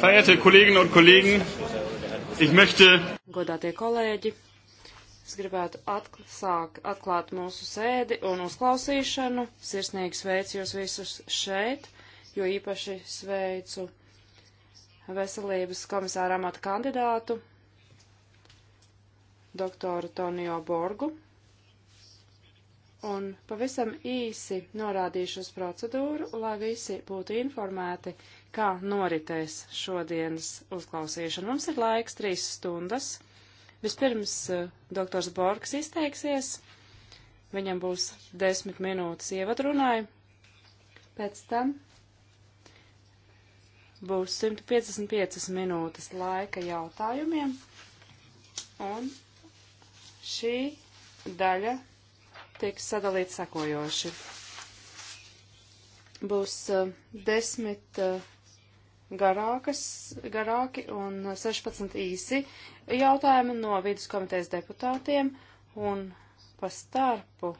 Verehrte Kolleginnen un Kollegen, ich möchte. Godātie kolēģi, es gribētu atsāk, atklāt mūsu sēdi un uzklausīšanu. Sirsnīgi sveicu jūs visus šeit, jo īpaši sveicu veselības komisāra amata kandidātu, doktoru Tonio Borgu. Un pavisam īsi norādīšu uz procedūru, lai visi būtu informēti kā noritēs šodienas uzklausīšana. Mums ir laiks trīs stundas. Vispirms eh, doktors Borgs izteiksies, viņam būs desmit minūtes ievadrunai, pēc tam būs 155 minūtes laika jautājumiem, un šī daļa tiks sadalīta sekojoši. Būs uh, desmit uh, garākas, garāki un 16 īsi jautājumi no viduskomitejas deputātiem un pa starpu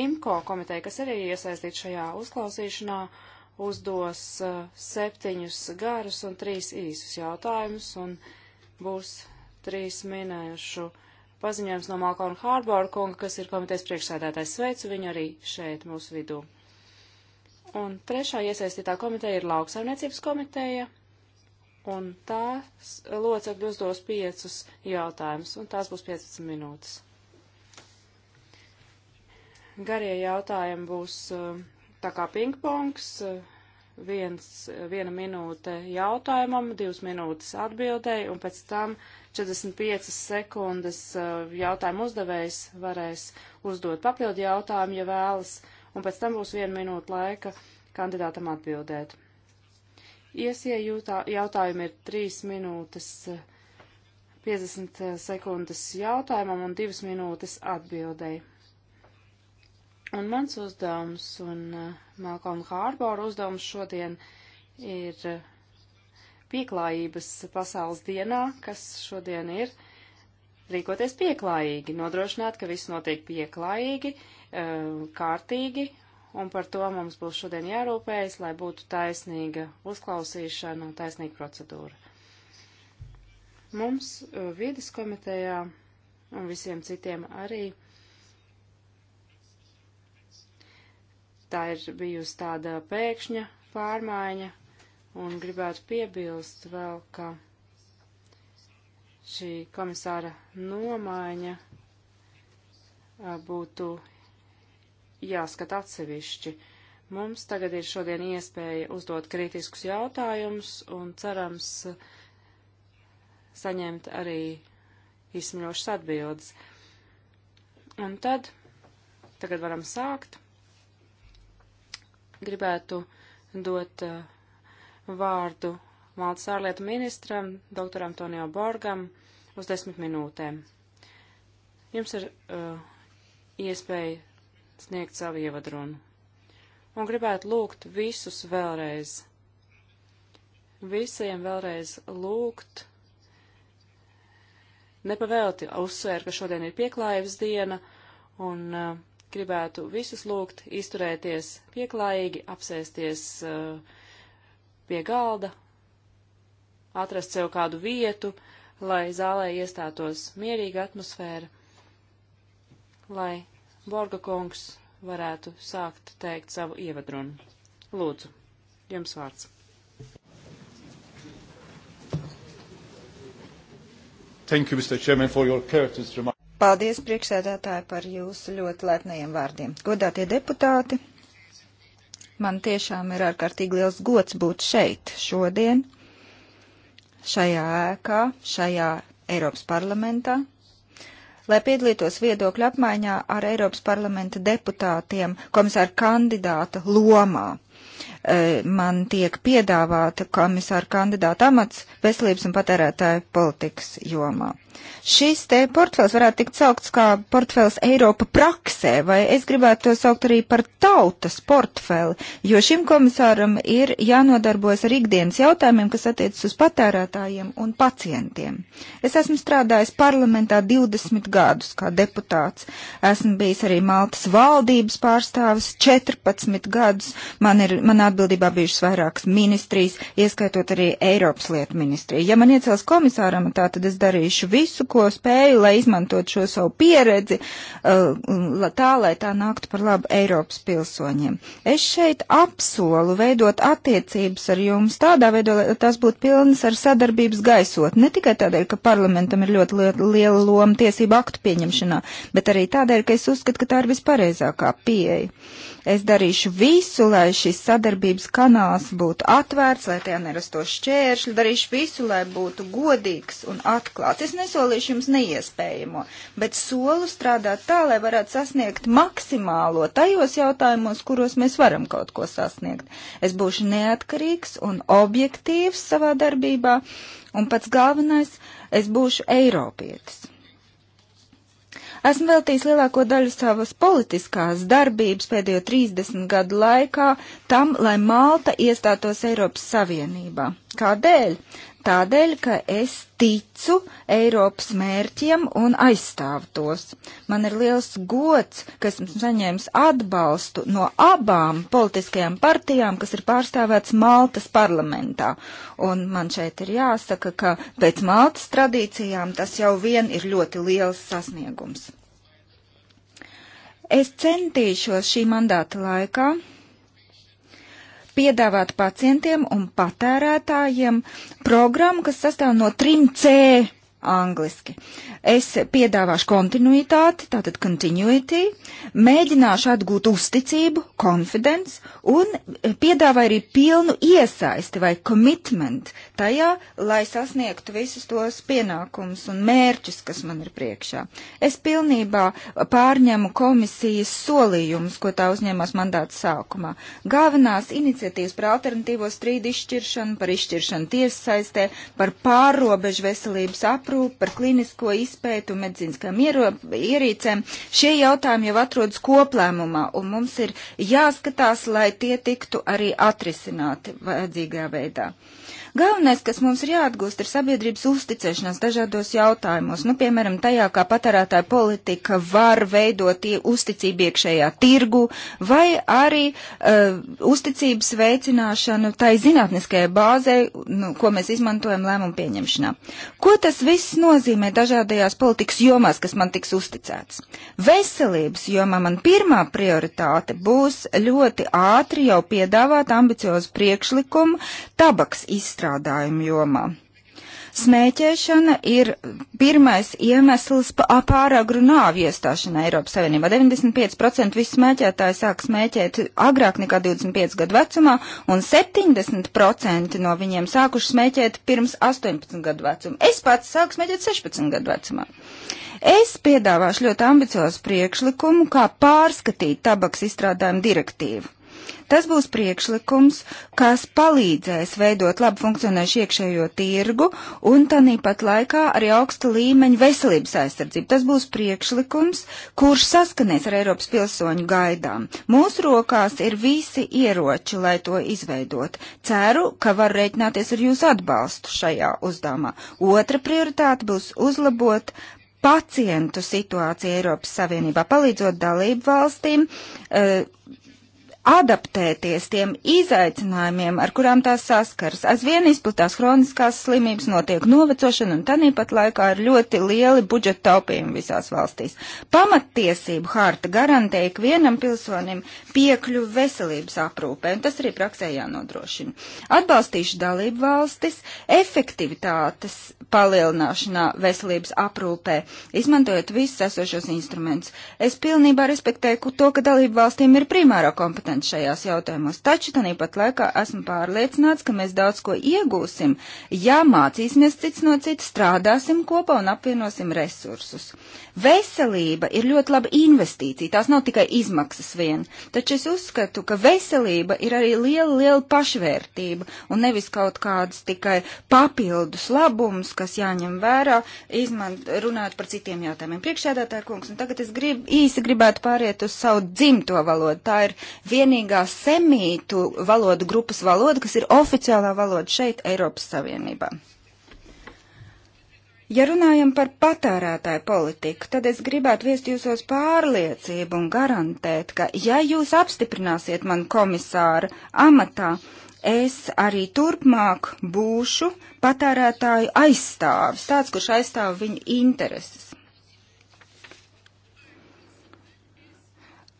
IMKO komiteja, kas arī iesaistīt šajā uzklausīšanā, uzdos uh, septiņus garus un trīs īsus jautājumus un būs trīs minējušu paziņojums no Malkona Hārbora kunga, kas ir komitejas priekšsēdētājs. Sveicu viņu arī šeit mūsu vidū. Un trešā iesaistītā komiteja ir lauksaimniecības komiteja, un tās locekļi uzdos piecus jautājumus, un tās būs 15 minūtes. Garie jautājumi būs um, tā kā pingpongs, uh, viens, viena minūte jautājumam, divas minūtes atbildēji, un pēc tam 45 sekundes uh, jautājumu uzdevējs varēs uzdot papildu jautājumu, ja vēlas un pēc tam būs viena minūte laika kandidātam atbildēt. Iesie jūtā, jautājumi ir 3 minūtes 50 eh, eh, sekundes jautājumam un 2 minūtes atbildēji. Un mans uzdevums un uh, Malcolm Hārbora uzdevums šodien ir pieklājības pasaules dienā, kas šodien ir rīkoties pieklājīgi, nodrošināt, ka viss notiek pieklājīgi, eh, kārtīgi, un par to mums būs šodien jārūpējas, lai būtu taisnīga uzklausīšana un taisnīga procedūra. Mums eh, vides komitejā un visiem citiem arī tā ir bijusi tāda pēkšņa pārmaiņa, un gribētu piebilst vēl, ka šī komisāra nomaiņa būtu jāskata atsevišķi. Mums tagad ir šodien iespēja uzdot kritiskus jautājumus un cerams saņemt arī izsmeļošas atbildes. Un tad, tagad varam sākt. Gribētu dot vārdu Maltas ārlietu ministram, doktoram Antonio Borgam, uz desmit minūtēm. Jums ir uh, iespēja sniegt savu ievadrunu. Un gribētu lūgt visus vēlreiz. Visiem vēlreiz lūgt. Nepavēlti uzsvēr, ka šodien ir pieklājības diena, un uh, gribētu visus lūgt izturēties pieklājīgi, apsēsties uh, pie galda atrast sev kādu vietu, lai zālē iestātos mierīga atmosfēra, lai Borga kungs varētu sākt teikt savu ievadrunu. Lūdzu, jums vārds. Thank you, Mr. Chairman, for your courteous remarks. Paldies, priekšsēdētāji, par jūsu ļoti lepnajiem vārdiem. Godātie deputāti, man tiešām ir ārkārtīgi liels gods būt šeit šodien šajā ēkā, šajā Eiropas parlamentā, lai piedalītos viedokļu apmaiņā ar Eiropas parlamenta deputātiem komisāra kandidāta lomā. E, man tiek piedāvāta komisāra kandidāta amats veselības un patērētāju politikas jomā. Šis te portfels varētu tikt saukts kā portfels Eiropa praksē, vai es gribētu to saukt arī par tautas portfeli, jo šim komisāram ir jānodarbojas ar ikdienas jautājumiem, kas attiecas uz patērētājiem un pacientiem. Es esmu strādājis parlamentā 20 gadus kā deputāts, esmu bijis arī Maltas valdības pārstāvis 14 gadus, man ir, man atbildībā bijušas vairākas ministrijas, ieskaitot arī Eiropas lietu ministriju. Ja man iecels komisāram, tā tad es darīšu visu, ko spēju, lai izmantot šo savu pieredzi, uh, tā, lai tā nāktu par labu Eiropas pilsoņiem. Es šeit apsolu veidot attiecības ar jums tādā veidā, lai tās būtu pilnas ar sadarbības gaisot. Ne tikai tādēļ, ka parlamentam ir ļoti liela, liela loma tiesību aktu pieņemšanā, bet arī tādēļ, ka es uzskatu, ka tā ir vispareizākā pieeja. Es darīšu visu, lai šis sadarbības kanāls būtu atvērts, lai tajā nerastos šķēršļi, darīšu visu, lai būtu godīgs un atklāts. Es nesolīšu jums neiespējamo, bet solu strādāt tā, lai varētu sasniegt maksimālo tajos jautājumos, kuros mēs varam kaut ko sasniegt. Es būšu neatkarīgs un objektīvs savā darbībā, un pats galvenais, es būšu Eiropietis. Esmu veltījis lielāko daļu savas politiskās darbības pēdējo 30 gadu laikā tam, lai Malta iestātos Eiropas Savienībā. Kādēļ? Tādēļ, ka es ticu Eiropas mērķiem un aizstāvu tos. Man ir liels gods, ka esmu saņēmis atbalstu no abām politiskajām partijām, kas ir pārstāvēts Maltas parlamentā. Un man šeit ir jāsaka, ka pēc Maltas tradīcijām tas jau vien ir ļoti liels sasniegums. Es centīšos šī mandāta laikā piedāvāt pacientiem un patērētājiem programmu, kas sastāv no trim C angliski. Es piedāvāšu kontinuitāti, tātad continuity, mēģināšu atgūt uzticību, confidence, un eh, piedāvāju arī pilnu iesaisti vai commitment tajā, lai sasniegtu visus tos pienākumus un mērķus, kas man ir priekšā. Es pilnībā pārņemu komisijas solījumus, ko tā uzņēmās mandāta sākumā. Galvenās iniciatīvas par alternatīvo strīdu izšķiršanu, par izšķiršanu tiesas saistē, par pārrobežu veselības aprūpi, aprūpi, par klinisko izpētu un medicīniskām ierīcēm. Šie jautājumi jau atrodas koplēmumā, un mums ir jāskatās, lai tie tiktu arī atrisināti vajadzīgajā veidā. Uh, Galvenais, kas mums ir jāatgūst, ir sabiedrības uzticēšanās dažādos jautājumos. Nu, piemēram, tajā, kā patērētāja politika var veidot uzticību iekšējā tirgu, vai arī uh, uzticības veicināšanu tai zinātniskajai bāzē, nu, ko mēs izmantojam lēmumu pieņemšanā. Ko tas viss nozīmē dažādajās politikas jomās, kas man tiks uzticēts? Veselības jomā man pirmā prioritāte būs ļoti ātri jau piedāvāt ambiciozu priekšlikumu tabaks izstrādājumu izstrādājumu jomā. Smēķēšana ir pirmais iemesls pāragru nāvi iestāšanai Eiropas Savienībā. 95% visu smēķētāju sāk smēķēt agrāk nekā 25 gadu vecumā, un 70% no viņiem sākuši smēķēt pirms 18 gadu vecuma. Es pats sāku smēķēt 16 gadu vecumā. Es piedāvāšu ļoti ambiciozu priekšlikumu, kā pārskatīt tabaks izstrādājumu direktīvu. Tas būs priekšlikums, kas palīdzēs veidot labu funkcionējušu iekšējo tirgu un tāpat laikā arī augsta līmeņa veselības aizsardzību. Tas būs priekšlikums, kurš saskanēs ar Eiropas pilsoņu gaidām. Mūsu rokās ir visi ieroči, lai to izveidot. Ceru, ka var rēķināties ar jūsu atbalstu šajā uzdevumā. Otra prioritāte būs uzlabot pacientu situāciju Eiropas Savienībā, palīdzot dalību valstīm. Uh, adaptēties tiem izaicinājumiem, ar kurām tās saskars. Aizvien izplatās hroniskās slimības, notiek novecošana un tanīpat laikā ir ļoti lieli budžeta taupījumi visās valstīs. Pamattiesību harta garantē ikvienam pilsonim piekļu veselības aprūpē, un tas arī praksē jānodrošina. Atbalstīšu dalību valstis efektivitātes palielināšanā veselības aprūpē, izmantojot visus esošos instrumentus. Es pilnībā respektēju to, ka dalību valstīm ir primāra kompetence parlaments šajās jautājumos. Taču tāpat laikā esmu pārliecināts, ka mēs daudz ko iegūsim, ja mācīsimies cits no cita, strādāsim kopā un apvienosim resursus. Veselība ir ļoti laba investīcija, tās nav tikai izmaksas vien, taču es uzskatu, ka veselība ir arī liela, liela pašvērtība un nevis kaut kāds tikai papildus labums, kas jāņem vērā, izmant, runāt par citiem jautājumiem. Priekšēdātāja kungs, un tagad es grib, īsi gribētu pāriet uz savu dzimto valodu. Tā ir viena vienīgā semītu valodu grupas valoda, kas ir oficiālā valoda šeit Eiropas Savienībā. Ja runājam par patērētāju politiku, tad es gribētu viest jūsos pārliecību un garantēt, ka ja jūs apstiprināsiet man komisāra amatā, es arī turpmāk būšu patērētāju aizstāvis, tāds, kurš aizstāv viņu intereses.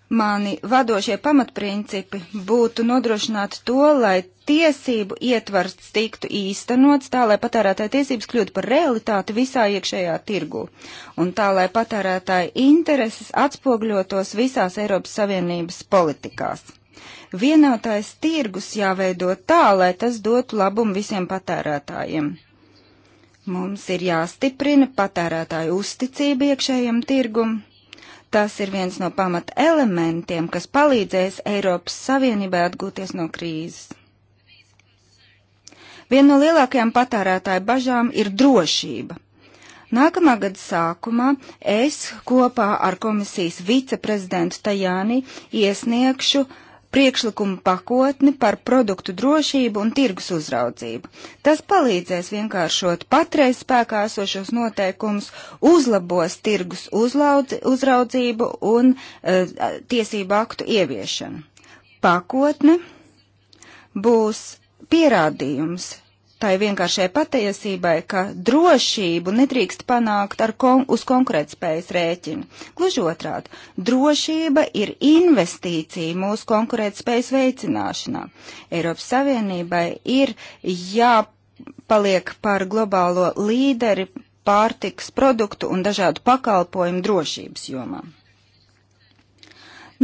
mani vadošie pamatprincipi būtu nodrošināt to, lai tiesību ietvars tiktu īstenots tā, lai patērētāja tiesības kļūtu par realitāti visā iekšējā tirgu un tā, lai patērētāja intereses atspogļotos visās Eiropas Savienības politikās. Vienotais tirgus jāveido tā, lai tas dotu labumu visiem patērētājiem. Mums ir jāstiprina patērētāju uzticība iekšējiem tirgumam Tas ir viens no pamata elementiem, kas palīdzēs Eiropas Savienībai atgūties no krīzes. Viena no lielākajām patērētāju bažām ir drošība. Nākamā gada sākumā es kopā ar komisijas viceprezidentu Tajāni iesniegšu uh, priekšlikumu pakotni par produktu drošību un tirgus uzraudzību. Tas palīdzēs vienkāršot patreiz spēkā esošos noteikumus, uzlabos tirgus uzlaudzi, uzraudzību un uh, tiesību aktu ieviešanu. Pakotne būs pierādījums tai vienkāršai patiesībai, ka drošību nedrīkst panākt kon uz konkurētspējas rēķina. Gluži otrādi, drošība ir investīcija mūsu konkurētspējas veicināšanā. Eiropas Savienībai ir jāpaliek par globālo līderi pārtiks produktu un dažādu pakalpojumu drošības jomā.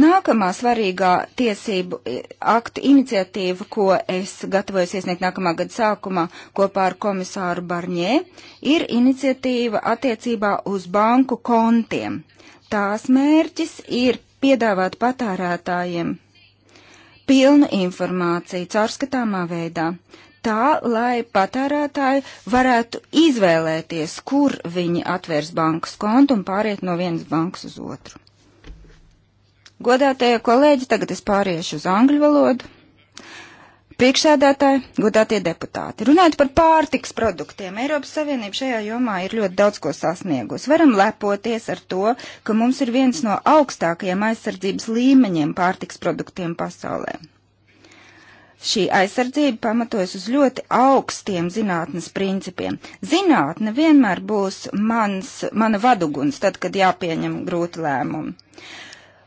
Nākamā svarīgā tiesību e, akta iniciatīva, ko es gatavojos iesniegt nākamā gada sākumā kopā ar komisāru Barņē, ir iniciatīva attiecībā uz banku kontiem. Tās mērķis ir piedāvāt patērētājiem pilnu informāciju caurskatāmā veidā, tā, lai patērētāji varētu izvēlēties, kur viņi atvērs bankas kontu un pāriet no vienas bankas uz otru. Godātie kolēģi, tagad es pāriešu uz angļu valodu. Priekšsēdētāji, godātie deputāti, runājot par pārtiks produktiem, Eiropas Savienība šajā jomā ir ļoti daudz ko sasniegusi. Varam lepoties ar to, ka mums ir viens no augstākajiem aizsardzības līmeņiem pārtiks produktiem pasaulē. Šī aizsardzība pamatojas uz ļoti augstiem zinātnes principiem. Zinātne vienmēr būs mans, mana vaduguns, tad, kad jāpieņem grūti lēmumi.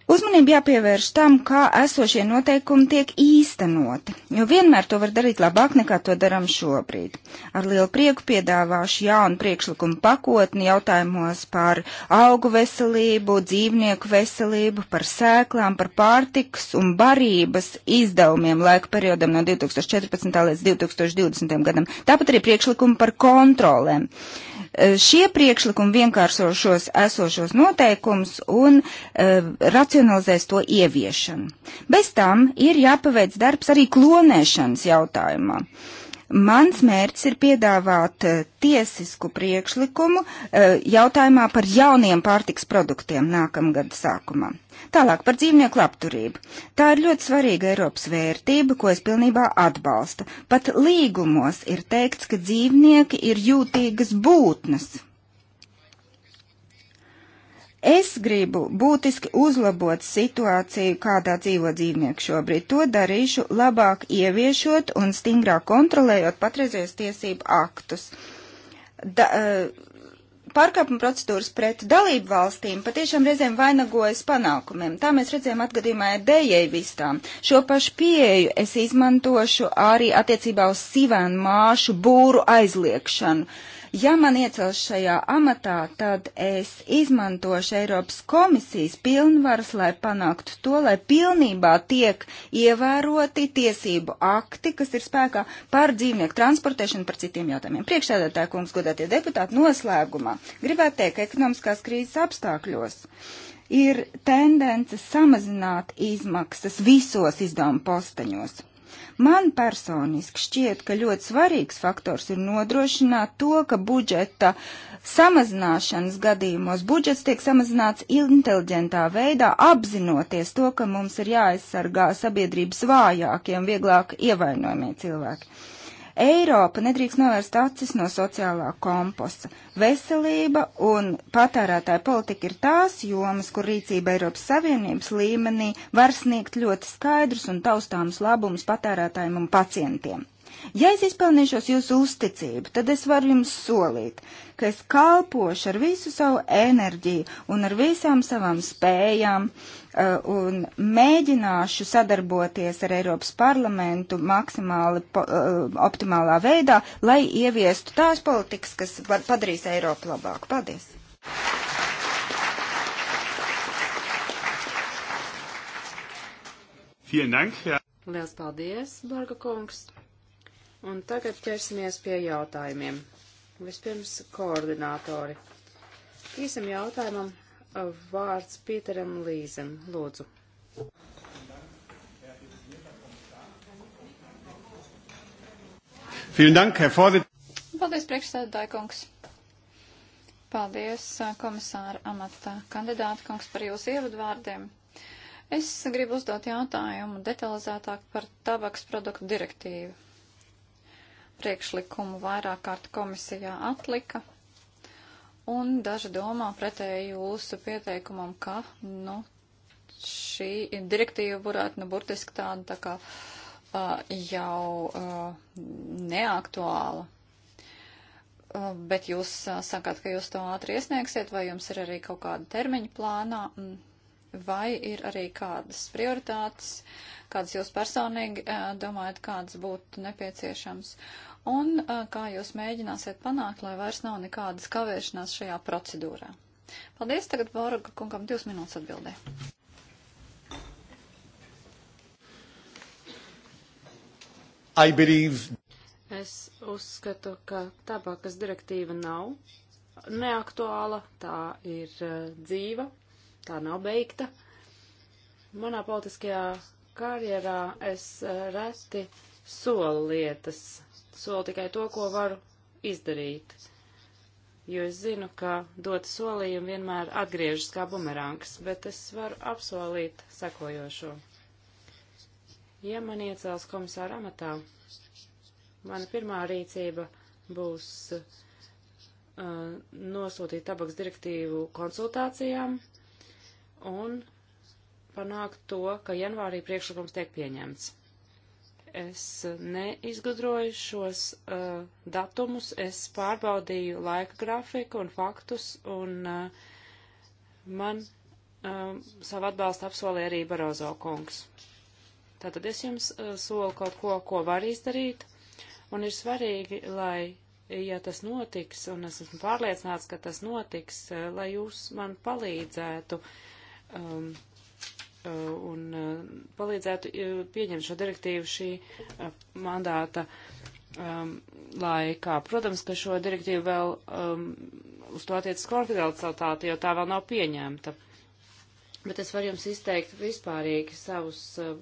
Uzmanību jāpievērš tam, kā esošie noteikumi tiek īstenoti, jo vienmēr to var darīt labāk nekā to darām šobrīd. Ar lielu prieku piedāvāšu jaunu priekšlikumu pakotni jautājumos par augu veselību, dzīvnieku veselību, par sēklām, par pārtiks un barības izdevumiem laika periodam no 2014. līdz 2020. gadam. Tāpat arī priekšlikumu par kontrolēm. Uh, Eh, šie priekšlikumi vienkāršošos esošos noteikumus un eh, racionalizēs to ieviešanu. Bez tam ir jāpaveic darbs arī klonēšanas jautājumā. Mans mērķis ir piedāvāt eh, tiesisku priekšlikumu jautājumā par jauniem pārtiks produktiem nākamgada sākumā. Tālāk par dzīvnieku labturību. Tā ir ļoti svarīga Eiropas vērtība, ko es pilnībā atbalstu. Pat līgumos ir teikts, ka dzīvnieki ir jūtīgas būtnes. Es gribu būtiski uzlabot situāciju, kādā dzīvo dzīvnieki šobrīd. To darīšu labāk ieviešot un stingrāk kontrolējot patreizējos tiesību aktus. Da, uh, pārkāpuma procedūras pret dalību valstīm patiešām reizēm vainagojas panākumiem. Tā mēs redzējām atgadījumā ar dējēvistām. Šo pašu pieeju es izmantošu arī attiecībā uz sivēnu māšu būru aizliekšanu. Uh, Ja man iecels šajā amatā, tad es izmantošu Eiropas komisijas pilnvaras, lai panāktu to, lai pilnībā tiek ievēroti tiesību akti, kas ir spēkā par dzīvnieku transportēšanu par citiem jautājumiem. Priekšsēdētāja kungs, godātie deputāti, noslēgumā gribētu teikt, ka ekonomiskās krīzes apstākļos ir tendence samazināt izmaksas visos izdevuma posteņos. Man personiski šķiet, ka ļoti svarīgs faktors ir nodrošināt to, ka budžeta samazināšanas gadījumos budžets tiek samazināts inteliģentā veidā, apzinoties to, ka mums ir jāaizsargā sabiedrības vājākiem, vieglāk ievainojamie cilvēki. Eiropa nedrīkst novērst acis no sociālā komposta. Veselība un patērētāja politika ir tās jomas, kur rīcība Eiropas Savienības līmenī var sniegt ļoti skaidrus un taustāmus labumus patērētājiem un pacientiem. Ja es izpelnīšos jūsu uzticību, tad es varu jums solīt, ka es kalpošu ar visu savu enerģiju un ar visām savām spējām, uh, Uh, un mēģināšu sadarboties ar Eiropas parlamentu maksimāli po, uh, optimālā veidā, lai ieviestu tās politikas, kas padarīs Eiropu labāku. Paldies! Liels paldies, Borga kungs! Un tagad ķersimies pie jautājumiem. Vispirms koordinātori. Īsam jautājumam vārds Pieteram Līzem. Lūdzu. Paldies, priekšsēdētāji kungs. Paldies, komisāra amata kandidāta kungs, par jūsu ievadvārdiem. Es gribu uzdot jautājumu detalizētāk par tabaks produktu direktīvu. Priekšlikumu vairāk kārt komisijā atlika, Un daži domā pretēji jūsu pieteikumam, ka, nu, šī direktīva varētu, nu, burtiski tāda tā kā uh, jau uh, neaktuāla. Uh, bet jūs uh, sakāt, ka jūs to ātri iesniegsiet, vai jums ir arī kaut kāda termiņa plānā, mm. vai ir arī kādas prioritātes, kādas jūs personīgi uh, domājat, kādas būtu nepieciešams un uh, kā jūs mēģināsiet panākt, lai vairs nav nekādas kavēšanās šajā procedūrā. Paldies, tagad Borga kungam divas minūtes atbildē. I believe. Es uzskatu, ka tabakas direktīva nav neaktuāla, tā ir uh, dzīva, tā nav beigta. Manā politiskajā karjerā es uh, reti solu lietas Solu tikai to, ko varu izdarīt. Jo es zinu, ka dot solījumi vienmēr atgriežas kā bumerangs, bet es varu apsolīt sekojošo. Ja man iecels komisāra amatā, mana pirmā rīcība būs uh, nosūtīt tabaks direktīvu konsultācijām un panākt to, ka janvārī priekšlikums tiek pieņemts es neizgudroju šos uh, datumus, es pārbaudīju laika grafiku un faktus, un uh, man uh, savu atbalstu apsolīja arī Barozo kungs. Tātad es jums uh, solu kaut ko, ko var izdarīt, un ir svarīgi, lai, ja tas notiks, un es esmu pārliecināts, ka tas notiks, uh, lai jūs man palīdzētu. Um, Uh, un uh, palīdzētu uh, pieņemt šo direktīvu šī mandāta um, laikā. Protams, ka šo direktīvu vēl um, uz to attiecas konfidencialitāte, jo tā vēl nav pieņemta. Bet es varu jums izteikt vispārīgi savus uh,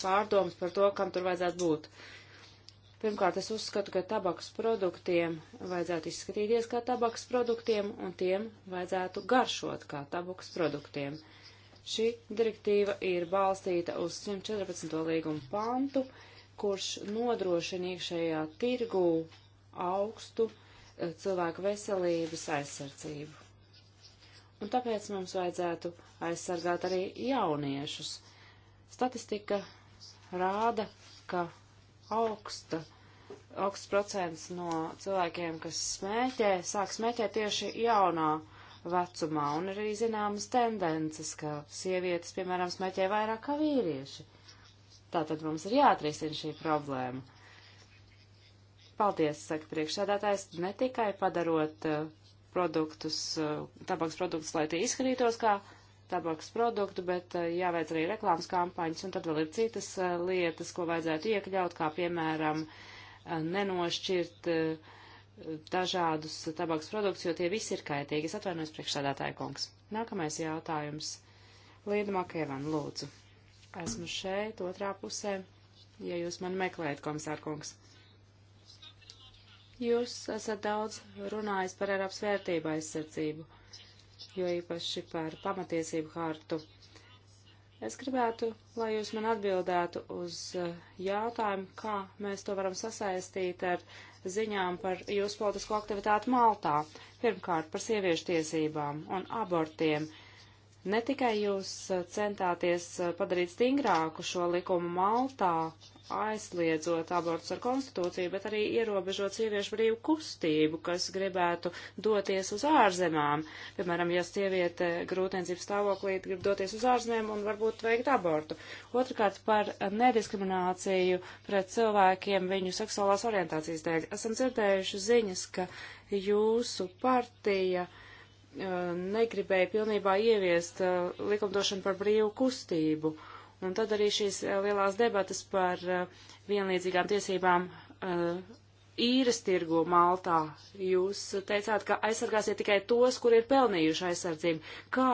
pārdomas par to, kam tur vajadzētu būt. Pirmkārt, es uzskatu, ka tabakas produktiem vajadzētu izskatīties kā tabakas produktiem, un tiem vajadzētu garšot kā tabakas produktiem. Uh, Šī direktīva ir balstīta uz 114. līguma pantu, kurš nodrošina iekšējā tirgū augstu eh, cilvēku veselības aizsardzību. Un tāpēc mums vajadzētu aizsargāt arī jauniešus. Statistika rāda, ka augsta, augsts procents no cilvēkiem, kas smēķē, sāk smēķēt tieši jaunā uh, vecumā, un ir arī zināmas tendences, ka sievietes, piemēram, smēķē vairāk kā vīrieši. Tātad mums ir jāatrisina šī problēma. Paldies, saka priekšsēdētājs, ne tikai padarot uh, produktus, uh, tabaks produktus, lai tie izskatītos kā tabaks produktu, bet uh, jāveic arī reklāmas kampaņas, un tad vēl ir citas lietas, ko vajadzētu iekļaut, kā piemēram nenošķirt uh, dažādus tabaks produktus, jo tie visi ir kaitīgi. Es atvainojos priekšsādātāju kungs. Nākamais jautājums. Līda Makēvan, lūdzu. Esmu šeit, otrā pusē, ja jūs mani meklējat, komisārkungs. Jūs esat daudz runājis par Eiropas vērtību aizsardzību, jo īpaši par pamatiesību hartu. Es gribētu, lai jūs man atbildētu uz eh, jautājumu, kā mēs to varam sasaistīt ar ziņām par jūsu politisko aktivitāti Maltā. Pirmkārt, par sieviešu tiesībām un abortiem. Ne tikai jūs eh, centāties eh, padarīt stingrāku šo likumu Maltā, aizliedzot abortus ar konstitūciju, bet arī ierobežot sieviešu brīvu kustību, kas gribētu doties uz ārzemām. Piemēram, ja sieviete grūtniecības stāvoklī grib doties uz ārzemēm un varbūt veikt abortu. Otrakārt, par nediskrimināciju pret cilvēkiem viņu seksuālās orientācijas dēļ. Esam dzirdējuši ziņas, ka jūsu partija uh, negribēja pilnībā ieviest uh, likumdošanu par brīvu kustību. Uh, Un tad arī šīs eh, lielās debatas par eh, vienlīdzīgām tiesībām eh, īres tirgu Maltā. Jūs teicāt, ka aizsargāsiet tikai tos, kur ir pelnījuši aizsardzību. Kā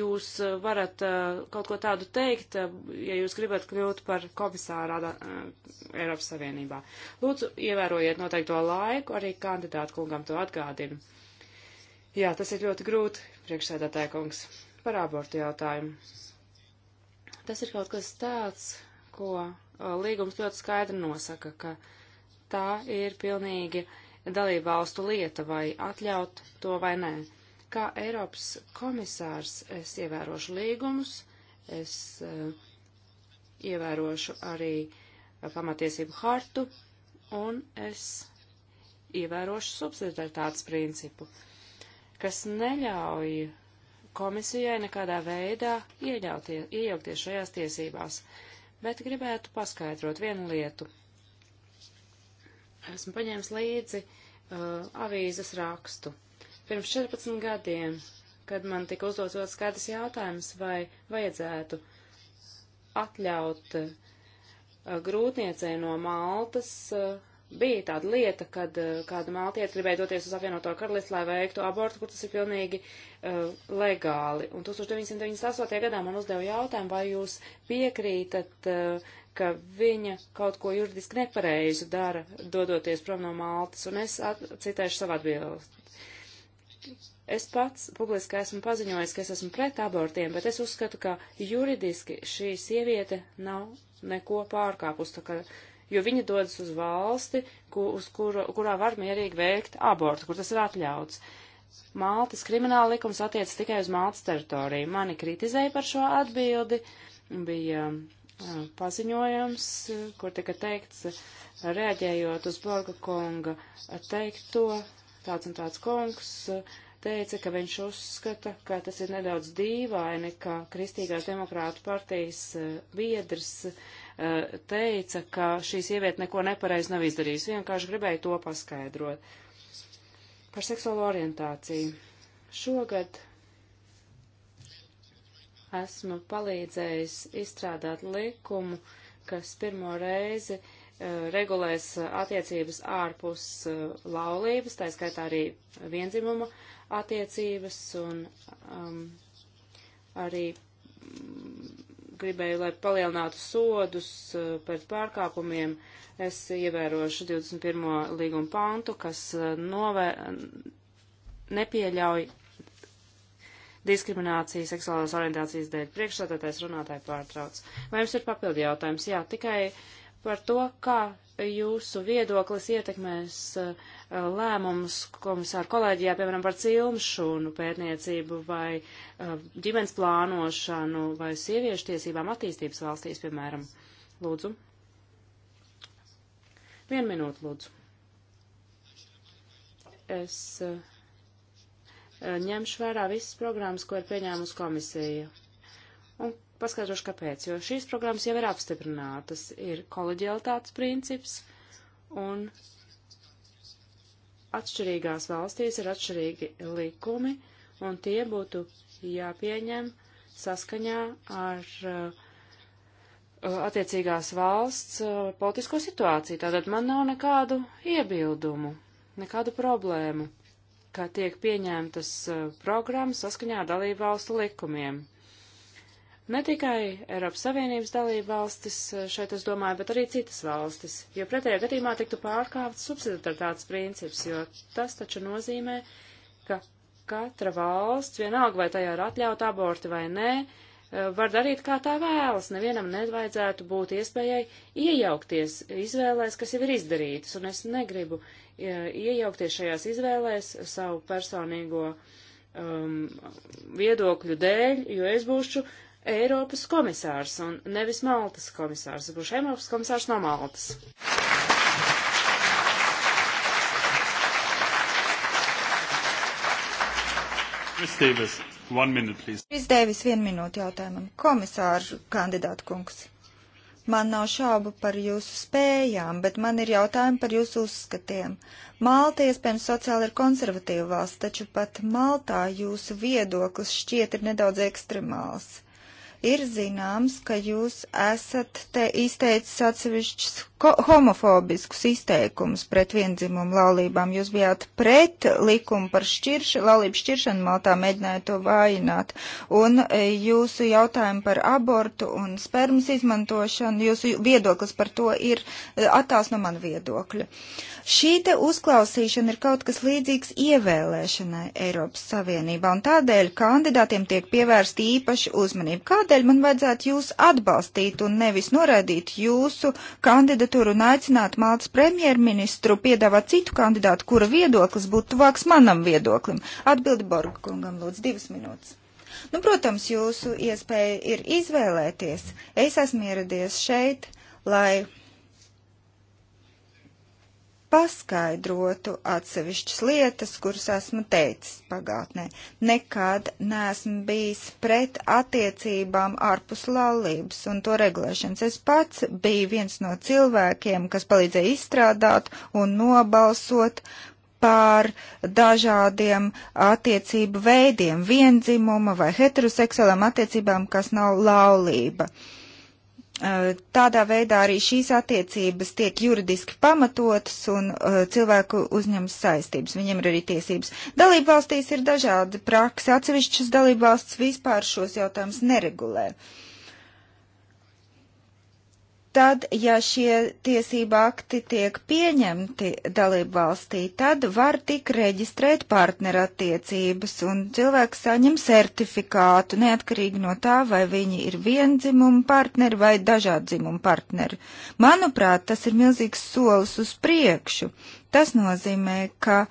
jūs varat kaut ko tādu teikt, ja jūs gribat kļūt par komisāru Eiropas Savienībā? Lūdzu, ievērojiet noteikto laiku, arī kandidātu kungam to atgādinu. Jā, tas ir ļoti grūti, priekšsēdētāja kungs, par abortu jautājumu. Tas ir kaut kas tāds, ko uh, līgums ļoti skaidri nosaka, ka tā ir pilnīgi dalību valstu lieta, vai atļaut to vai nē. Kā Eiropas komisārs es ievērošu līgumus, es uh, ievērošu arī uh, pamatiesību hartu, un es ievērošu subsidiaritātes principu, kas neļauj komisijai nekādā veidā iejaukties šajās tiesībās, bet gribētu paskaidrot vienu lietu. Esmu paņēmis līdzi uh, avīzes rakstu. Pirms 14 gadiem, kad man tika uzdots ļoti skaidrs jautājums, vai vajadzētu atļaut uh, grūtniecei no Maltas uh, bija tāda lieta, kad eh, kāda maltieca gribēja doties uz apvienoto karalistu, lai veiktu abortu, kur tas ir pilnīgi uh, legāli. Un 1998. gadā man uzdeva jautājumu, vai jūs piekrītat, uh, ka viņa kaut ko juridiski nepareizu dara, dodoties prom no Maltas, un es at citēšu savu atbildi. Es pats publiski esmu paziņojis, ka es esmu pret abortiem, bet es uzskatu, ka juridiski šī sieviete nav neko pārkāpus, tā kā jo viņi dodas uz valsti, ku, uz kuru, kurā var mierīgi veikt abortu, kur tas ir atļauts. Maltas krimināla likums attiec tikai uz Maltas teritoriju. Mani kritizēja par šo atbildi, bija uh, paziņojums, kur tika teikts, uh, reaģējot uz Borga kunga teikto, tāds un tāds kungs teica, ka viņš uzskata, ka tas ir nedaudz dīvaini, ka Kristīgās demokrātu partijas biedrs uh, Eh, teica, ka šī sieviete neko nepareizi nav izdarījusi. Vienkārši gribēju to paskaidrot. Par seksuālo orientāciju. Šogad esmu palīdzējis izstrādāt likumu, kas pirmo reizi uh, regulēs attiecības ārpus uh, laulības, tā skaitā arī vienzimuma attiecības un um, arī mm, gribēju, lai palielinātu sodus eh, pēc pārkāpumiem, es ievērošu 21. līguma pantu, kas eh, novē, nepieļauj diskrimināciju seksuālās orientācijas dēļ. Priekšstādātais runātāji pārtrauc. Vai jums ir papildi jautājums? Jā, tikai par to, kā jūsu viedoklis ietekmēs eh, lēmumus komisāru kolēģijā, piemēram, par cilmšūnu pētniecību vai eh, ģimenes plānošanu vai sieviešu tiesībām attīstības valstīs, piemēram. Lūdzu. Vienu minūtu, lūdzu. Es eh, ņemšu vērā visas programmas, ko ir pieņēmusi komisija Paskaidrošu, kāpēc. Jo šīs programmas jau ir apstiprinātas. Ir koleģialitātes princips un atšķirīgās valstīs ir atšķirīgi likumi, un tie būtu jāpieņem saskaņā ar uh, attiecīgās valsts uh, politisko situāciju. Tātad man nav nekādu iebildumu, nekādu problēmu, ka tiek pieņemtas uh, programmas saskaņā ar dalību valstu likumiem. Ne tikai Eiropas Savienības dalība valstis, eh, šeit es domāju, bet arī citas valstis, jo pretējā gadījumā tiktu pārkāpts subsidiaritātes princips, jo tas taču nozīmē, ka katra valsts, vienalga vai tajā ir atļauta aborti vai nē, eh, var darīt kā tā vēlas. Nevienam nevajadzētu būt iespējai iejaukties izvēlēs, kas jau ir izdarītas, un es negribu eh, iejaukties šajās izvēlēs savu personīgo um, viedokļu dēļ, jo es būšu Eiropas komisārs un nevis Maltas komisārs. Būs Eiropas komisārs no Maltas. Kristēvis, vienu minūtu jautājumam. Komisāru kandidātu kungs. Man nav šaubu par jūsu spējām, bet man ir jautājumi par jūsu uzskatiem. Malta iespējams sociāli ir konservatīva valsts, taču pat Maltā jūsu viedoklis šķiet ir nedaudz ekstremāls. Ir zināms, ka jūs esat te izteicis atsevišķus homofobiskus izteikumus pret viendzimumu laulībām. Jūs bijāt pret likumu par šķirši, laulību šķiršanu Maltā, mēģinājāt to vājināt. Un e, jūsu jautājumi par abortu un spermas izmantošanu, jūsu viedoklis par to ir e, attās no mana viedokļa. Šī te uzklausīšana ir kaut kas līdzīgs ievēlēšanai Eiropas Savienībā, un tādēļ kandidātiem tiek pievērsta īpaša uzmanība. Kādēļ man vajadzētu jūs atbalstīt un nevis noraidīt jūsu kandidātu? kandidatūru un aicinātu Maltas premjerministru piedāvāt citu kandidātu, kura viedoklis būtu tuvāks manam viedoklim? Atbildi Borga kungam, lūdzu, divas minūtes. Nu, protams, jūsu iespēja ir izvēlēties. Es esmu ieradies šeit, lai paskaidrotu atsevišķas lietas, kuras esmu teicis pagātnē. Nekad neesmu bijis pret attiecībām ārpus laulības un to regulēšanas. Es pats biju viens no cilvēkiem, kas palīdzēja izstrādāt un nobalsot par dažādiem attiecību veidiem, vienzimuma vai heteroseksuālām attiecībām, kas nav laulība. Uh, Eh, tādā veidā arī šīs attiecības tiek juridiski pamatotas un uh, cilvēku uzņemas saistības. Viņiem ir arī tiesības. Dalību valstīs ir dažādi praksi. Atsevišķas dalību valsts vispār šos jautājumus neregulē. Uh, tad, ja šie tiesība akti tiek pieņemti dalību valstī, tad var tik reģistrēt partnerattiecības un cilvēks saņem certifikātu neatkarīgi no tā, vai viņi ir viendzimumu partneri vai dažādzimumu partneri. Manuprāt, tas ir milzīgs solis uz priekšu. Tas nozīmē, ka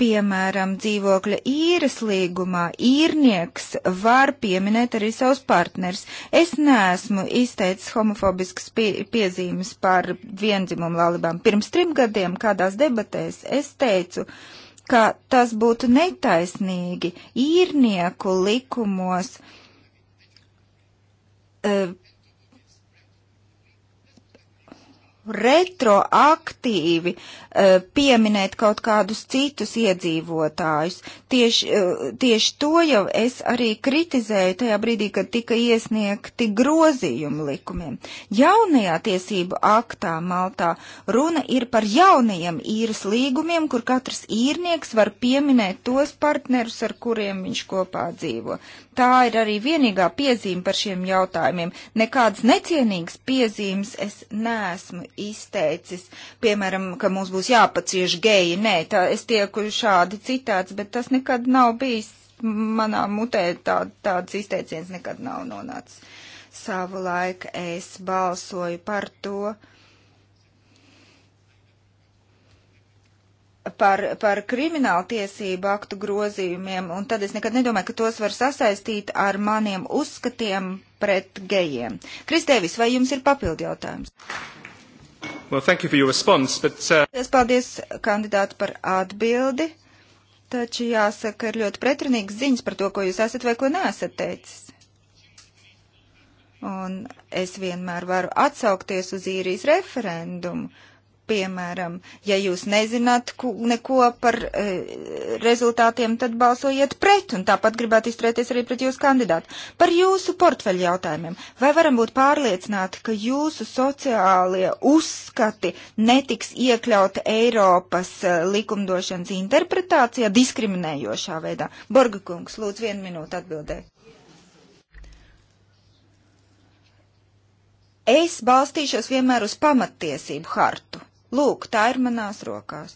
piemēram, dzīvokļa īres līgumā īrnieks var pieminēt arī savus partners. Es neesmu izteicis homofobiskas pie piezīmes par viendzimumu laulībām. Pirms trim gadiem kādās debatēs es teicu, ka tas būtu netaisnīgi īrnieku likumos. Uh, retroaktīvi uh, pieminēt kaut kādus citus iedzīvotājus. Tieši, uh, tieši to jau es arī kritizēju tajā brīdī, kad tika iesniegti grozījumi likumiem. Jaunajā tiesību aktā Maltā runa ir par jaunajiem īres līgumiem, kur katrs īrnieks var pieminēt tos partnerus, ar kuriem viņš kopā dzīvo. Tā ir arī vienīgā piezīme par šiem jautājumiem. Nekādas necienīgas piezīmes es neesmu izteicis, piemēram, ka mums būs jāpacieš geji. Nē, tā, es tieku šādi citāts, bet tas nekad nav bijis manā mutē, tā, tāds izteiciens nekad nav nonācis. Savu laiku es balsoju par to, par, par kriminālu tiesību aktu grozījumiem, un tad es nekad nedomāju, ka tos var sasaistīt ar maniem uzskatiem pret gejiem. Kristēvis, vai jums ir papildu jautājums? Well, thank you for your response, but... Uh... Es paldies kandidātu par atbildi, taču jāsaka, ir ļoti pretrunīgas ziņas par to, ko jūs esat vai ko neesat teicis. Un es vienmēr varu atsaukties uz īrijas referendumu, uh, Piemēram, ja jūs nezināt ku, neko par e, rezultātiem, tad balsojiet pret, un tāpat gribētu izturēties arī pret jūsu kandidātu. Par jūsu portfeļu jautājumiem. Vai varam būt pārliecināti, ka jūsu sociālie uzskati netiks iekļauti Eiropas e, likumdošanas interpretācijā diskriminējošā veidā? Borga kungs, lūdzu, vienu minūtu atbildēt. Es balstīšos vienmēr uz pamattiesību hartu. Lūk, tā ir manās rokās.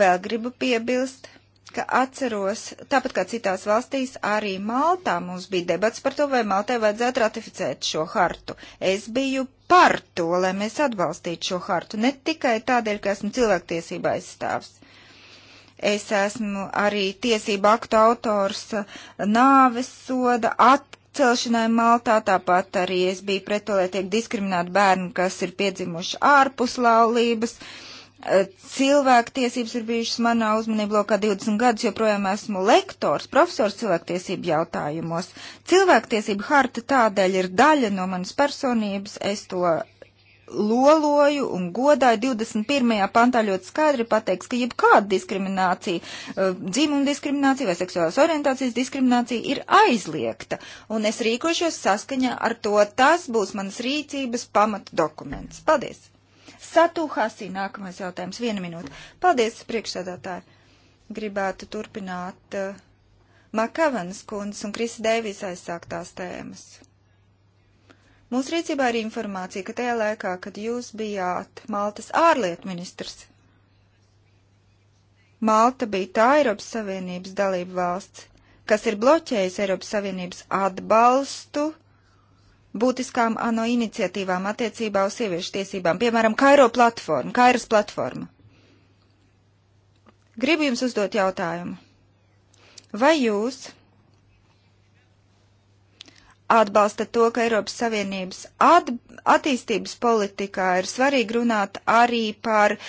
Vēl gribu piebilst, ka atceros, tāpat kā citās valstīs, arī Maltā mums bija debats par to, vai Maltai vajadzētu ratificēt šo hartu. Es biju par to, lai mēs atbalstītu šo hartu, ne tikai tādēļ, ka esmu cilvēktiesība aizstāvs. Es esmu arī tiesību aktu autors nāves soda, at, atcelšanai Maltā, tāpat arī es biju pret to, lai tiek diskriminēti bērni, kas ir piedzimuši ārpus laulības. Cilvēktiesības ir bijušas manā uzmanībā lokā 20 gadus, joprojām esmu lektors, profesors cilvēktiesību jautājumos. Cilvēktiesība harta tādēļ ir daļa no manas personības, es to loloju un godāju 21. pantā ļoti skaidri pateikts, ka jebkāda diskriminācija, eh, dzimuma diskriminācija vai seksuālās orientācijas diskriminācija ir aizliegta, un es rīkošos saskaņā ar to, tas būs manas rīcības pamata dokuments. Paldies! Satū Hasī, nākamais jautājums, viena minūte. Paldies, priekšsēdētāji! Gribētu turpināt uh, Makavanas kundas un Krisa Deivijas aizsāktās tēmas. Mūsu rīcībā ir informācija, ka tajā laikā, kad jūs bijāt Maltas ārlietu ministrs, Malta bija tā Eiropas Savienības dalība valsts, kas ir bloķējusi Eiropas Savienības atbalstu būtiskām ANO iniciatīvām attiecībā uz sieviešu tiesībām, piemēram, Kairo platforma, Kairas platforma. Gribu jums uzdot jautājumu. Vai jūs atbalsta to, ka Eiropas Savienības at, attīstības politikā ir svarīgi runāt arī par eh,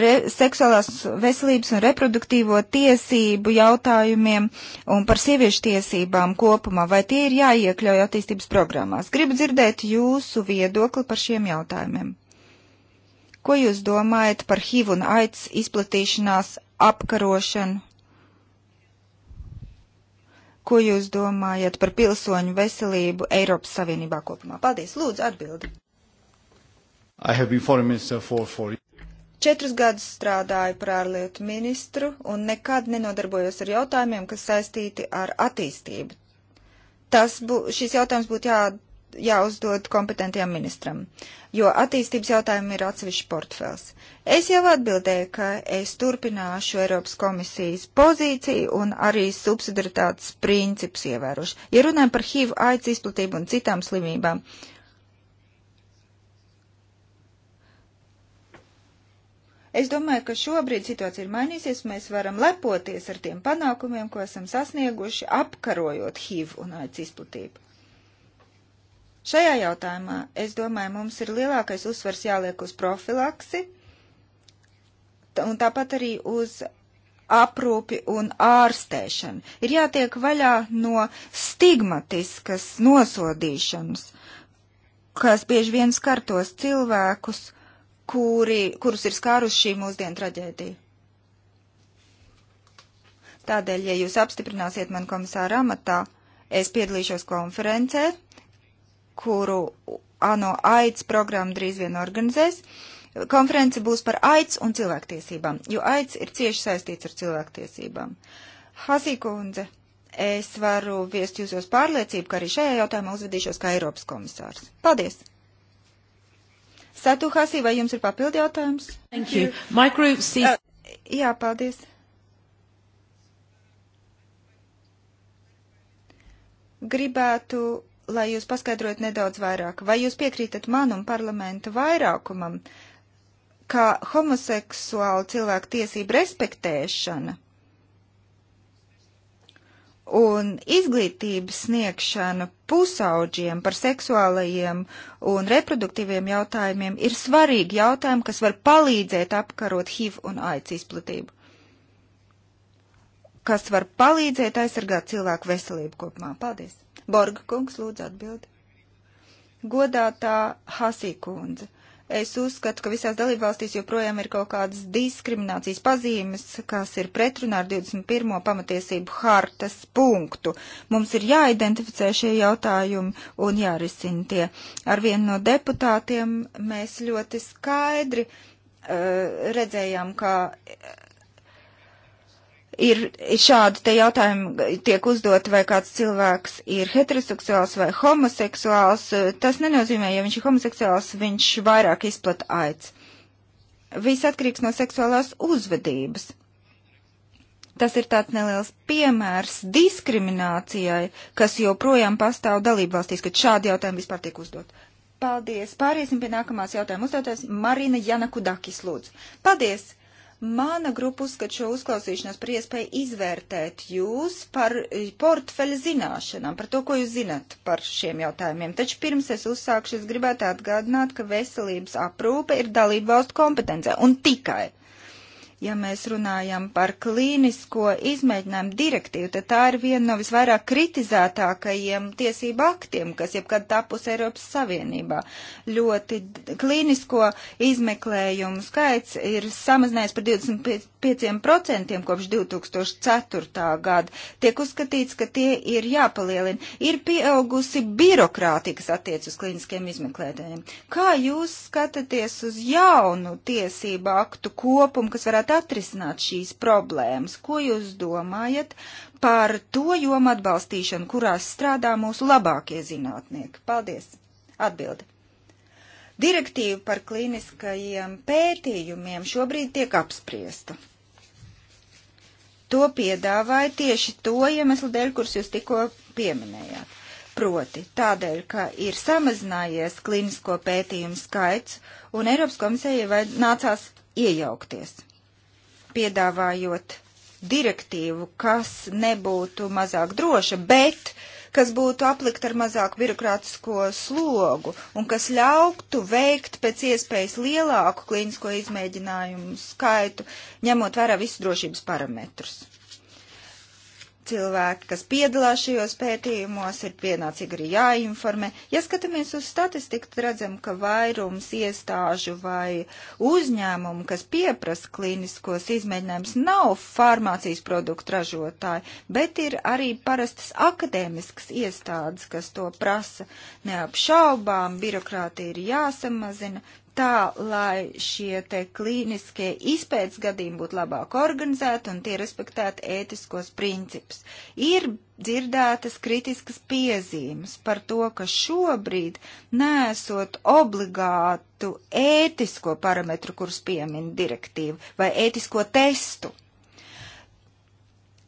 re, seksuālās veselības un reproduktīvo tiesību jautājumiem un par sieviešu tiesībām kopumā, vai tie ir jāiekļauj attīstības programmās. Gribu dzirdēt jūsu viedokli par šiem jautājumiem. Ko jūs domājat par HIV un AIDS izplatīšanās apkarošanu Ko jūs domājat par pilsoņu veselību Eiropas Savienībā kopumā? Paldies, lūdzu, atbildi. For, for... Četrus gadus strādāju par ārlietu ministru un nekad nenodarbojos ar jautājumiem, kas saistīti ar attīstību. Tas bū, šis jautājums būtu jā, jāuzdod kompetentajam ministram, jo attīstības jautājumi ir atsevišķi portfels. Es jau atbildēju, ka es turpināšu Eiropas komisijas pozīciju un arī subsidaritātes principus ievērošu. Ja runājam par HIV, aids izplatību un citām slimībām, Es domāju, ka šobrīd situācija ir mainīsies, mēs varam lepoties ar tiem panākumiem, ko esam sasnieguši, apkarojot HIV un aids izplatību. Šajā jautājumā, es domāju, mums ir lielākais uzsvers jāliek uz profilaksi un tāpat arī uz aprūpi un ārstēšanu. Ir jātiek vaļā no stigmatiskas nosodīšanas, kas bieži vien skartos cilvēkus, kuri, kurus ir skāruši šī mūsdienu traģēdija. Tādēļ, ja jūs apstiprināsiet man komisāra amatā, es piedalīšos konferencē, kuru ANO AIDS programma drīz vien organizēs. Uh, konference būs par aids un cilvēktiesībām, jo aids ir cieši saistīts ar cilvēktiesībām. Hasīkundze, es varu viest jūs uz pārliecību, ka arī šajā jautājumā uzvedīšos kā Eiropas komisārs. Paldies! Satu Hasī, vai jums ir papildi jautājums? Thank you. My group sees... Uh, jā, paldies. Gribētu lai jūs paskaidrojat nedaudz vairāk, vai jūs piekrītat man un parlamentu vairākumam ka homoseksuāla cilvēku tiesība respektēšana un izglītības sniegšana pusauģiem par seksuālajiem un reproduktīviem jautājumiem ir svarīgi jautājumi, kas var palīdzēt apkarot HIV un AIDS izplatību, kas var palīdzēt aizsargāt cilvēku veselību kopumā. Paldies! Borga kungs, lūdzu atbildi. Godātā Hasī kundze Es uzskatu, ka visās dalībvalstīs joprojām ir kaut kādas diskriminācijas pazīmes, kas ir pretrunā ar 21. pamatiesību hartas punktu. Mums ir jāidentificē šie jautājumi un jārisina tie. Ar vienu no deputātiem mēs ļoti skaidri uh, redzējām, ka ir šādi te jautājumi tiek uzdot, vai kāds cilvēks ir heteroseksuāls vai homoseksuāls. Tas nenozīmē, ja viņš ir homoseksuāls, viņš vairāk izplata aids. Viss atkarīgs no seksuālās uzvedības. Tas ir tāds neliels piemērs diskriminācijai, kas joprojām pastāv dalību valstīs, kad šādi jautājumi vispār tiek uzdot. Paldies! Pāriesim pie nākamās jautājuma uzdotājas Marina Janakudakis, lūdzu. Paldies! Mana grupa uzskata šo uzklausīšanos par iespēju izvērtēt jūs par eh, portfeļa zināšanām, par to, ko jūs zinat par šiem jautājumiem. Taču pirms es uzsākšu, es gribētu atgādināt, ka veselības aprūpe ir dalība valstu kompetence un tikai. Ja mēs runājam par klīnisko izmēģinājumu direktīvu, tad tā ir viena no visvairāk kritizētākajiem tiesību aktiem, kas jebkad tapus Eiropas Savienībā. Ļoti klīnisko izmeklējumu skaits ir samazinājies par 25% kopš 2004. gada. Tiek uzskatīts, ka tie ir jāpalielina. Ir pieaugusi birokrātija, kas attiec uz klīniskiem izmeklētājiem. Kā jūs skatāties uz jaunu tiesību aktu kopumu, kas varētu varētu atrisināt šīs problēmas? Ko jūs domājat par to jomu atbalstīšanu, kurās strādā mūsu labākie zinātnieki? Paldies! Atbilde. Direktīva par klīniskajiem pētījumiem šobrīd tiek apspriesta. To piedāvāja tieši to iemeslu dēļ, kurus jūs tikko pieminējāt. Proti, tādēļ, ka ir samazinājies klīnisko pētījumu skaits, un Eiropas komisija nācās iejaukties piedāvājot direktīvu, kas nebūtu mazāk droša, bet kas būtu aplikt ar mazāku birokrātisko slogu un kas ļauktu veikt pēc iespējas lielāku klīnisko izmēģinājumu skaitu, ņemot vērā visus drošības parametrus cilvēki, kas piedalās šajos pētījumos, ir pienācīgi arī jāinformē. Ja skatāmies uz statistiku, tad redzam, ka vairums iestāžu vai uzņēmumu, kas pieprasa klīniskos izmēģinājumus, nav farmācijas produktu ražotāji, bet ir arī parastas akadēmiskas iestādes, kas to prasa. Neapšaubām birokrātija ir jāsamazina, tā, lai šie te klīniskie izpētes gadījumi būtu labāk organizēti un tie respektētu ētiskos principus. Ir dzirdētas kritiskas piezīmes par to, ka šobrīd nesot obligātu ētisko parametru, kurus piemin direktīva, vai ētisko testu.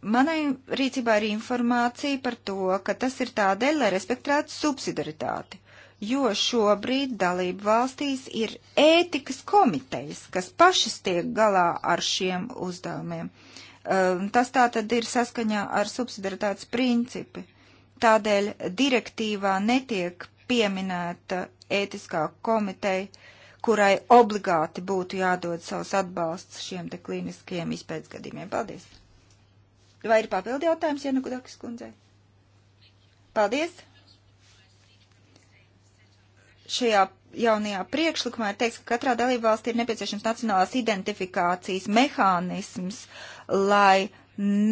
Manai rīcībā ir informācija par to, ka tas ir tādēļ, lai respektētu subsidaritāti jo šobrīd dalību valstīs ir ētikas komitejas, kas pašas tiek galā ar šiem uzdevumiem. Ehm, tas tā tad ir saskaņā ar subsidaritātes principi. Tādēļ direktīvā netiek pieminēta ētiskā komiteja, kurai obligāti būtu jādod savs atbalsts šiem te klīniskajiem izpētgadījumiem. Paldies! Vai ir papildi jautājums, Janukudakis kundzei? Paldies! Šajā jaunajā priekšlikumā ir teikts, ka katrā dalībvalstī ir nepieciešams nacionālās identifikācijas mehānisms, lai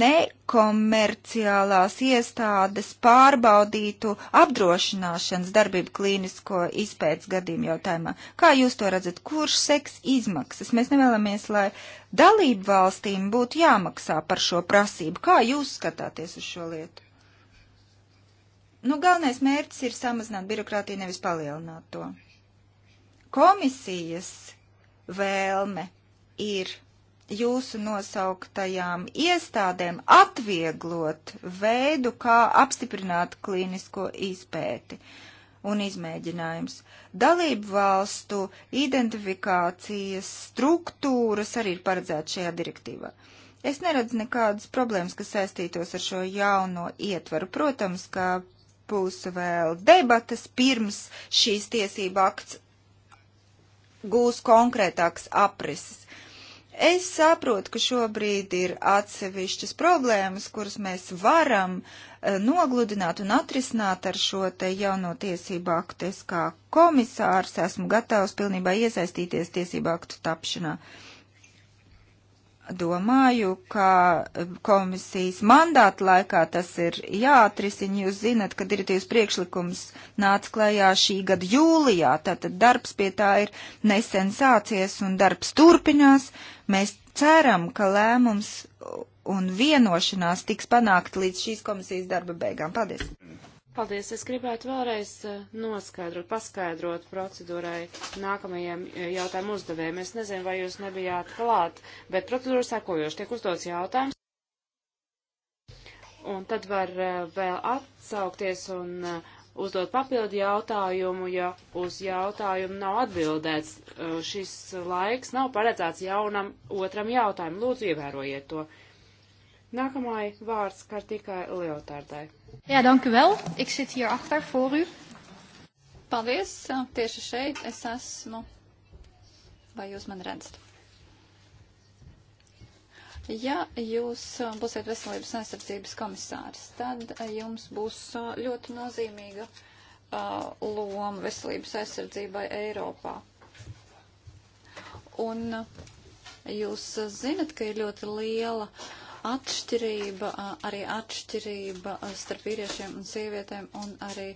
nekomerciālās iestādes pārbaudītu apdrošināšanas darbību klīnisko izpētes gadījumu jautājumā. Kā jūs to redzat? Kurš seks izmaksas? Mēs nevēlamies, lai dalību valstīm būtu jāmaksā par šo prasību. Kā jūs skatāties uz šo lietu? Nu, galvenais mērķis ir samazināt birokrātiju, nevis palielināt to. Komisijas vēlme ir jūsu nosauktajām iestādēm atvieglot veidu, kā apstiprināt klīnisko izpēti un izmēģinājums. Dalību valstu identifikācijas struktūras arī ir paredzēta šajā direktīvā. Es neredzu nekādas problēmas, kas saistītos ar šo jauno ietvaru. Protams, ka būs vēl debatas pirms šīs tiesība akts gūs konkrētāks aprises. Es saprotu, ka šobrīd ir atsevišķas problēmas, kuras mēs varam uh, nogludināt un atrisināt ar šo te jauno tiesību aktu. Es kā komisārs esmu gatavs pilnībā iesaistīties tiesību aktu tapšanā. Uh, domāju, ka eh, komisijas mandāta laikā tas ir jāatrisina. Jūs zinat, ka direktīvas priekšlikums nāca klajā šī gada jūlijā, tātad darbs pie tā ir nesen sācies un darbs turpinās. Mēs ceram, ka lēmums un vienošanās tiks panākt līdz šīs komisijas darba beigām. Paldies! Paldies. Es gribētu vēlreiz eh, noskaidrot, paskaidrot procedūrai nākamajiem eh, jautājumu uzdevējiem. Es nezinu, vai jūs nebijāt klāt, bet procedūra sekojoši tiek uzdots jautājums. Un tad var eh, vēl atsaukties un uzdot papildu jautājumu, ja uz jautājumu nav atbildēts. Šis laiks nav paredzēts jaunam otram jautājumam. Lūdzu, ievērojiet to. Nākamai vārds Kartikai Leotārdai. Jā, danku vēl. Ik sit hier achter for u. Paldies. Tieši šeit es esmu. Vai jūs man redzat? Ja jūs būsiet veselības aizsardzības komisārs, tad jums būs ļoti nozīmīga uh, loma veselības aizsardzībai Eiropā. Un jūs zinat, ka ir ļoti liela uh, atšķirība, arī atšķirība starp vīriešiem un sievietēm un arī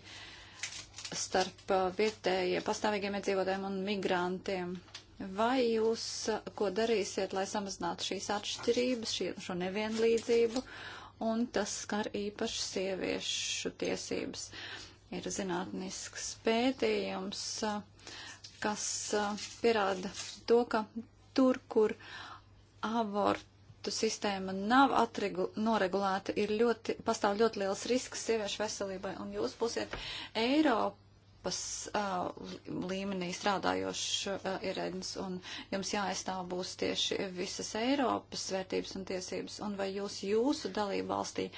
starp vietējiem pastāvīgiem iedzīvotājiem un migrantiem. Vai jūs ko darīsiet, lai samazinātu šīs atšķirības, šī, šo nevienlīdzību, un tas skar īpaši sieviešu tiesības? Ir zinātnisks pētījums, kas pierāda to, ka tur, kur avort sistēma nav atregu, noregulēta, ir ļoti, pastāv ļoti liels risks sieviešu veselībai, un jūs būsiet Eiropas uh, līmenī strādājošs uh, ierēdnis, un jums jāaizstāv būs tieši visas Eiropas vērtības un tiesības, un vai jūs jūsu dalību valstī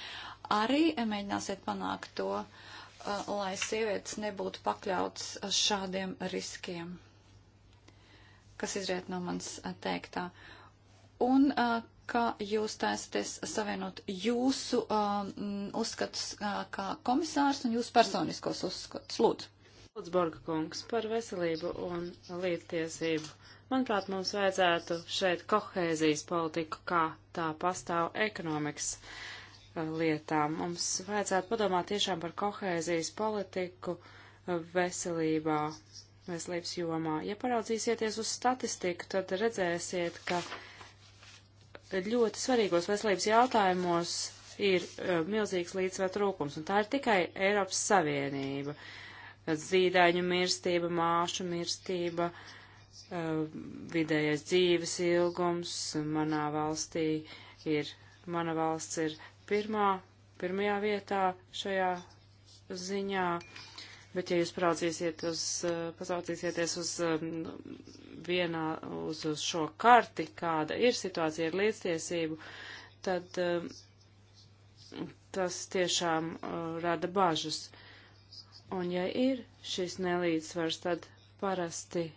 arī mēģināsiet panākt to, uh, lai sievietes nebūtu pakļauts šādiem riskiem, kas izriet no manas teiktā. Un uh, kā jūs taisaties savienot jūsu um, uzskatus uh, kā komisārs un jūsu personiskos uzskatus? Lūdzu. Lūdzu, Borga kungs, par veselību un līdztiesību. Manuprāt, mums vajadzētu šeit kohēzijas politiku, kā tā pastāv ekonomikas uh, lietām. Mums vajadzētu padomāt tiešām par kohēzijas politiku uh, veselībā, veselības jomā. Ja paraudzīsieties uz statistiku, tad redzēsiet, ka uh, ļoti svarīgos veselības jautājumos ir uh, milzīgs līdzsver trūkums, un tā ir tikai Eiropas Savienība. Zīdaiņu mirstība, māšu mirstība, uh, vidējais dzīves ilgums manā valstī ir, mana valsts ir pirmā, pirmajā vietā šajā ziņā, Bet, ja jūs praudzīsiet uz, eh, pasaudzīsieties uz eh, vienā, uz, uz šo karti, kāda ir situācija ar līdztiesību, tad eh, tas tiešām rada bažas. Un, ja ir šis nelīdzsvars, tad parasti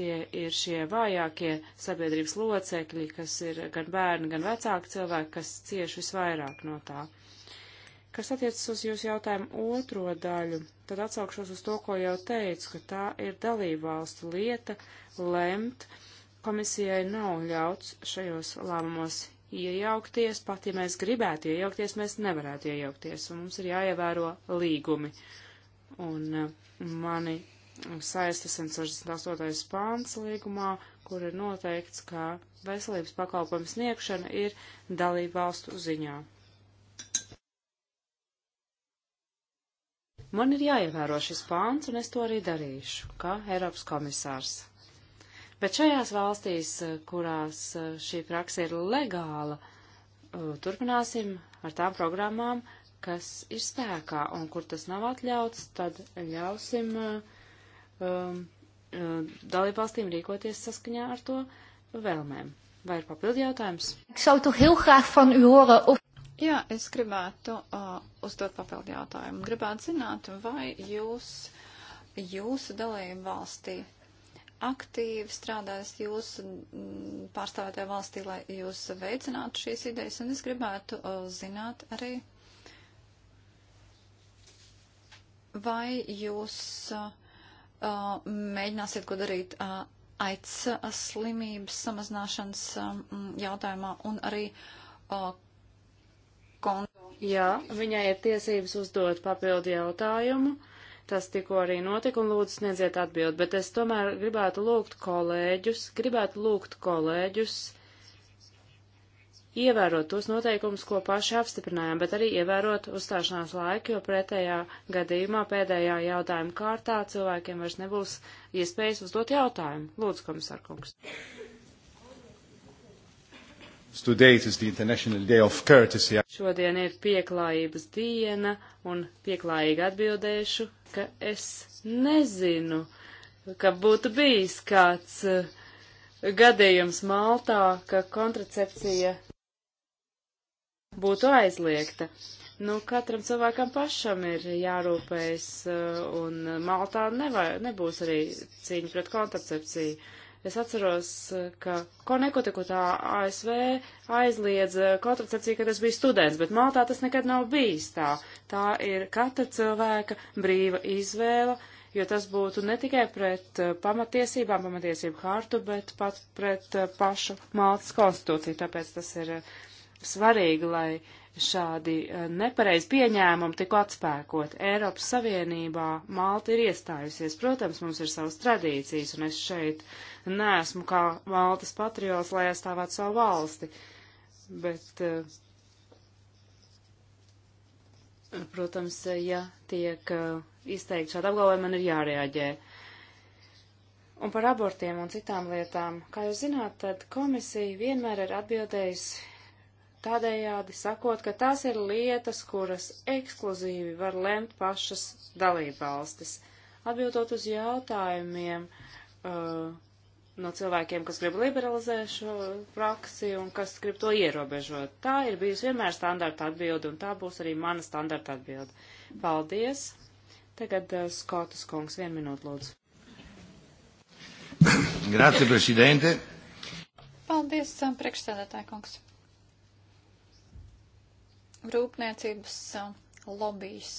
tie ir šie vājākie sabiedrības locekļi, kas ir gan bērni, gan vecāki cilvēki, kas cieši visvairāk no tā. Uh, Kas attiecas uz jūsu jautājumu otro daļu, tad atsaukšos uz to, ko jau teicu, ka tā ir dalībvalstu lieta lemt. Komisijai nav ļauts šajos lēmumos iejaukties, pat ja mēs gribētu iejaukties, mēs nevarētu iejaukties, un mums ir jāievēro līgumi. Un uh, mani saista 168. pāns līgumā, kur ir noteikts, ka veselības pakalpojums sniegšana ir dalību valstu ziņā. Man ir jāievēro šis pāns, un es to arī darīšu, kā Eiropas komisārs. Bet šajās valstīs, eh, kurās eh, šī praksa ir legāla, eh, turpināsim ar tām programmām, kas ir spēkā, un kur tas nav atļauts, tad ļausim um, dalībvalstīm rīkoties saskaņā ar to vēlmēm. Vai ir papildi jautājums? Jā, es gribētu uh, uzdot papildu jautājumu. Gribētu zināt, vai jūs, jūsu dalību valstī aktīvi strādājat jūsu mm, pārstāvētajā valstī, lai jūs veicinātu šīs idejas, un es gribētu uh, zināt arī, vai jūs uh, mēģināsiet ko darīt uh, aids slimības samazināšanas um, jautājumā un arī uh, konto. Jā, viņai ir tiesības uzdot papildu jautājumu. Tas tikko arī notika un lūdzu sniedziet atbildi, bet es tomēr gribētu lūgt kolēģus, gribētu lūgt kolēģus ievērot tos noteikumus, ko paši apstiprinājām, bet arī ievērot uzstāšanās laiku, jo pretējā gadījumā pēdējā jautājuma kārtā cilvēkiem vairs nebūs iespējas uzdot jautājumu. Lūdzu, komisārkungs. Šodien ir pieklājības diena, un pieklājīgi atbildēšu, ka es nezinu, ka būtu bijis kāds eh, gadījums Maltā, ka kontracepcija būtu aizliegta. Nu, katram cilvēkam pašam ir jārūpējas, eh, un Maltā nevar, nebūs arī cīņa pret kontracepciju. Es atceros, ka Konekotikuta ASV aizliedza eh, kontracepciju, kad es biju students, bet Maltā tas nekad nav bijis tā. Tā ir katra cilvēka brīva izvēle, jo tas būtu ne tikai pret eh, pamatiesībām, pamatiesību hārtu, bet pat pret eh, pašu Maltas konstitūciju. Tāpēc tas ir svarīgi, lai šādi e, nepareizi pieņēmumi tiku atspēkot. Eiropas Savienībā Malta ir iestājusies. Protams, mums ir savas tradīcijas, un es šeit neesmu kā Maltas patriots, lai aizstāvētu savu valsti. Bet, e, protams, e, ja tiek izteikti šādi apgalvojumi, man ir jārēģē. Un par abortiem un citām lietām, kā jūs zināt, tad komisija vienmēr ir atbildējusi tādējādi sakot, ka tās ir lietas, kuras ekskluzīvi var lemt pašas dalībvalstis. Atbildot uz jautājumiem uh, no cilvēkiem, kas grib liberalizēt šo praksi un kas grib to ierobežot, tā ir bijusi vienmēr standarta atbilde, un tā būs arī mana standarta atbilde. Paldies! Tagad uh, Skotas kungs, vienu minūtu lūdzu. Grazie, prezidente! Paldies, uh, priekšsēdētāji kungs! rūpniecības uh, lobbyis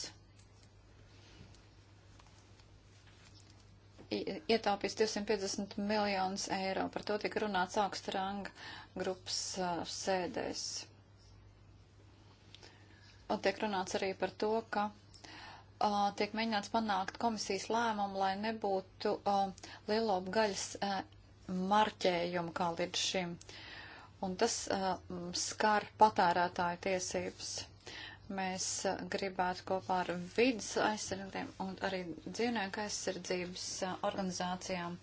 ietaupīs 250 miljonus eiro. Par to tika runāts augsta ranga grupas uh, sēdēs. Un tiek runāts arī par to, ka uh, tiek mēģināts panākt komisijas lēmumu, lai nebūtu uh, lielo gaļas uh, marķējumu kā līdz šim. Uh, un tas uh, skar patērētāju tiesības. Mēs uh, gribētu kopā ar vidas aizsardzībiem un arī dzīvnieku aizsardzības uh, organizācijām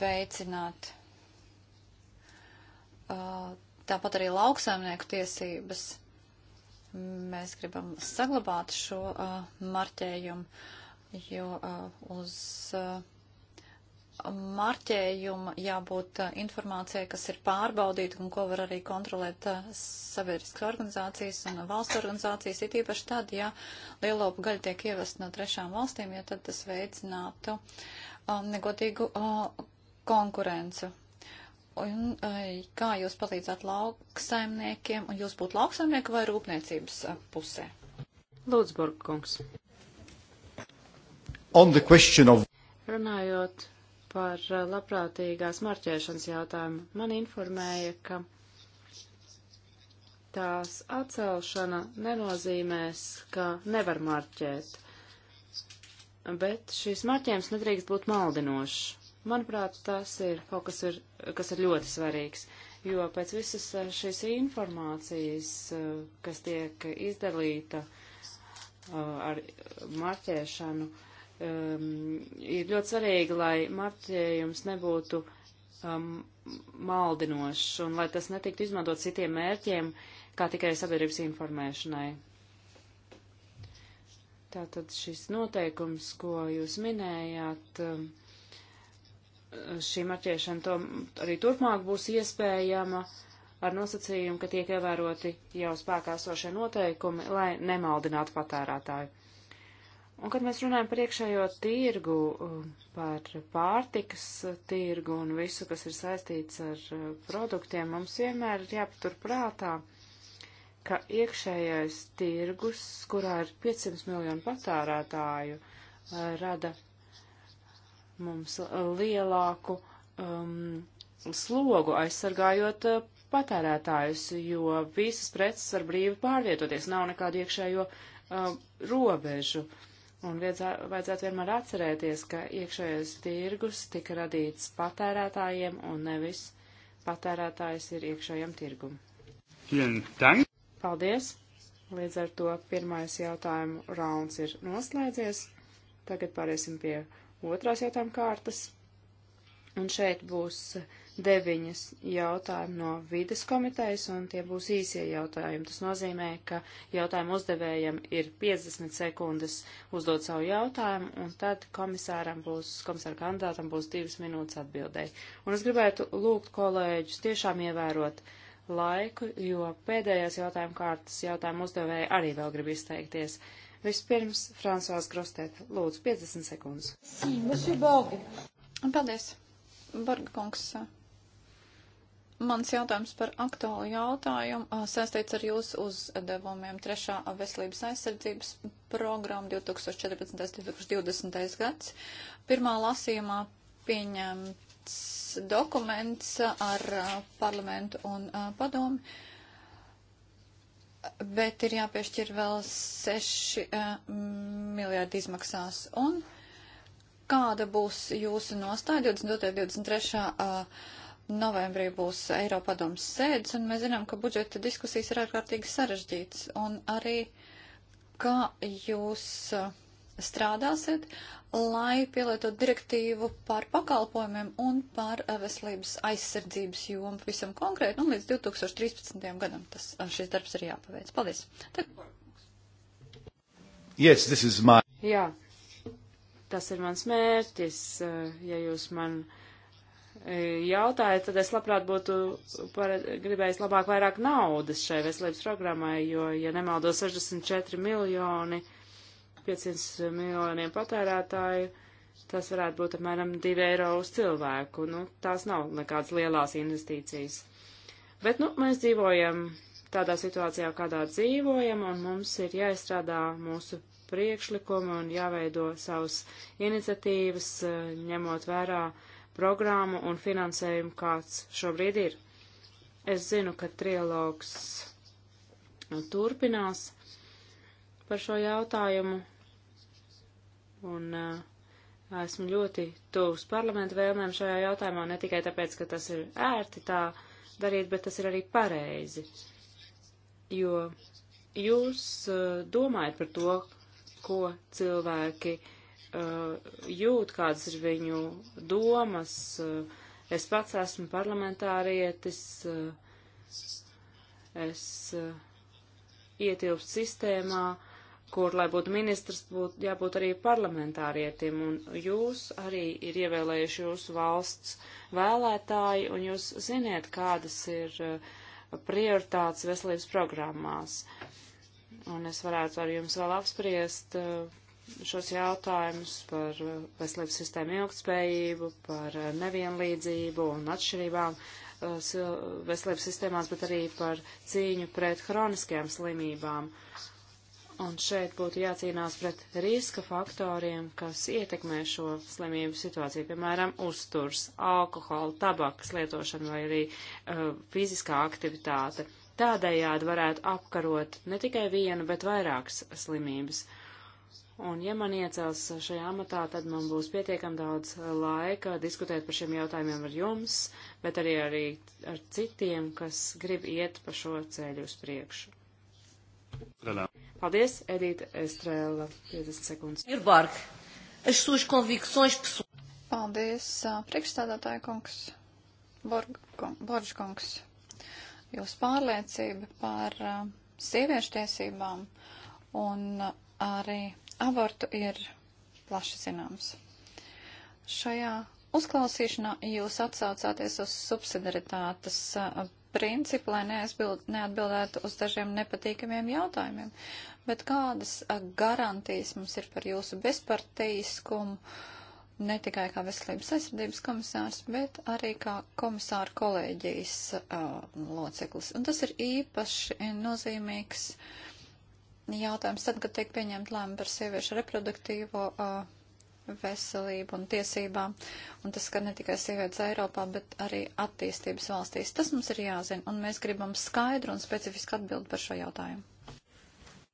veicināt uh, tāpat arī lauksaimnieku tiesības. Mēs gribam saglabāt šo uh, marķējumu, jo uh, uz. Uh, marķējuma jābūt informācijai, kas ir pārbaudīta un ko var arī kontrolēt sabiedriskas organizācijas un valsts organizācijas, it īpaši tad, ja lielopu gaļa tiek ievest no trešām valstīm, jo tad tas veicinātu negodīgu konkurencu. Un kā jūs palīdzat lauksaimniekiem, un jūs būtu lauksaimnieku vai rūpniecības pusē? Lūdzburg kungs. Of... Runājot par eh, labprātīgās marķēšanas jautājumu. Man informēja, ka tās atcelšana nenozīmēs, ka nevar marķēt, bet šīs marķējums nedrīkst būt maldinošs. Manuprāt, tas ir kaut kas, ir, kas ir ļoti svarīgs, jo pēc visas eh, šīs informācijas, eh, kas tiek izdalīta ar marķēšanu, uh, um, ir ļoti svarīgi, lai marķējums nebūtu um, maldinošs un lai tas netiktu izmantot citiem mērķiem, kā tikai sabiedrības informēšanai. Tātad šis noteikums, ko jūs minējāt, um, šī marķēšana to, arī turpmāk būs iespējama ar nosacījumu, ka tiek ievēroti jau spēkā esošie noteikumi, lai nemaldinātu patērētāju. Un, kad mēs runājam par iekšējo tirgu, um, par pārtikas tirgu un visu, kas ir saistīts ar uh, produktiem, mums vienmēr ir jāpatur prātā, ka iekšējais tirgus, kurā ir 500 miljonu patārētāju, uh, rada mums lielāku um, slogu aizsargājot uh, patērētājus, jo visas preces var brīvi pārvietoties, nav nekādu iekšējo uh, robežu. Uh, Un vajadzētu vienmēr atcerēties, ka iekšējais tirgus tika radīts patērētājiem un nevis patērētājs ir iekšējam tirgum. Paldies! Līdz ar to pirmais jautājumu rauns ir noslēdzies. Tagad pāriesim pie otrās jautājuma kārtas. Un šeit būs uh, deviņas jautājumi no vides komitejas, un tie būs īsie jautājumi. Tas nozīmē, ka jautājumu uzdevējam ir 50 sekundes uzdot savu jautājumu, un tad komisāram būs, komisāra kandidātam būs divas minūtes atbildēji. Un es gribētu lūgt kolēģus tiešām ievērot laiku, jo pēdējās jautājuma kārtas jautājumu uzdevēja arī vēl grib izteikties. Vispirms Fransvās Grostēt, lūdzu, 50 sekundes. Paldies, Borga kungs. Mans jautājums par aktuālu jautājumu saistīts ar jūsu uzdevumiem. Trešā veselības aizsardzības programma 2014-2020 gads. Pirmā lasījumā pieņemts dokuments ar parlamentu un padomu, bet ir jāpiešķir vēl 6 miljārdi izmaksās. Un kāda būs jūsu nostāja 22. un 23. Novembrī būs Eiropadoms sēdes, un mēs zinām, ka budžeta diskusijas ir ārkārtīgi sarežģītas. Un arī, kā jūs uh, strādāsiet, lai pielietotu direktīvu par pakalpojumiem un par uh, veselības aizsardzības jomu visam konkrēti, un nu, līdz 2013. gadam tas, uh, šis darbs ir jāpaveic. Paldies. Tad... Yes, this is my... Jā, tas ir mans mērķis, ja jūs man. Uh, E, jautāja, tad es labprāt būtu par, gribējis labāk vairāk naudas šai veselības programmai, jo, ja nemaldo 64 miljoni, 500 miljoniem patērētāju, tas varētu būt apmēram 2 eiro uz cilvēku. Nu, tās nav nekādas lielās investīcijas. Bet, nu, mēs dzīvojam tādā situācijā, kādā dzīvojam, un mums ir jāizstrādā mūsu priekšlikumi un jāveido savas iniciatīvas, ņemot vērā uh, programmu un finansējumu, kāds šobrīd ir. Es zinu, ka trialogs turpinās par šo jautājumu, un uh, esmu ļoti tuvs parlamentu vēlmēm šajā jautājumā, ne tikai tāpēc, ka tas ir ērti tā darīt, bet tas ir arī pareizi. Jo jūs uh, domājat par to, ko cilvēki uh, Uh, jūt, kādas ir viņu domas. Uh, es pats esmu parlamentārietis, uh, es ietilpst sistēmā, kur, lai būtu ministrs, būtu jābūt arī parlamentārietim, un jūs arī ir ievēlējuši jūsu valsts vēlētāji, un jūs ziniet, kādas ir prioritātes veselības programmās. Un es varētu ar jums vēl apspriest uh, šos jautājumus par veselības sistēmu ilgtspējību, par nevienlīdzību un atšķirībām uh, veselības sistēmās, bet arī par cīņu pret hroniskajām slimībām. Un šeit būtu jācīnās pret riska faktoriem, kas ietekmē šo slimību situāciju, piemēram, uzturs, alkohola, tabakas lietošana vai arī uh, fiziskā aktivitāte. Tādējādi varētu apkarot ne tikai vienu, bet vairākas slimības. Uh, Un ja man iecels šajā amatā, tad man būs pietiekam daudz uh, laika diskutēt par šiem jautājumiem ar jums, bet arī, arī ar citiem, kas grib iet pa šo ceļu uz priekšu. Estrela. Paldies, Edita Estrela, 50 sekundes. Irbark, as suas convicções pessoais. Paldies, uh, priekšstādātāja kungs, Borģa kungs. Jūs pārliecība par uh, sieviešu tiesībām un arī abortu ir plaši zināms. Šajā uzklausīšanā jūs atsaucāties uz subsidaritātes uh, principu, lai neatbildētu uz dažiem nepatīkamiem jautājumiem, bet kādas uh, garantijas mums ir par jūsu bezpartīskumu, ne tikai kā veselības aizsardzības komisārs, bet arī kā komisāra kolēģijas uh, loceklis. Un tas ir īpaši nozīmīgs. Uh, jautājums tad, kad tiek pieņemt lēma par sieviešu reproduktīvo uh, veselību un tiesībām, un tas skar ne tikai sievietes Eiropā, bet arī attīstības valstīs. Tas mums ir jāzina, un mēs gribam skaidru un specifisku atbildi par šo jautājumu.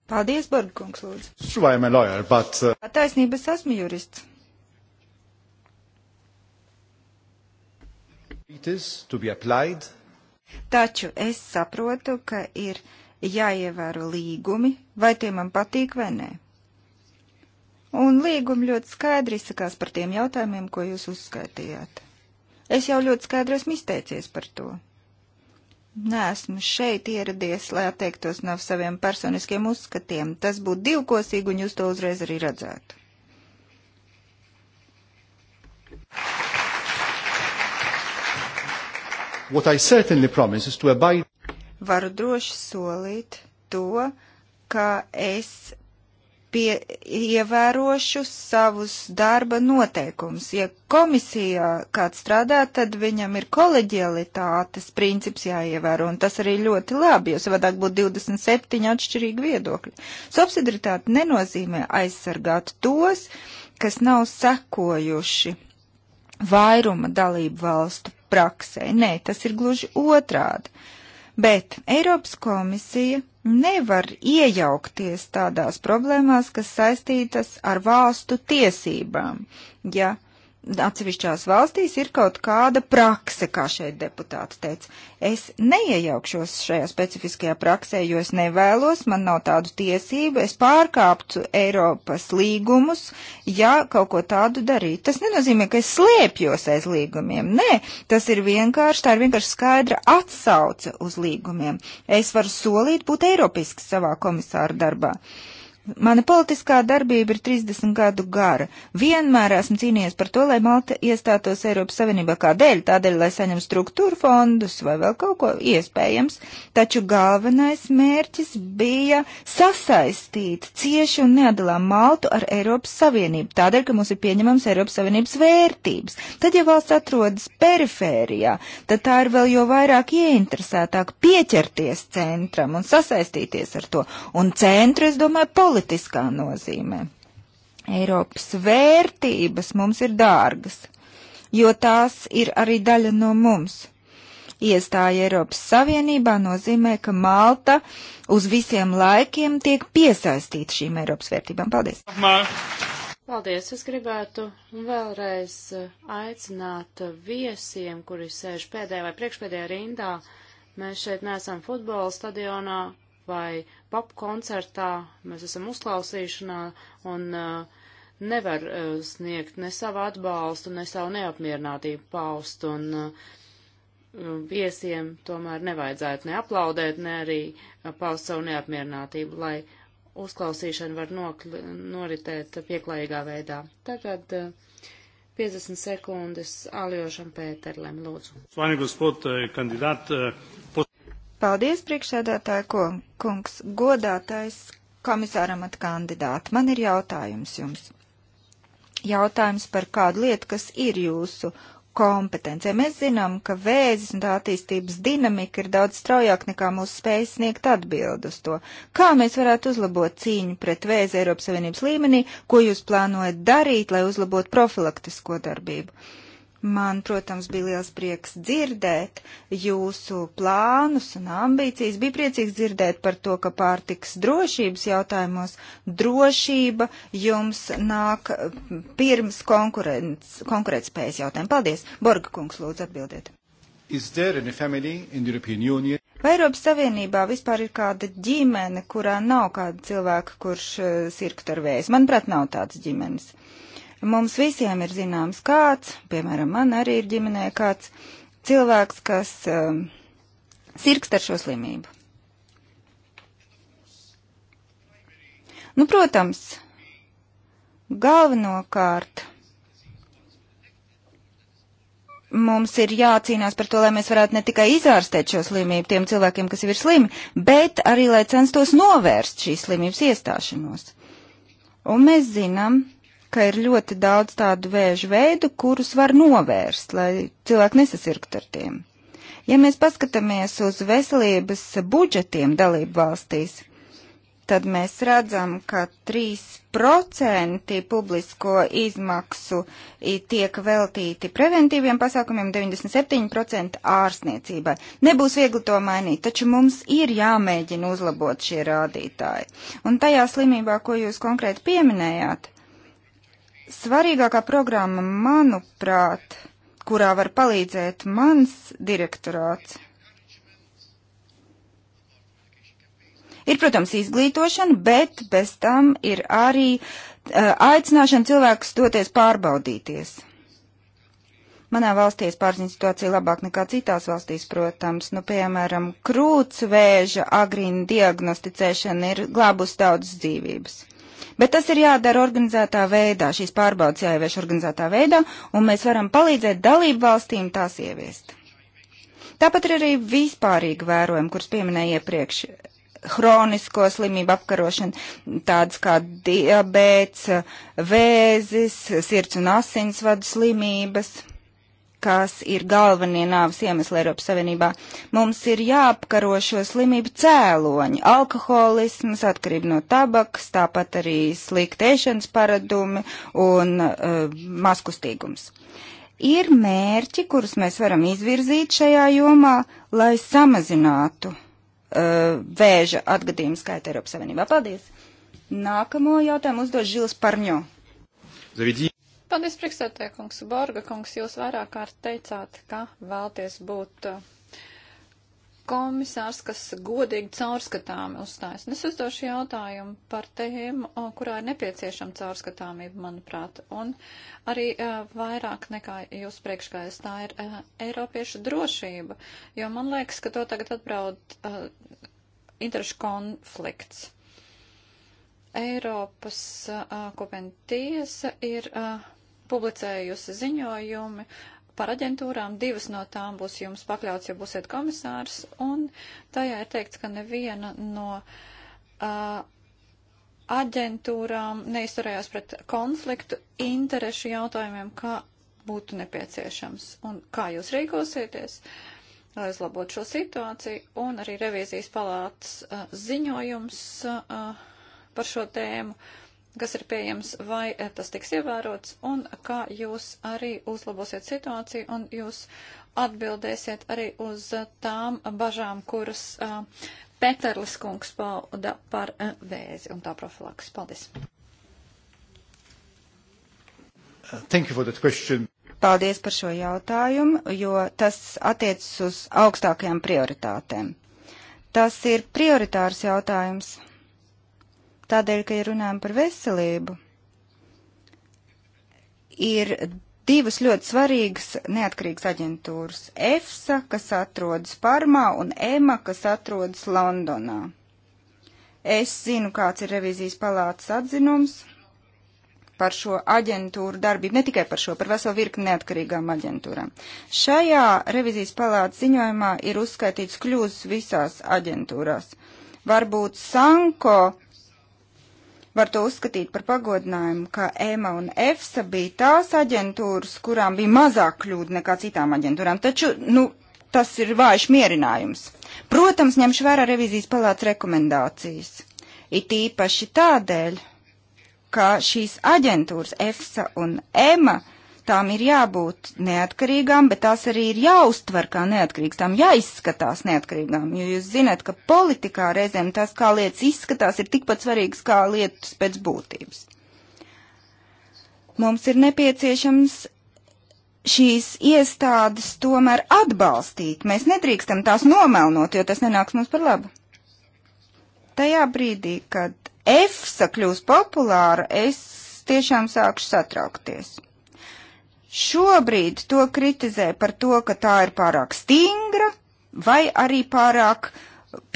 Paldies, Borgkungs, lūdzu. Sure, I'm a lawyer, but... Uh... Taisnības esmu jurists. Taču es saprotu, ka ir jāievēro līgumi, vai tie man patīk vai nē. Un līgumi ļoti skaidri izsakās par tiem jautājumiem, ko jūs uzskaitījāt. Es jau ļoti skaidri esmu izteicies par to. Nē, esmu šeit ieradies, lai atteiktos no saviem personiskiem uzskatiem. Tas būtu divkosīgi, un jūs to uzreiz arī redzētu. What I certainly promise is to abide varu droši solīt to, ka es pie, ievērošu savus darba noteikumus. Ja komisijā kāds strādā, tad viņam ir koleģialitātes princips jāievēro, un tas arī ļoti labi, jo savādāk būtu 27 atšķirīgi viedokļi. Subsidiritāte nenozīmē aizsargāt tos, kas nav sekojuši vairuma dalību valstu praksē. Nē, tas ir gluži otrādi. Uh, Bet Eiropas komisija nevar iejaukties tādās problēmās, kas saistītas ar valstu tiesībām, ja atsevišķās valstīs ir kaut kāda prakse, kā šeit deputāts teica. Es neiejaukšos šajā specifiskajā praksē, jo es nevēlos, man nav tādu tiesību, es pārkāptu Eiropas līgumus, ja kaut ko tādu darītu. Tas nenozīmē, ka es slēpjos aiz līgumiem. Nē, tas ir vienkārši, tā ir vienkārši skaidra atsauce uz līgumiem. Es varu solīt būt eiropisks savā komisāra darbā. Uh, Mana politiskā darbība ir 30 gadu gara. Vienmēr esmu cīnījies par to, lai Malta iestātos Eiropas Savienībā. Kādēļ? Tādēļ, lai saņem struktūru fondus vai vēl kaut ko iespējams. Taču galvenais mērķis bija sasaistīt cieši un neatdalām Maltu ar Eiropas Savienību. Tādēļ, ka mums ir pieņemams Eiropas Savienības vērtības. Tad, ja valsts atrodas perifērijā, tad tā ir vēl jo vairāk ieinteresētāk pieķerties centram un sasaistīties ar to. Un centru, es domāju, politiski politiskā nozīmē. Eiropas vērtības mums ir dārgas, jo tās ir arī daļa no mums. Iestāja Eiropas Savienībā nozīmē, ka Malta uz visiem laikiem tiek piesaistīta šīm Eiropas vērtībām. Paldies! Paldies! Es gribētu vēlreiz aicināt viesiem, kuri sēž pēdējā vai priekšpēdējā rindā. Mēs šeit neesam futbola stadionā, vai pop koncertā, mēs esam uzklausīšanā un uh, nevar uh, sniegt ne savu atbalstu, ne savu neapmierinātību paust, un uh, um, viesiem tomēr nevajadzētu ne aplaudēt, ne arī uh, paust savu neapmierinātību, lai uzklausīšana var nokli, noritēt pieklājīgā veidā. Tagad 50 uh, sekundes Aljošam Pēterlem, lūdzu. Svani, gospod, eh, kandidāt. Po... Eh, Paldies, priekšsēdētāja kungs, godātais komisāram at kandidāti. Man ir jautājums jums. Jautājums par kādu lietu, kas ir jūsu kompetencija. Mēs zinām, ka vēzis un tā attīstības dinamika ir daudz straujāk nekā mūsu spējas sniegt atbild uz to. Kā mēs varētu uzlabot cīņu pret vēzi Eiropas Savienības līmenī, ko jūs plānojat darīt, lai uzlabotu profilaktisko darbību? Man, protams, bija liels prieks dzirdēt jūsu plānus un ambīcijas. Bija priecīgs dzirdēt par to, ka pārtiks drošības jautājumos drošība jums nāk pirms konkurētspējas jautājumu. Paldies! Borga kungs, lūdzu atbildiet. Vai Eiropas Savienībā vispār ir kāda ģimene, kurā nav kāda cilvēka, kurš eh, sirgt ar vēzi? Manuprāt, nav tādas ģimenes. Mums visiem ir zināms kāds, piemēram, man arī ir ģimenē kāds cilvēks, kas um, sirgst ar šo slimību. Nu, protams, galvenokārt mums ir jācīnās par to, lai mēs varētu ne tikai izārstēt šo slimību tiem cilvēkiem, kas jau ir slimi, bet arī, lai censtos novērst šīs slimības iestāšanos. Un mēs zinām, ka ir ļoti daudz tādu vēža veidu, kurus var novērst, lai cilvēki nesasirgt ar tiem. Ja mēs paskatāmies uz veselības budžetiem dalību valstīs, tad mēs redzam, ka 3% publisko izmaksu tiek veltīti preventīviem pasākumiem, 97% ārstniecībai. Nebūs viegli to mainīt, taču mums ir jāmēģina uzlabot šie rādītāji. Un tajā slimībā, ko jūs konkrēti pieminējāt, Svarīgākā programma, manuprāt, kurā var palīdzēt mans direktorāts, ir, protams, izglītošana, bet bez tam ir arī uh, aicināšana cilvēkus doties pārbaudīties. Manā valstī es pārzinu situāciju labāk nekā citās valstīs, protams. Nu, piemēram, krūtsvēža agrīna diagnosticēšana ir glābus daudzas dzīvības. Bet tas ir jādara organizētā veidā, šīs pārbaudas jāievieš organizētā veidā, un mēs varam palīdzēt dalību valstīm tās ieviest. Tāpat ir arī vispārīgi vērojumi, kurus pieminēja iepriekš hronisko slimību apkarošana, tādas kā diabēts, vēzis, sirds un asinsvadu slimības kas ir galvenie nāves iemesli Eiropas Savienībā. Mums ir jāapkaro šo slimību cēloņi - alkoholisms, atkarība no tabakas, tāpat arī slikta ēšanas paradumi un uh, maskustīgums. Ir mērķi, kurus mēs varam izvirzīt šajā jomā, lai samazinātu uh, vēža atgadījumu skaitu Eiropas Savienībā. Paldies! Nākamo jautājumu uzdos Žils Parņo. Zavidī. Paldies, priekšsētē, kungs. Borga, kungs, jūs vairāk kārt teicāt, ka vēlties būt uh, komisārs, kas godīgi caurskatāmi uzstājas. Es uzdošu jautājumu par tēmu, uh, kurā ir nepieciešama caurskatāmība, manuprāt, un arī uh, vairāk nekā jūs priekšgājas. Tā ir uh, Eiropiešu drošība, jo man liekas, ka to tagad atbraud uh, interešu konflikts. Eiropas uh, kopiena tiesa ir. Uh, publicējusi ziņojumi par aģentūrām. Divas no tām būs jums pakļauts, ja būsiet komisārs, un tajā ir teikts, ka neviena no uh, aģentūrām neizturējās pret konfliktu interešu jautājumiem, kā būtu nepieciešams un kā jūs rīkosieties. Uh, lai uzlabotu šo situāciju, un arī revīzijas palātas a, ziņojums a, par šo tēmu kas ir pieejams, vai e, tas tiks ievērots, un kā jūs arī uzlabosiet situāciju, un jūs atbildēsiet arī uz e, tām bažām, kuras uh, Peterlis kungs pauda par uh, vēzi un tā profilaks. Paldies! Uh, thank you for that question. Paldies par šo jautājumu, jo tas attiecas uz augstākajām prioritātēm. Tas ir prioritārs jautājums Tādēļ, ka, ja runājam par veselību, ir divas ļoti svarīgas neatkarīgas aģentūras - EFSA, kas atrodas Parmā, un EMA, kas atrodas Londonā. Es zinu, kāds ir revizijas palātas atzinums par šo aģentūru darbību, ne tikai par šo, par veselu virkni neatkarīgām aģentūrām. Šajā revizijas palātas ziņojumā ir uzskaitīts kļūs visās aģentūrās. Varbūt Sanko Var to uzskatīt par pagodinājumu, ka EMA un EFSA bija tās aģentūras, kurām bija mazāk kļūda nekā citām aģentūrām. Taču, nu, tas ir vājš mierinājums. Protams, ņemšu vērā revizijas palāts rekomendācijas. It īpaši tādēļ, ka šīs aģentūras EFSA un EMA Tām ir jābūt neatkarīgām, bet tās arī ir jāuztver kā neatkarīgas, tām jāizskatās neatkarīgām, jo jūs zināt, ka politikā reizēm tas, kā lietas izskatās, ir tikpat svarīgs kā lietas pēc būtības. Mums ir nepieciešams šīs iestādes tomēr atbalstīt. Mēs nedrīkstam tās nomelnot, jo tas nenāks mums par labu. Tajā brīdī, kad EFSA kļūs populāra, es tiešām sākšu satraukties šobrīd to kritizē par to, ka tā ir pārāk stingra vai arī pārāk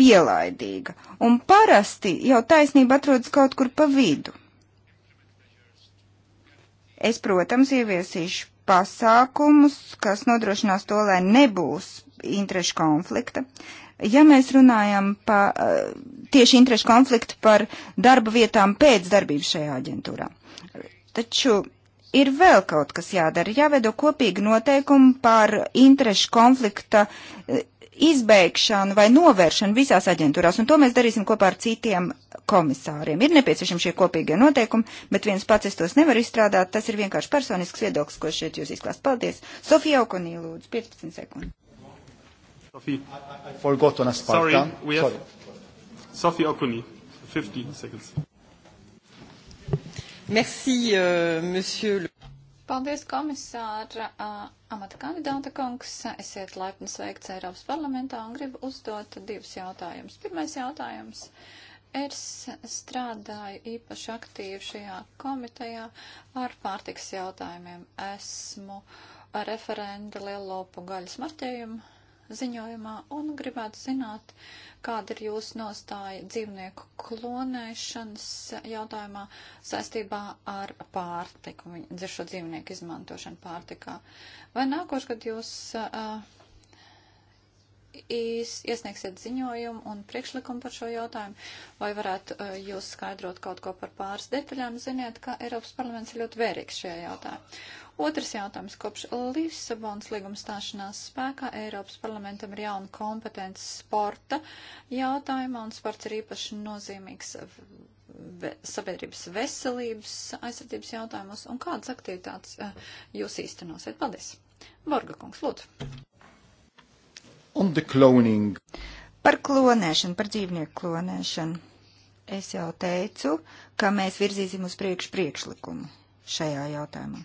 pielaidīga. Un parasti jau taisnība atrodas kaut kur pa vidu. Es, protams, ieviesīšu pasākumus, kas nodrošinās to, lai nebūs interešu konflikta. Ja mēs runājam pa, eh, tieši interešu konfliktu par darba vietām pēc darbības šajā aģentūrā, taču ir vēl kaut kas jādara. Jāveido kopīgi noteikumi par interešu konflikta e, izbeigšanu vai novēršanu visās aģentūrās, un to mēs darīsim kopā ar citiem komisāriem. Ir nepieciešami šie kopīgie noteikumi, bet viens pats es tos nevaru izstrādāt. Tas ir vienkārši personisks viedoklis, ko šeit jūs izklāst. Paldies. Sofija Okonī, lūdzu, 15 sekundes. Sofija Okonī, 50 sekundes. Merci, uh, monsieur. Paldies, komisāra uh, amata kandidāta kungs. Esiet laipni sveikts Eiropas parlamentā un gribu uzdot divus jautājumus. Pirmais jautājums. Es strādāju īpaši aktīvi šajā komitejā ar pārtiks jautājumiem. Esmu referenda lielu lopu gaļas marķējumu ziņojumā un gribētu zināt, kāda ir jūsu nostāja dzīvnieku klonēšanas jautājumā saistībā ar pārtiku, dziršo dzīvnieku izmantošanu pārtikā. Vai nākošgad jūs uh, iesniegsiet ziņojumu un priekšlikumu par šo jautājumu, vai varētu jūs skaidrot kaut ko par pāris detaļām, ziniet, ka Eiropas parlaments ir ļoti vērīgs šajā jautājumā. Otrs jautājums. Kopš Lisabonas līguma stāšanās spēkā Eiropas parlamentam ir jauna kompetence sporta jautājumā, un sports ir īpaši nozīmīgs ve sabiedrības veselības aizsardzības jautājumos, un kādas aktivitātes jūs īstenosiet? Paldies! Borga kungs, lūdzu! On the cloning. Par klonēšanu, par dzīvnieku klonēšanu. Es jau teicu, ka mēs virzīsim uz priekšu priekšlikumu šajā jautājumā.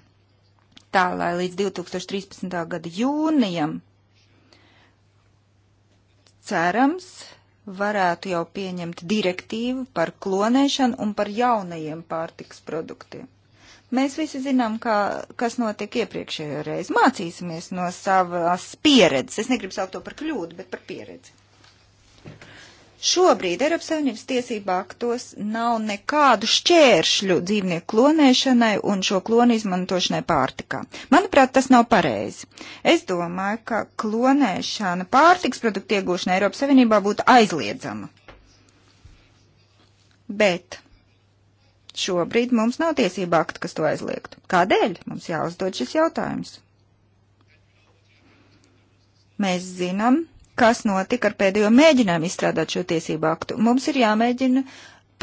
Tā, lai līdz 2013. gada jūnijam cerams varētu jau pieņemt direktīvu par klonēšanu un par jaunajiem pārtiks produktiem. Mēs visi zinām, kā, kas notika iepriekšējo reizi. Mācīsimies no savas pieredzes. Es negribu saukt to par kļūdu, bet par pieredzi. Šobrīd Eiropas Savienības tiesība aktos nav nekādu šķēršļu dzīvnieku klonēšanai un šo klonu izmantošanai pārtikā. Manuprāt, tas nav pareizi. Es domāju, ka klonēšana pārtiks produktu iegūšana Eiropas Savienībā būtu aizliedzama. Bet Šobrīd mums nav tiesība akta, kas to aizliegtu. Kādēļ mums jāuzdod šis jautājums? Mēs zinām, kas notika ar pēdējo mēģinājumu izstrādāt šo tiesību aktu. Mums ir jāmēģina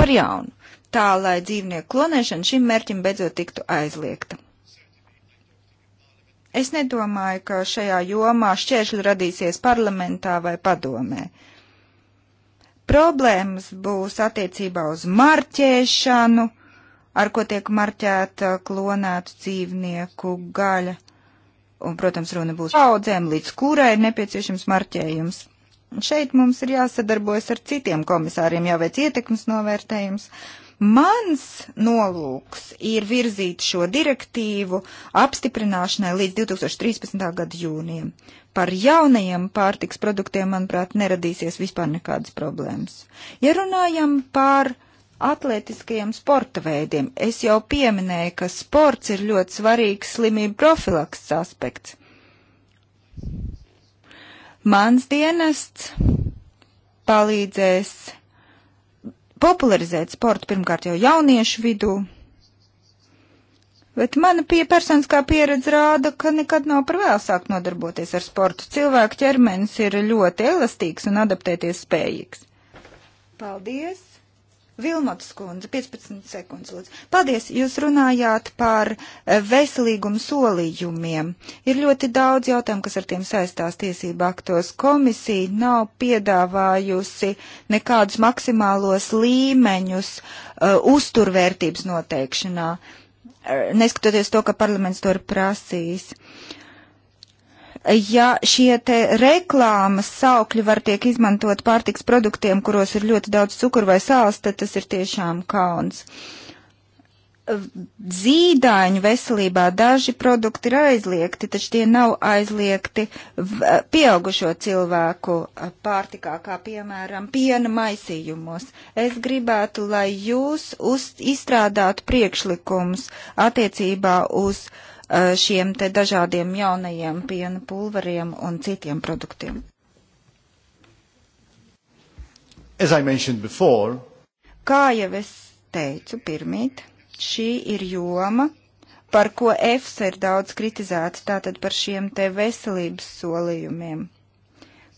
par jaunu, tā lai dzīvnieku klonēšana šim mērķim beidzot tiktu aizliegta. Es nedomāju, ka šajā jomā šķēršļi radīsies parlamentā vai padomē. Problēmas būs attiecībā uz marķēšanu, ar ko tiek marķēta klonētu dzīvnieku gaļa. Un, protams, runa būs paudzēm, līdz kurai ir nepieciešams marķējums. Šeit mums ir jāsadarbojas ar citiem komisāriem, jāveic ietekmes novērtējums. Mans nolūks ir virzīt šo direktīvu apstiprināšanai līdz 2013. gada jūnijam. Par jaunajiem pārtiks produktiem, manuprāt, neradīsies vispār nekādas problēmas. Ja runājam par atletiskajiem sporta veidiem. Es jau pieminēju, ka sports ir ļoti svarīgs slimību profilakses aspekts. Mans dienests palīdzēs popularizēt sportu pirmkārt jau jauniešu vidū, bet mana pie personiskā pieredze rāda, ka nekad nav par vēl sākt nodarboties ar sportu. Cilvēku ķermenis ir ļoti elastīgs un adaptēties spējīgs. Paldies! Vilmotas kundze, 15 sekundes lūdzu. Paldies, jūs runājāt par eh, veselīgumu solījumiem. Ir ļoti daudz jautājumu, kas ar tiem saistās tiesību aktos. Komisija nav piedāvājusi nekādus maksimālos līmeņus uh, uzturvērtības noteikšanā, uh, neskatoties to, ka parlaments to ir prasījis ja šie te reklāmas saukļi var tiek izmantot pārtiks produktiem, kuros ir ļoti daudz cukuru vai sāls, tad tas ir tiešām kauns. Zīdaiņu veselībā daži produkti ir aizliegti, taču tie nav aizliegti pieaugušo cilvēku pārtikā, kā piemēram piena maisījumos. Es gribētu, lai jūs uz, izstrādātu priekšlikumus attiecībā uz uh, Uh, šiem te dažādiem jaunajiem piena pulveriem un citiem produktiem? Before, Kā jau es teicu pirmīt, šī ir joma, par ko EFSA ir daudz kritizēta, tātad par šiem te veselības solījumiem,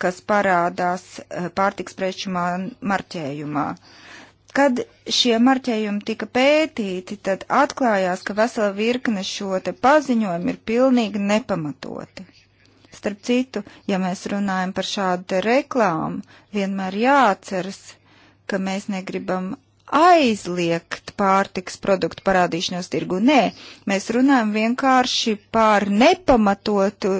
kas parādās uh, pārtiks preču marķējumā. Uh, Kad šie marķējumi tika pētīti, tad atklājās, ka vesela virkne šo te paziņojumu ir pilnīgi nepamatoti. Starp citu, ja mēs runājam par šādu reklāmu, vienmēr jāatceras, ka mēs negribam aizliegt pārtiks produktu parādīšanos tirgu. Nē, mēs runājam vienkārši par nepamatotu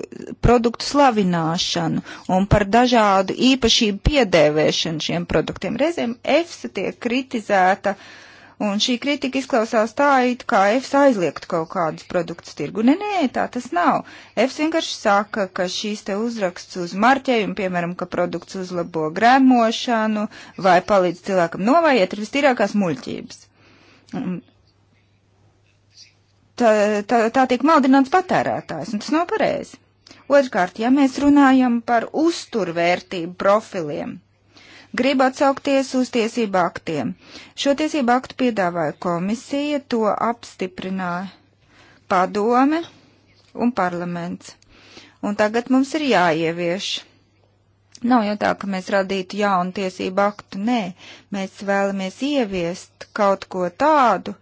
produktu slavināšanu un par dažādu īpašību piedēvēšanu šiem produktiem. Reizēm EFSA tiek kritizēta uh, Un šī kritika izklausās tā, it kā EFS aizliegtu kaut kādus produktus tirgu. Nē, nē, tā tas nav. EFS vienkārši saka, ka šīs te uzraksts uz marķējumu, piemēram, ka produkts uzlabo grēmošanu vai palīdz cilvēkam novājiet, ir vistīrākās muļķības. Tā, tā, tā tiek maldināts patērētājs, un tas nav pareizi. Otrkārt, ja mēs runājam par uzturvērtību profiliem, Gribu atsaukties uz tiesību aktiem. Šo tiesību aktu piedāvāja komisija, to apstiprināja padome un parlaments. Un tagad mums ir jāievieš. Nav jau tā, ka mēs radītu jaunu tiesību aktu, nē, mēs vēlamies ieviest kaut ko tādu,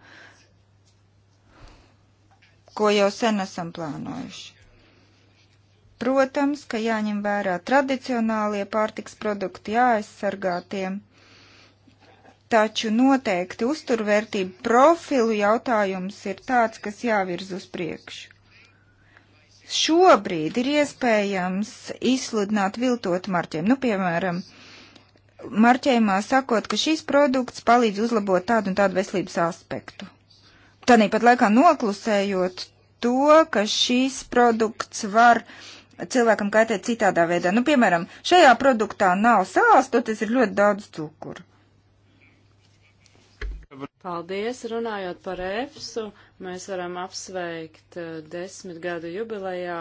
ko jau sen esam plānojuši. Protams, ka jāņem vērā tradicionālie pārtiks produkti, jāaizsargā tiem taču noteikti uzturvērtību profilu jautājums ir tāds, kas jāvirz uz priekšu. Šobrīd ir iespējams izsludināt viltot marķiem. Nu, piemēram, marķējumā sakot, ka šis produkts palīdz uzlabot tādu un tādu veselības aspektu. Tādīpat laikā noklusējot to, ka šīs produkts var uh, cilvēkam kaitēt citādā veidā. Nu, piemēram, šajā produktā nav sāls, tas ir ļoti daudz cukuru. Paldies, runājot par EFSU, mēs varam apsveikt eh, desmit gadu jubilejā,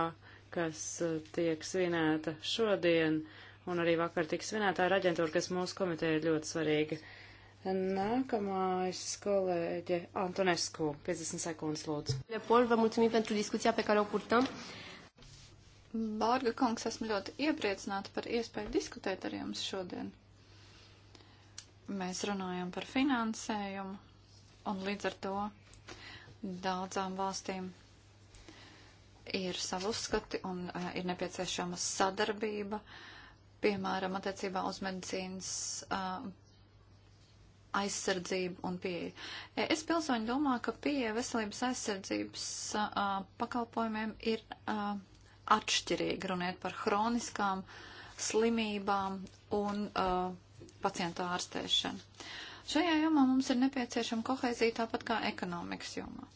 kas eh, tiek svinēta šodien, un arī vakar tika svinēta ar aģentūru, kas mūsu komiteja ir ļoti svarīga. Nākamais kolēģe Antonescu, 50 sekundes lūdzu. Paul, vă mulțumim pentru discuția pe care o purtăm. Uh, Bārga kungs, esmu ļoti iepriecināta par iespēju diskutēt ar jums šodien. Mēs runājam par finansējumu un līdz ar to daudzām valstīm ir savu uzskati un uh, ir nepieciešama sadarbība, piemēram, attiecībā uz medicīnas uh, aizsardzību un pieeju. E, es pilsoņi domā, ka pieeja veselības aizsardzības uh, pakalpojumiem ir. Uh, atšķirīgi, runiet par hroniskām slimībām un uh, pacientu ārstēšanu. Šajā jomā mums ir nepieciešama kohēzija tāpat kā ekonomikas jomā.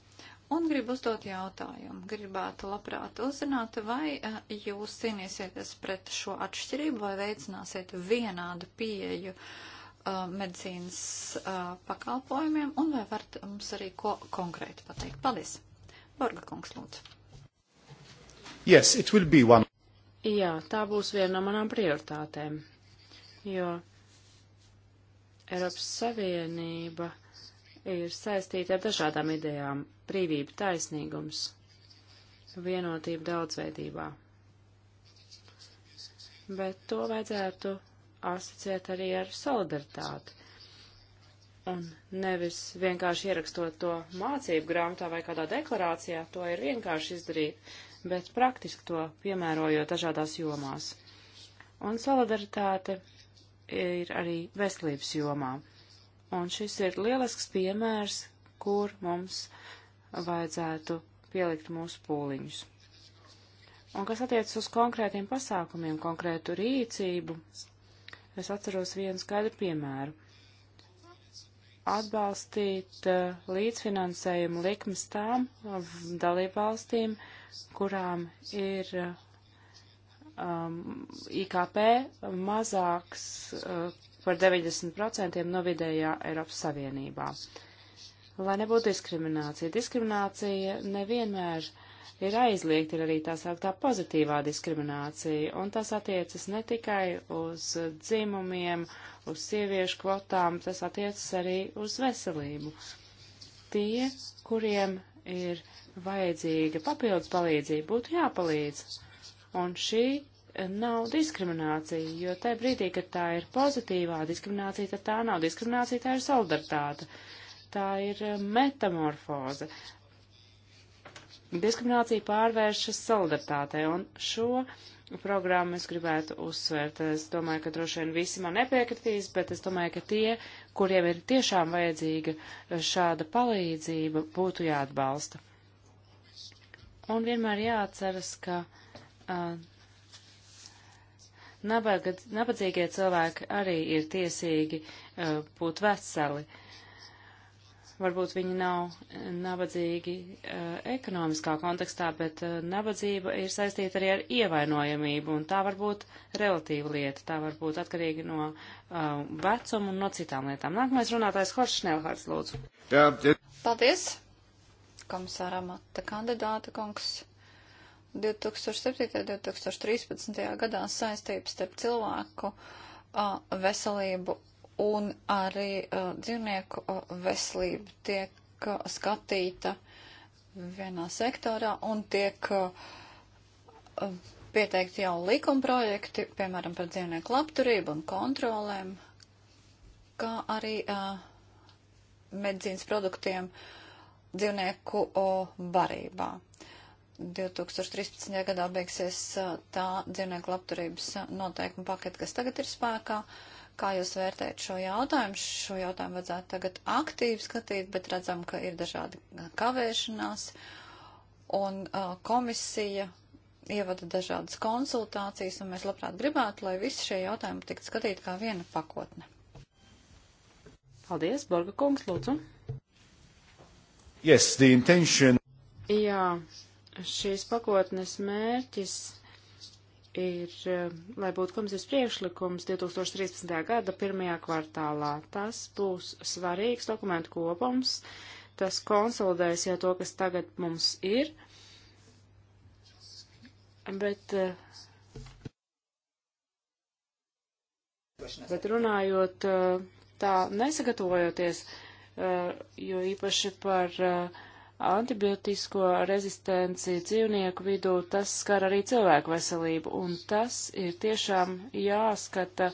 Un gribu uzdot jautājumu. Gribētu labprāt uzzināt, vai uh, jūs cīnīsieties pret šo atšķirību vai veicināsiet vienādu pieeju uh, medicīnas uh, pakalpojumiem, un vai varat mums arī ko konkrēti pateikt. Paldies! Borga kungs, lūdzu. Yes, it will be one. Jā, tā būs viena no manām prioritātēm, jo Eiropas Savienība ir saistīta ar dažādām idejām - brīvība, taisnīgums, vienotība daudzveidībā. Bet to vajadzētu asociēt arī ar solidaritāti. Un nevis vienkārši ierakstot to mācību grāmatā vai kādā deklarācijā, to ir vienkārši izdarīt, bet praktiski to piemērojot dažādās jomās. Un solidaritāte ir arī veselības jomā. Un šis ir lielisks piemērs, kur mums vajadzētu pielikt mūsu pūliņus. Un kas attiecas uz konkrētiem pasākumiem, konkrētu rīcību, es atceros vienu skaidru piemēru. Atbalstīt uh, līdzfinansējumu likmes tām dalībvalstīm, valstīm, kurām ir um, IKP mazāks uh, par 90% no vidējā Eiropas Savienībā. Lai nebūtu diskriminācija. Diskriminācija nevienmēr ir aizliegta, ir arī tā sauktā pozitīvā diskriminācija, un tas attiecas ne tikai uz dzimumiem, uz sieviešu kvotām, tas attiecas arī uz veselību. Tie, kuriem ir vajadzīga papildus palīdzība, būtu jāpalīdz. Un šī nav diskriminācija, jo tajā brīdī, kad tā ir pozitīvā diskriminācija, tad tā nav diskriminācija, tā ir solidaritāte. Tā ir eh, metamorfoze. Diskriminācija pārvēršas solidaritātei, un šo programmu es gribētu uzsvērt. Es domāju, ka droši vien visi man nepiekritīs, bet es domāju, ka tie, kuriem ir tiešām vajadzīga šāda palīdzība, būtu jāatbalsta. Un vienmēr jāatceras, ka uh, nabagad, nabadzīgie cilvēki arī ir tiesīgi uh, būt veseli. Varbūt viņi nav nabadzīgi uh, ekonomiskā kontekstā, bet uh, nabadzība ir saistīta arī ar ievainojamību, un tā var būt relatīva lieta, tā var būt atkarīga no uh, vecuma un no citām lietām. Nākamais runātājs Horšs Nelhards, lūdzu. Jā, jā. Paldies! komisāra amata kandidāta kungs. 2007. un 2013. gadā saistības starp cilvēku veselību un arī dzīvnieku veselību tiek skatīta vienā sektorā un tiek pieteikti jau likumprojekti, piemēram, par dzīvnieku labturību un kontrolēm, kā arī medicīnas produktiem uh, dzīvnieku barībā. 2013. gadā beigsies tā dzīvnieku labturības noteikuma paketa, kas tagad ir spēkā. Kā jūs vērtējat šo jautājumu? Šo jautājumu vajadzētu tagad aktīvi skatīt, bet redzam, ka ir dažādi kavēšanās, un uh, komisija ievada dažādas konsultācijas, un mēs labprāt gribētu, lai visi šie jautājumi tiktu skatīti kā viena pakotne. Paldies, Borga kungs, lūdzu. Yes, the intention. Jā, šīs pakotnes mērķis ir, eh, lai būtu komisijas priekšlikums 2013. gada pirmajā kvartālā. Tas būs svarīgs dokumentu kopums, tas konsolidēs jau to, kas tagad mums ir, bet, eh, bet runājot eh, tā nesagatavojoties, uh, Eh, jo īpaši par eh, antibiotisko rezistenci dzīvnieku vidū, tas skar arī cilvēku veselību, un tas ir tiešām jāskata,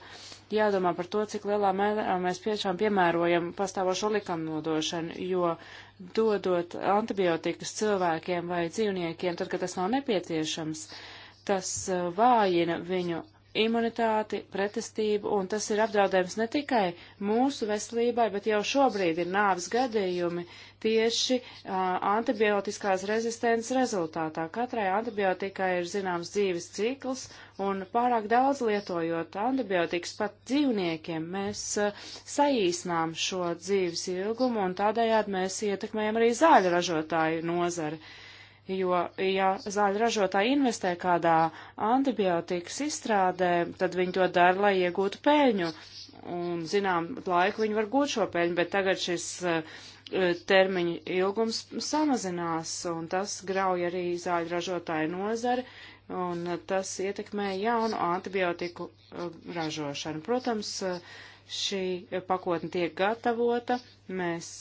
jādomā par to, cik lielā mērā mēs tiešām piemērojam pastāvošo likumnodošanu, jo dodot antibiotikas cilvēkiem vai dzīvniekiem, tad, kad tas nav nepieciešams, tas eh, vājina viņu imunitāti, pretestību, un tas ir apdraudējums ne tikai mūsu veselībai, bet jau šobrīd ir nāves gadījumi tieši uh, antibiotiskās rezistences rezultātā. Katrai antibiotikai ir zināms dzīves cikls, un pārāk daudz lietojot antibiotikas pat dzīvniekiem, mēs uh, saīsnām šo dzīves ilgumu, un tādējādi mēs ietekmējam arī zāļu ražotāju nozari. Uh, Jo, ja zāļu ražotāji investē kādā antibiotikas izstrādē, tad viņi to dara, lai iegūtu peļņu. Un, zinām, laiku viņi var gūt šo peļņu, bet tagad šis uh, eh, termiņu ilgums samazinās, un tas grauj arī zāļu ražotāju nozari, un tas ietekmē jaunu antibiotiku uh, ražošanu. Protams, uh, šī pakotne tiek gatavota, mēs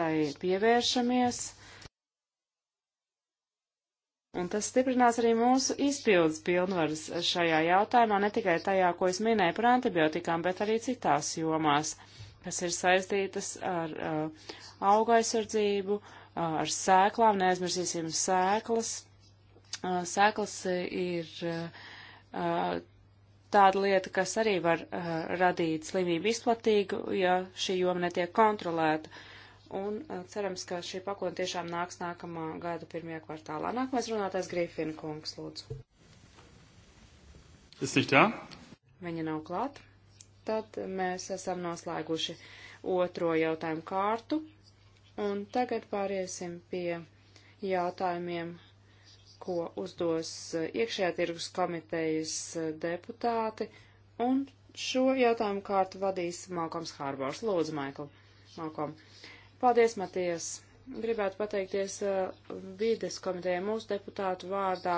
tai pievēršamies Un tas stiprinās arī mūsu izpildes pilnvaras šajā jautājumā, ne tikai tajā, ko es minēju par antibiotikām, bet arī citās jomās, kas ir saistītas ar uh, auga aizsardzību, uh, ar sēklām, neaizmirsīsim sēklas. Uh, sēklas ir uh, tāda lieta, kas arī var uh, radīt slimību izplatīgu, ja šī joma netiek kontrolēta. Uh, un eh, cerams, ka šī pakona tiešām nāks nākamā gada pirmajā kvartālā. Nākamais runātājs Grīfina kungs, lūdzu. Es tik tā? Viņa nav klāt. Tad mēs esam noslēguši otro jautājumu kārtu, un tagad pāriesim pie jautājumiem, ko uzdos eh, iekšējā tirgus komitejas eh, deputāti, un šo jautājumu kārtu vadīs Malkoms Hārbors. Lūdzu, Maikl, Malkom. Uh, Paldies, Matijas! Gribētu pateikties uh, vides komitejai mūsu deputātu vārdā,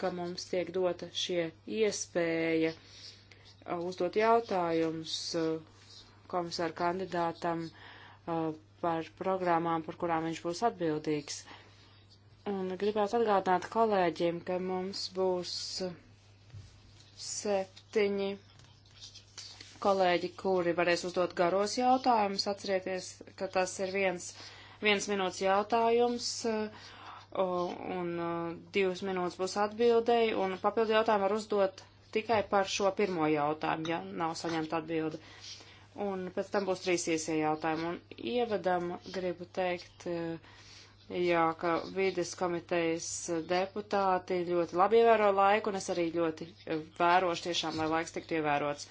ka mums tiek dota šie iespēja uh, uzdot jautājumus uh, komisāru kandidātam uh, par programmām, par kurām viņš būs atbildīgs. Un gribētu atgādināt kolēģiem, ka mums būs uh, septiņi kolēģi, kuri varēs uzdot garos jautājumus. Atcerieties, ka tas ir viens, viens minūtes jautājums uh, un uh, divas minūtes būs atbildēji, un papildu jautājumu var uzdot tikai par šo pirmo jautājumu, ja nav saņemta atbildi. Un pēc tam būs trīs iesie jautājumi. Un ievadam gribu teikt, uh, jā, ka vides komitejas deputāti ļoti labi ievēro laiku, un es arī ļoti vērošu tiešām, lai laiks tiktu ievērots.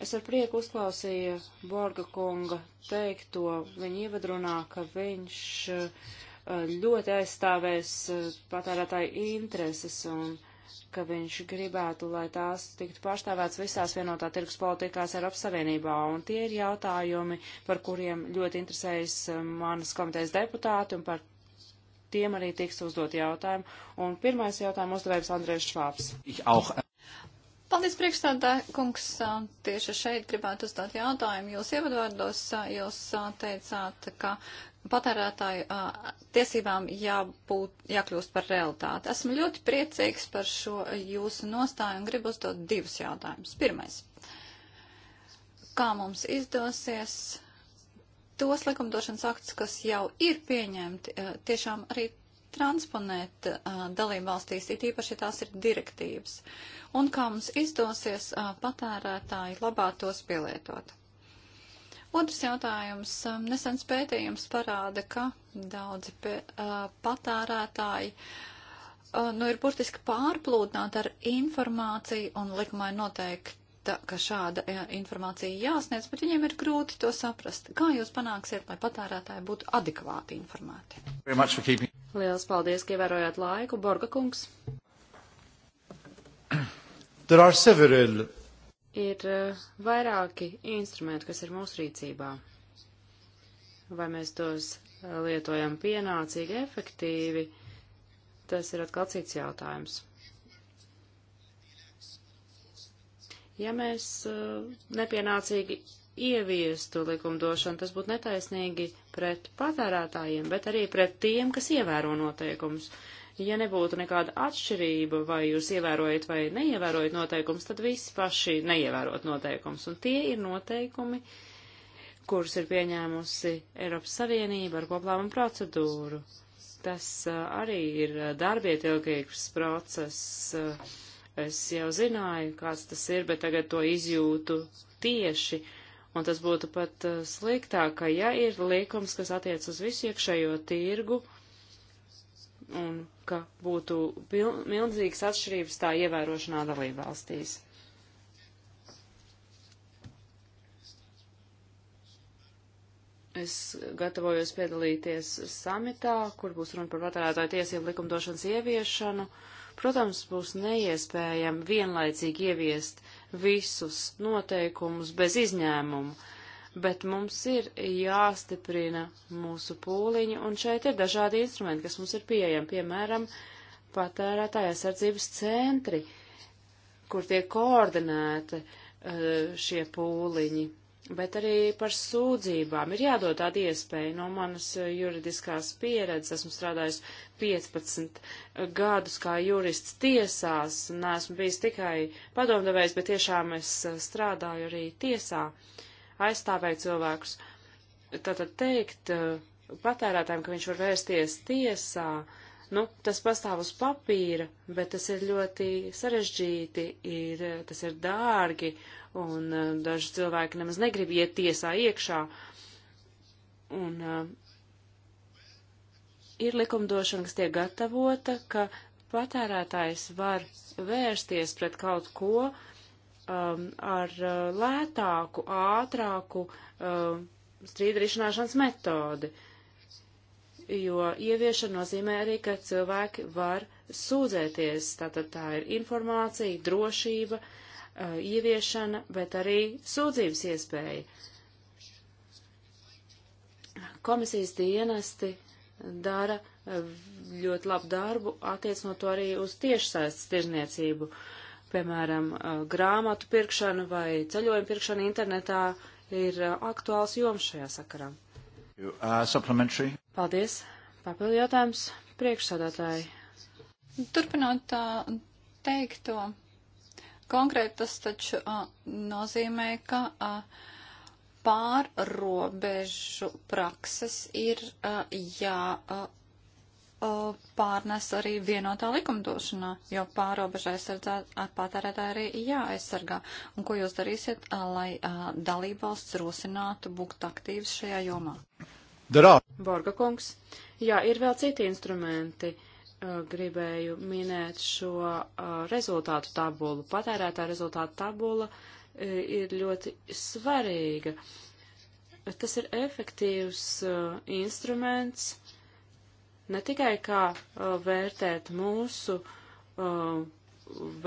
Es ar prieku uzklausīju Borga kunga teikto viņa ievadrunā, ka viņš eh, ļoti aizstāvēs eh, patērētāju intereses un ka viņš gribētu, lai tās tiktu pārstāvēts visās vienotā tirgus politikās Eiropas Savienībā. Un tie ir jautājumi, par kuriem ļoti interesējas eh, manas komitejas deputāti un par tiem arī tiks uzdot jautājumi. Un pirmais jautājums uzdevējs Andrēs Švāps. Paldies, priekšstādāja kungs. Tieši šeit gribētu uzdot jautājumu. Jūs ievadvārdos jūs teicāt, ka patērētāju tiesībām jābūt, jākļūst par realitāti. Esmu ļoti priecīgs par šo jūsu nostāju un gribu uzdot divus jautājumus. Pirmais. Kā mums izdosies tos likumdošanas aktus, kas jau ir pieņemti, tiešām arī transponēt uh, dalībvalstīs, it īpaši tās ir direktīvas, un kā mums izdosies uh, patērētāji labā tos pielietot. Otrs jautājums. Nesens pētījums parāda, ka daudzi pie, uh, patērētāji uh, nu, ir burtiski pārplūdināti ar informāciju un likumai noteikti uzskata, ka šāda informācija jāsniedz, bet viņiem ir grūti to saprast. Kā jūs panāksiet, lai patērētāji būtu adekvāti informēti? Keeping... Lielas paldies, ka ievērojāt laiku, Borga kungs. Several... Ir eh, vairāki instrumenti, kas ir mūsu rīcībā. Vai mēs tos eh, lietojam pienācīgi, efektīvi, tas ir atkal cits jautājums. Ja mēs eh, nepienācīgi ieviestu likumdošanu, tas būtu netaisnīgi pret patērētājiem, bet arī pret tiem, kas ievēro noteikumus. Ja nebūtu nekāda atšķirība, vai jūs ievērojat vai neievērojat noteikumus, tad visi paši neievērot noteikumus. Un tie ir noteikumi, kurus ir pieņēmusi Eiropas Savienība ar koplāmu procedūru. Tas eh, arī ir eh, darbietilgīgs process Es jau zināju, kāds tas ir, bet tagad to izjūtu tieši. Un tas būtu pat eh, sliktāk, ka ja ir likums, kas attiec uz visu iekšējo tirgu, un ka būtu milzīgas atšķirības tā ievērošanā dalībvalstīs. Es gatavojos piedalīties samitā, kur būs runa par patērētāju tiesību likumdošanas ieviešanu. Uh, Protams, būs neiespējami vienlaicīgi ieviest visus noteikumus bez izņēmumu, bet mums ir jāstiprina mūsu pūliņi, un šeit ir dažādi instrumenti, kas mums ir pieejami, piemēram, patērētāja aizsardzības centri, kur tiek koordinēti eh, šie pūliņi bet arī par sūdzībām. Ir jādod tāda iespēja. No manas juridiskās pieredzes esmu strādājis 15 gadus kā jurists tiesās, neesmu bijis tikai padomdevējs, bet tiešām es eh, strādāju arī tiesā, aizstāvēju cilvēkus. Tātad teikt eh, patērētājiem, ka viņš var vērsties tiesā, nu, tas pastāv uz papīra, bet tas ir ļoti sarežģīti, ir, tas ir dārgi. Uh, un uh, daži cilvēki nemaz negrib iet tiesā iekšā. Un uh, ir likumdošana, kas tiek gatavota, ka patērētājs var vērsties pret kaut ko um, ar uh, lētāku, ātrāku uh, strīdu risināšanas metodi. Uh, jo ieviešana nozīmē arī, ka cilvēki var sūdzēties. Tātad tā ir informācija, drošība, uh, ieviešana, bet arī sūdzības iespēja. Komisijas dienesti dara uh, ļoti labu darbu, attiecinot to arī uz tiešsaistes tirzniecību, piemēram, uh, grāmatu pirkšanu vai ceļojumu pirkšanu internetā ir uh, aktuāls joms šajā sakarā. Uh, Paldies. Papildu jautājums priekšsādātāji. Turpinot tā teikto, Konkrēti tas taču a, nozīmē, ka a, pārrobežu prakses ir a, jā. A, pārnes arī vienotā likumdošanā, jo pārobeža patērētāji arī jāaizsargā. Un ko jūs darīsiet, lai dalībvalsts rosinātu būt aktīvs šajā jomā? Darā. Borga kungs, jā, ir vēl citi instrumenti. Uh, Eh, gribēju minēt šo eh, rezultātu tabulu. Patērētā rezultātu tabula eh, ir ļoti svarīga. Tas ir efektīvs instruments ne tikai kā vērtēt mūsu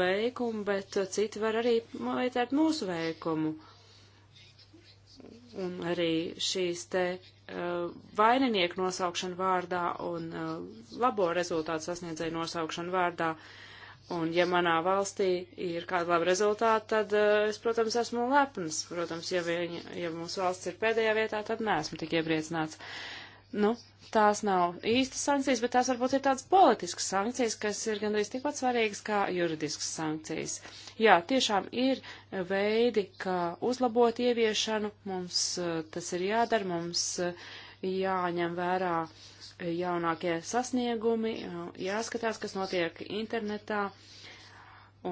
veikumu, bet citi var arī vērtēt mūsu veikumu. Uh, un arī šīs te uh, vaininieku nosaukšana vārdā un uh, labo rezultātu sasniedzēju nosaukšana vārdā. Un ja manā valstī ir kāda laba rezultāta, tad uh, es, protams, esmu lepns. Protams, ja, viņa, ja mūsu valsts ir pēdējā vietā, tad neesmu tik iepriecināts. Uh, Nu, tās nav īstas sankcijas, bet tās varbūt ir tādas politiskas sankcijas, kas ir gandrīz tikpat svarīgas kā juridiskas sankcijas. Jā, tiešām ir veidi, kā uzlabot ieviešanu, mums eh, tas ir jādara, mums eh, jāņem vērā jaunākie sasniegumi, eh, jāskatās, kas notiek internetā,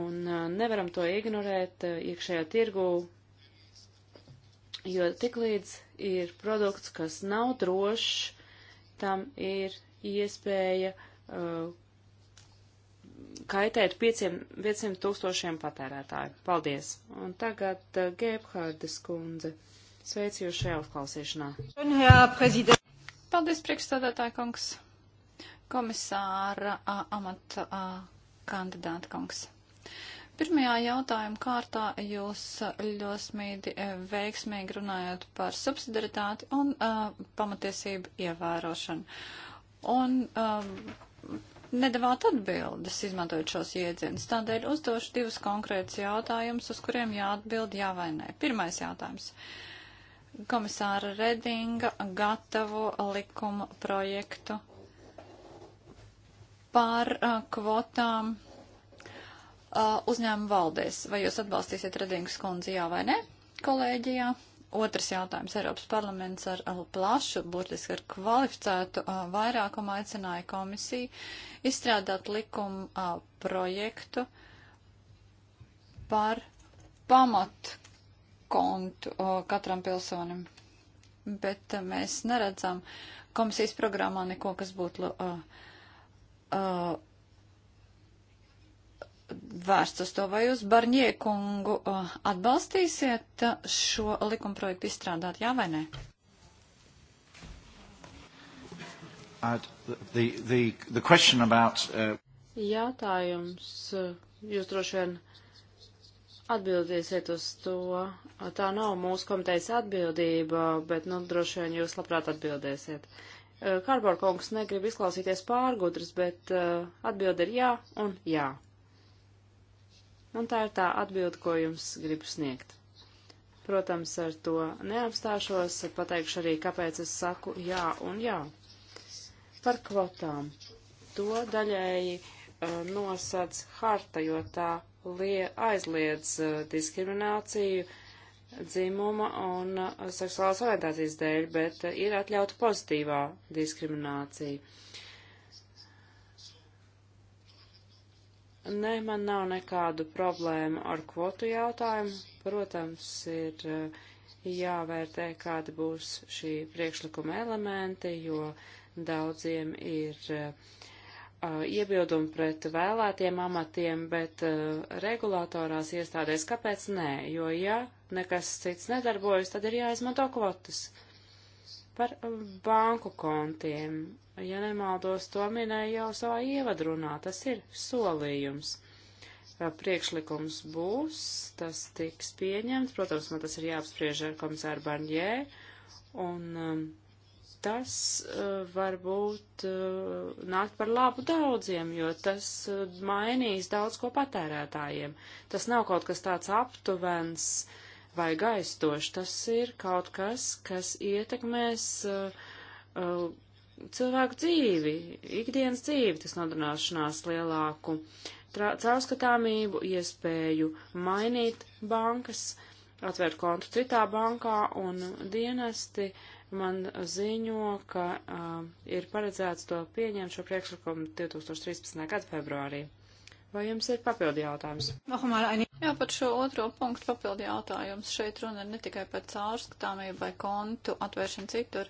un nevaram to ignorēt iekšējā tirgu jo tiklīdz ir produkts, kas nav drošs, tam ir iespēja uh, kaitēt 500, 500 tūkstošiem patērētāju. Paldies! Un tagad uh, Gebhārdas kundze. Sveicu jūs šajā uzklausīšanā. Paldies, priekšstādātāja kungs, komisāra amata kandidāta kungs. Pirmajā jautājuma kārtā jūs eh, ļosmīgi eh, veiksmīgi runājat par subsidaritāti un uh, pamatiesību ievērošanu. Un uh, nedavāt atbildes, izmantojot šos jēdzienus. Tādēļ uzdošu divus konkrētus jautājumus, uz kuriem jāatbild jā vai nē. Pirmais jautājums. Komisāra Redinga gatavo likuma projektu par uh, kvotām Uh, uzņēmuma valdēs. Vai jūs atbalstīsiet Redingas kundzi, jā vai nē, kolēģijā? Otrs jautājums. Eiropas parlaments ar plašu, burtiski ar kvalificētu uh, vairākumu aicināja komisiju izstrādāt likumu uh, projektu par pamatkontu katram pilsonim. Bet mēs neredzam komisijas programmā neko, kas būtu. Uh, uh, vērsts uz to, vai jūs Barņiekungu atbalstīsiet šo likumprojektu izstrādāt, jā vai nē? The, the, the question about, uh... Jātājums, uh, jūs droši vien atbildēsiet uz to. Tā nav mūsu komitejas atbildība, bet, nu, droši vien jūs labprāt atbildēsiet. Uh, Kārbārkungs negrib izklausīties pārgudrs, bet uh, atbild ir jā un jā. Un tā ir tā atbilde, ko jums gribu sniegt. Protams, ar to neapstāšos, pateikšu arī, kāpēc es saku jā un jā. Par kvotām. To daļēji uh, nosac harta, jo tā aizliedz uh, diskrimināciju dzimuma un uh, seksuālās orientācijas dēļ, bet uh, ir atļauta pozitīvā diskriminācija. Nē, man nav nekādu problēmu ar kvotu jautājumu. Protams, ir eh, jāvērtē, kādi būs šī priekšlikuma elementi, jo daudziem ir uh, iebildumi pret vēlētiem amatiem, bet uh, eh, regulātorās iestādēs kāpēc nē? Jo ja nekas cits nedarbojas, tad ir jāizmanto kvotas. Uh, Par banku kontiem, ja nemaldos, to minēja jau savā ievadrunā, tas ir solījums. Priekšlikums būs, tas tiks pieņemts, protams, man tas ir jāapspriež ar komisāru Barņē, un um, tas uh, varbūt uh, nāk par labu daudziem, jo tas uh, mainīs daudz ko patērētājiem. Tas nav kaut kas tāds aptuvens, uh, vai gaistoši. Tas ir kaut kas, kas ietekmēs uh, uh, cilvēku dzīvi, ikdienas dzīvi, tas nodrošinās lielāku caurskatāmību, iespēju mainīt bankas, atvērt kontu citā bankā un dienesti man ziņo, ka uh, ir paredzēts to pieņemt šo priekšlikumu 2013. gada februārī. Vai jums ir papildi jautājums? Jā, par šo otro punktu papildu jautājums. Šeit runa ir ne tikai par caurskatāmību vai kontu atvēršanu citur,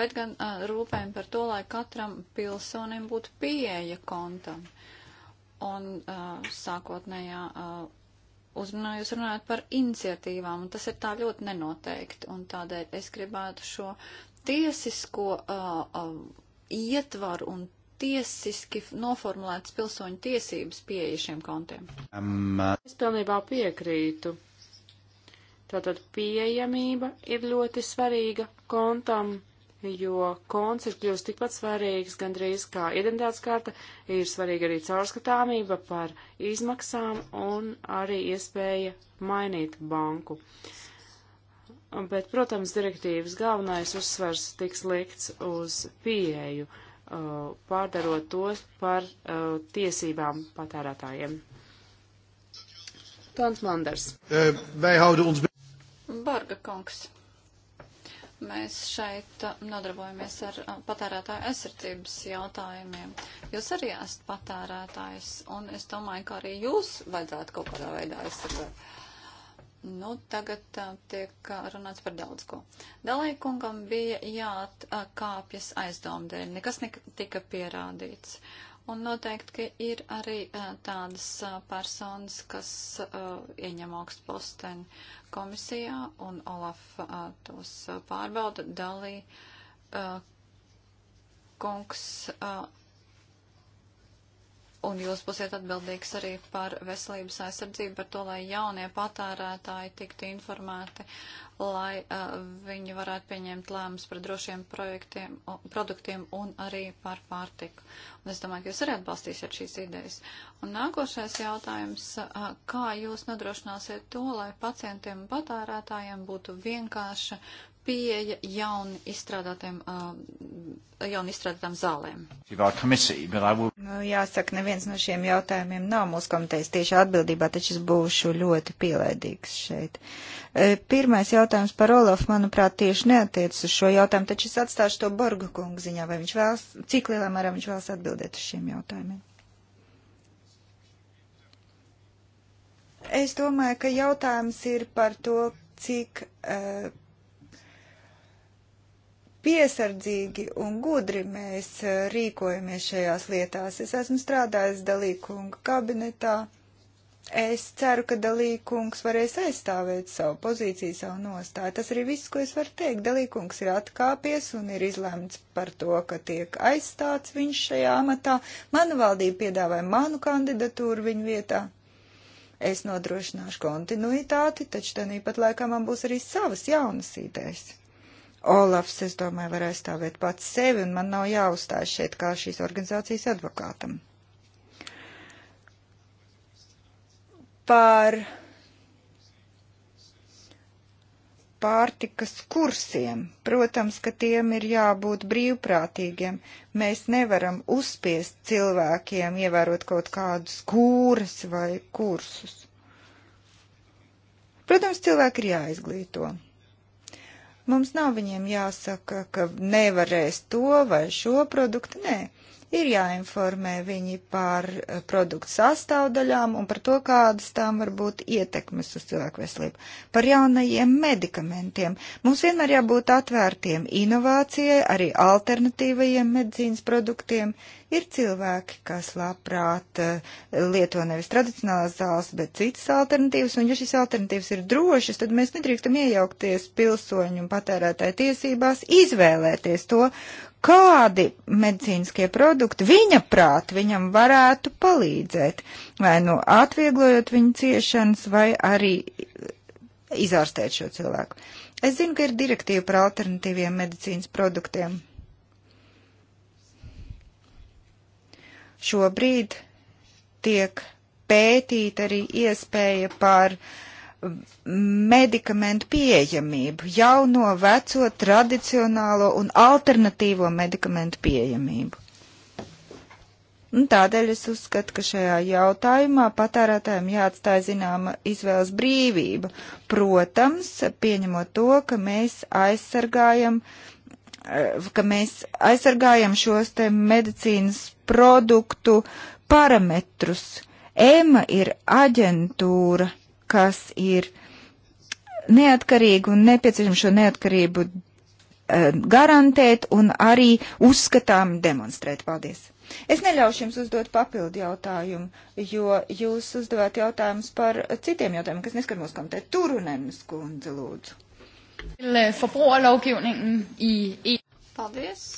bet gan uh, rūpēm par to, lai katram pilsonim būtu pieeja kontam. Un uh, sākotnējā uh, uzrunā jūs runājat par iniciatīvām, un tas ir tā ļoti nenoteikti. Un tādēļ es gribētu šo tiesisko uh, uh, ietvaru un tiesiski noformulētas pilsoņu tiesības pieeja šiem kontiem? Uh, es pilnībā piekrītu. Tātad pieejamība ir ļoti svarīga kontam, jo konts ir kļūst tikpat svarīgs gandrīz kā identitātes karta, ir svarīga arī caurskatāmība par izmaksām un arī iespēja mainīt banku. Bet, protams, direktīvas galvenais uzsvars tiks likts uz pieeju. Uh, Uh, pārdarot tos par uh, tiesībām patērētājiem. Tons Manders. Eh, Barga kungs. Mēs šeit uh, nodarbojamies ar uh, patērētāju aizsardzības jautājumiem. Jūs arī esat patērētājs, un es domāju, ka arī jūs vajadzētu kaut kādā veidā aizsargāt. Uh, Nu, tagad uh, tiek runāts par daudz ko. Dalīkungam bija jāatkāpjas aizdomu dēļ, nekas netika pierādīts. Un noteikti, ka ir arī uh, tādas uh, personas, kas uh, ieņem augstu posteni komisijā, un Olaf uh, tos uh, pārbauda, dalī uh, kungs. Uh, Un jūs būsiet atbildīgs arī par veselības aizsardzību, par to, lai jaunie patērētāji tiktu informēti, lai uh, viņi varētu pieņemt lēmumus par drošiem projektiem, produktiem un arī par pārtiku. Un es domāju, ka jūs arī atbalstīsiet šīs idejas. Un nākošais jautājums, uh, kā jūs nodrošināsiet to, lai pacientiem un patērētājiem būtu vienkārša pieeja jauni izstrādātiem, jauni izstrādātām zālēm? Nu, jāsaka, neviens no šiem jautājumiem nav mūsu komitejas tieši atbildībā, taču es būšu ļoti pielaidīgs šeit. Pirmais jautājums par Olafu, manuprāt, tieši neatiec uz šo jautājumu, taču es atstāšu to Borgu kungu ziņā, vai viņš vēlas, cik lielā mērā viņš vēlas atbildēt uz šiem jautājumiem. Es domāju, ka jautājums ir par to, cik uh, piesardzīgi un gudri mēs eh, rīkojamies šajās lietās. Es esmu strādājis dalīkunga kabinetā. Es ceru, ka dalīkungs varēs aizstāvēt savu pozīciju, savu nostāju. Tas arī viss, ko es varu teikt. Dalīkungs ir atkāpies un ir izlemts par to, ka tiek aizstāts viņš šajā amatā. Mana valdība piedāvāja manu kandidatūru viņa vietā. Es nodrošināšu kontinuitāti, taču tanīpat laikā man būs arī savas jaunas idejas. Olafs, es domāju, var aizstāvēt pats sevi, un man nav jāuzstāj šeit kā šīs organizācijas advokātam. Par pārtikas kursiem. Protams, ka tiem ir jābūt brīvprātīgiem. Mēs nevaram uzspiest cilvēkiem ievērot kaut kādus kūras vai kursus. Protams, cilvēki ir jāizglīto. Mums nav viņiem jāsaka, ka nevarēs to vai šo produktu, nē. Ir jāinformē viņi par eh, produktu sastāvdaļām un par to, kādas tām var būt ietekmes uz cilvēku veselību. Par jaunajiem medikamentiem. Mums vienmēr jābūt atvērtiem inovācijai, arī alternatīvajiem medicīnas produktiem. Ir cilvēki, kas labprāt eh, lieto nevis tradicionālās zāles, bet citas alternatīvas, un ja šīs alternatīvas ir drošas, tad mēs nedrīkstam iejaukties pilsoņu un patērētāju tiesībās izvēlēties to, kādi medicīniskie produkti viņa prāt viņam varētu palīdzēt, vai nu atvieglojot viņa ciešanas, vai arī izārstēt šo cilvēku. Es zinu, ka ir direktīva par alternatīviem medicīnas produktiem. Šobrīd tiek pētīta arī iespēja par uh, medikamentu pieejamību, jauno, veco, tradicionālo un alternatīvo medikamentu pieejamību. Un tādēļ es uzskatu, ka šajā jautājumā patērētājiem jāatstāja zināma izvēles brīvība. Protams, pieņemot to, ka mēs aizsargājam, eh, ka mēs aizsargājam šos te medicīnas produktu parametrus. EMA ir aģentūra, kas ir neatkarīga un nepieciešama šo neatkarību eh, garantēt un arī uzskatām demonstrēt. Paldies! Es neļaušu jums uzdot papildu jautājumu, jo jūs uzdevāt jautājumus par citiem jautājumiem, kas neskar mūsu komitē. Turunenes kundze, lūdzu. Eh, e Paldies!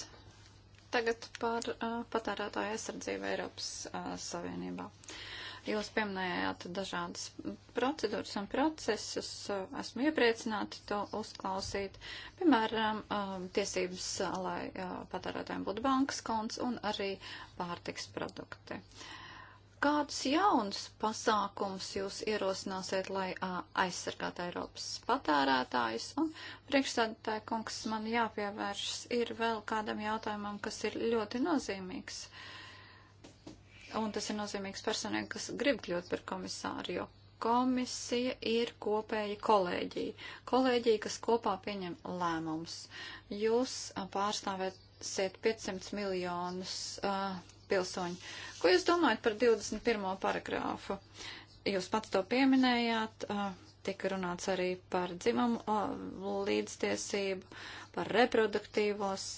Tagad par uh, patērētāju aizsardzību Eiropas uh, Savienībā. Uh, Jūs pieminējāt dažādas procedūras un procesus. Uh, esmu iepriecināta to uzklausīt. Piemēram, um, tiesības, uh, lai uh, patērētājiem būtu bankas konts un arī pārtiks produkti. Kādus jaunus pasākums jūs ierosināsiet, lai aizsargātu Eiropas patērētājus? Un priekšstādātāja kungs man jāpievēršas ir vēl kādam jautājumam, kas ir ļoti nozīmīgs. Uh, un tas ir nozīmīgs personai, kas grib kļūt par komisāru, jo komisija ir kopēja kolēģija. Kolēģija, kas kopā pieņem lēmumus. Jūs pārstāvēsiet 500 miljonus uh, pilsoņu. Ko jūs domājat par 21. paragrāfu? Jūs pats to pieminējāt. Uh, Tika runāts arī par dzimumu uh, līdztiesību, par reproduktīvos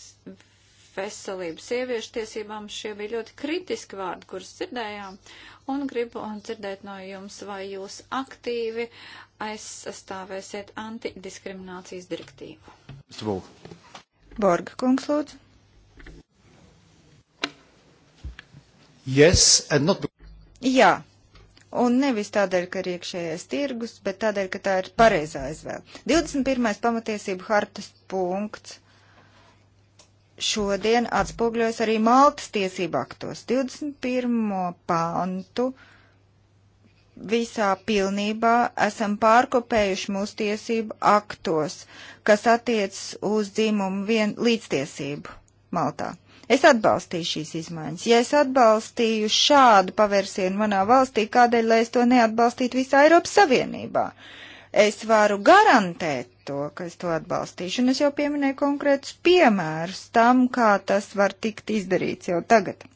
veselību, sieviešu tiesībām. Šie bija ļoti kritiski vārdi, kurus dzirdējām, un gribu dzirdēt no jums, vai jūs aktīvi aizstāvēsiet antidiskriminācijas direktīvu. Stvūk. Borga kungs, lūdzu. Yes, and not... Jā, un nevis tādēļ, ka ir iekšējais tirgus, bet tādēļ, ka tā ir pareizā izvēle. 21. pamatiesību hartas punkts šodien atspogļojas arī Maltas tiesību aktos. 21. pantu visā pilnībā esam pārkopējuši mūsu tiesību aktos, kas attiecas uz dzimumu vien līdztiesību Maltā. Es atbalstīju šīs izmaiņas. Ja es atbalstīju šādu pavērsienu manā valstī, kādēļ lai es to neatbalstītu visā Eiropas Savienībā? Es varu garantēt, to, ka es to atbalstīšu. Un es jau pieminēju konkrētus piemērus tam, kā tas var tikt izdarīts jau tagad.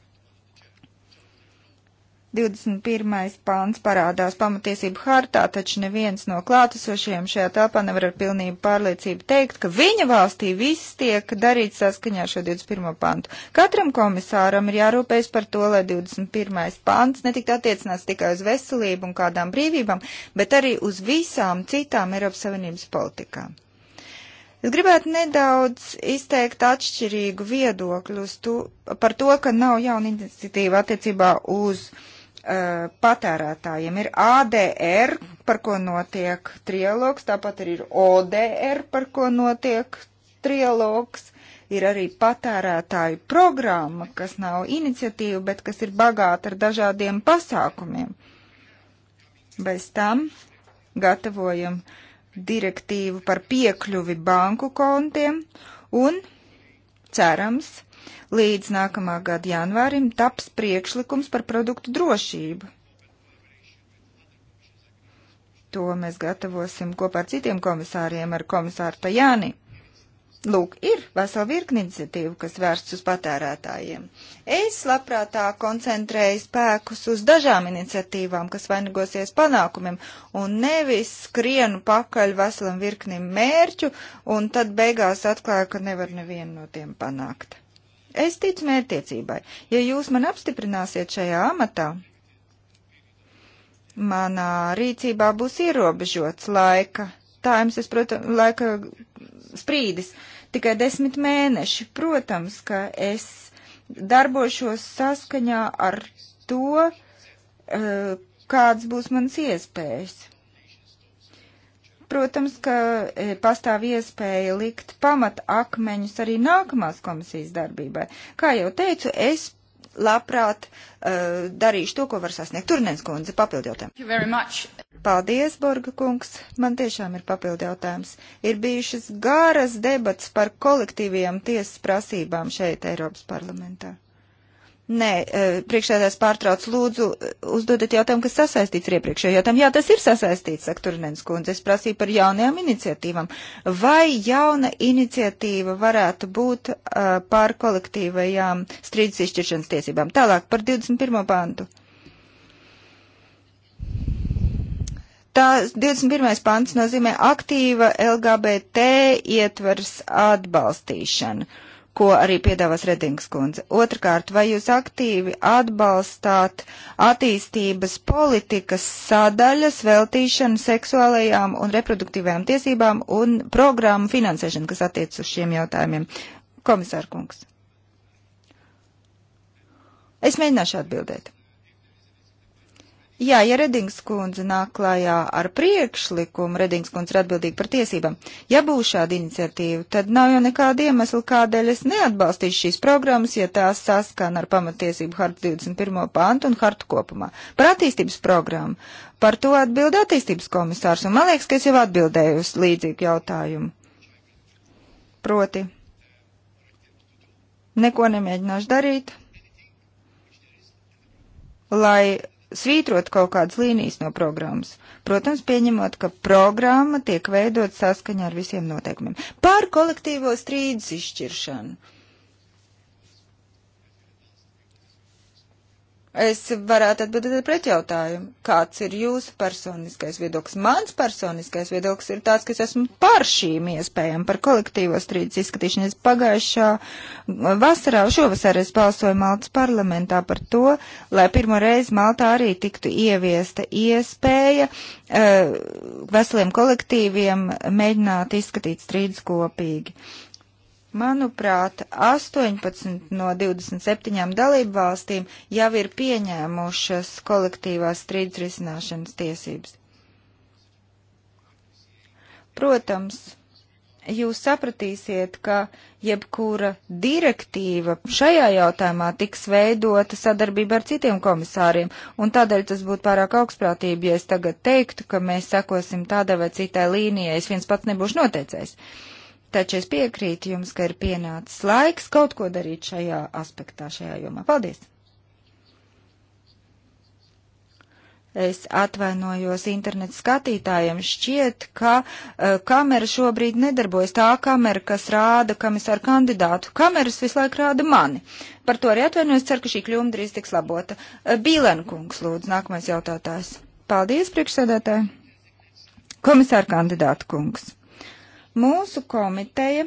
21. pāns parādās pamatiesību hartā, taču neviens no klātesošajiem šajā telpā nevar ar pilnību pārliecību teikt, ka viņa valstī viss tiek darīts saskaņā ar šo 21. pantu. Katram komisāram ir jārūpējas par to, lai 21. pants netikt attiecināts tikai uz veselību un kādām brīvībām, bet arī uz visām citām Eiropas Savienības politikām. Es gribētu nedaudz izteikt atšķirīgu viedokļu to, par to, ka nav jauna iniciatīva attiecībā uz uh, uh, patērētājiem. Ir ADR, par ko notiek trialogs, tāpat arī ir ODR, par ko notiek trialogs. Ir arī patērētāju programma, kas nav iniciatīva, bet kas ir bagāta ar dažādiem pasākumiem. Bez tam gatavojam direktīvu par piekļuvi banku kontiem un cerams, Līdz nākamā gada janvārim taps priekšlikums par produktu drošību. To mēs gatavosim kopā ar citiem komisāriem, ar komisāru Tajāni. Lūk, ir vesela virkni iniciatīvu, kas vērsts uz patērētājiem. Es labprāt tā koncentrēju spēkus uz dažām iniciatīvām, kas vainagosies panākumiem, un nevis skrienu pakaļ veselam virknim mērķu, un tad beigās atklāju, ka nevar nevienu no tiem panākt. Es ticu mērķtiecībai. Ja jūs man apstiprināsiet šajā amatā, manā rīcībā būs ierobežots laika taims, es, protams, laika sprīdis, tikai desmit mēneši. Protams, ka es darbošos saskaņā ar to, eh, kāds būs mans iespējas. Protams, ka e, pastāv iespēja likt pamata akmeņus arī nākamās komisijas darbībai. Kā jau teicu, es labprāt uh, darīšu to, ko var sasniegt. Turnēns kundze, papildu jautājumu. Paldies, Borga kungs. Man tiešām ir papildu jautājums. Ir bijušas garas debats par kolektīvajām tiesas prasībām šeit Eiropas parlamentā. Nē, e, priekšsēdētājs pārtrauc, lūdzu, e, uzdodat jautājumu, kas sasaistīts ar iepriekšējo jautājumu. Jā, tas ir sasaistīts, saka Turnens kundze. Es prasīju par jaunajām iniciatīvām. Vai jauna iniciatīva varētu būt uh, e, pār kolektīvajām strīdus izšķiršanas tiesībām? Tālāk par 21. pantu. Tā 21. pants nozīmē aktīva LGBT ietvers atbalstīšana. Uh, ko arī piedāvās Redings kundze. Otrakārt, vai jūs aktīvi atbalstāt attīstības politikas sadaļas veltīšanu seksuālajām un reproduktīvajām tiesībām un programmu finansēšanu, kas attiec uz šiem jautājumiem? Komisāra kungs. Es mēģināšu atbildēt. Jā, ja Redings kundze nāk klājā ar priekšlikumu, Redings kundze ir atbildīga par tiesībām. Ja būs šāda iniciatīva, tad nav jau nekāda iemesla, kādēļ es neatbalstīšu šīs programmas, ja tās saskan ar pamatiesību hartu 21. pāntu un hartu kopumā. Par attīstības programmu. Par to atbild attīstības komisārs, un man liekas, ka es jau atbildēju uz līdzīgu jautājumu. Proti, neko nemēģināšu darīt, lai svītrot kaut kādas līnijas no programmas. Protams, pieņemot, ka programma tiek veidot saskaņā ar visiem noteikumiem. Par kolektīvo strīdus izšķiršanu. Es varētu atbildēt pret jautājumu, kāds ir jūsu personiskais viedoklis. Mans personiskais viedoklis ir tāds, ka es esmu par šīm iespējām, par kolektīvo strīdus izskatīšanu. Es pagājušā vasarā, šovasar es balsoju Maltas parlamentā par to, lai pirmo reizi Maltā arī tiktu ieviesta iespēja uh, veseliem kolektīviem mēģināt izskatīt strīdus kopīgi. Uh, Manuprāt, 18 no 27 dalību valstīm jau ir pieņēmušas kolektīvās strīdus risināšanas tiesības. Protams, jūs sapratīsiet, ka jebkura direktīva šajā jautājumā tiks veidota sadarbība ar citiem komisāriem, un tādēļ tas būtu pārāk augstprātība, ja es tagad teiktu, ka mēs sekosim tādai vai citai līnijai, es viens pats nebūšu noteicējis. Uh, Taču es piekrītu jums, ka ir pienācis laiks kaut ko darīt šajā aspektā, šajā jomā. Paldies! Es atvainojos internetu skatītājiem. Šķiet, ka uh, kamera šobrīd nedarbojas. Tā kamera, kas rāda komisāru kandidātu, kameras visu laiku rāda mani. Par to arī atvainojos. Ceru, ka šī kļūma drīz tiks labota. Uh, eh, Bīlenkungs, lūdzu, nākamais jautātājs. Paldies, priekšsēdētāji. Komisāra kandidāta kungs. Mūsu komiteja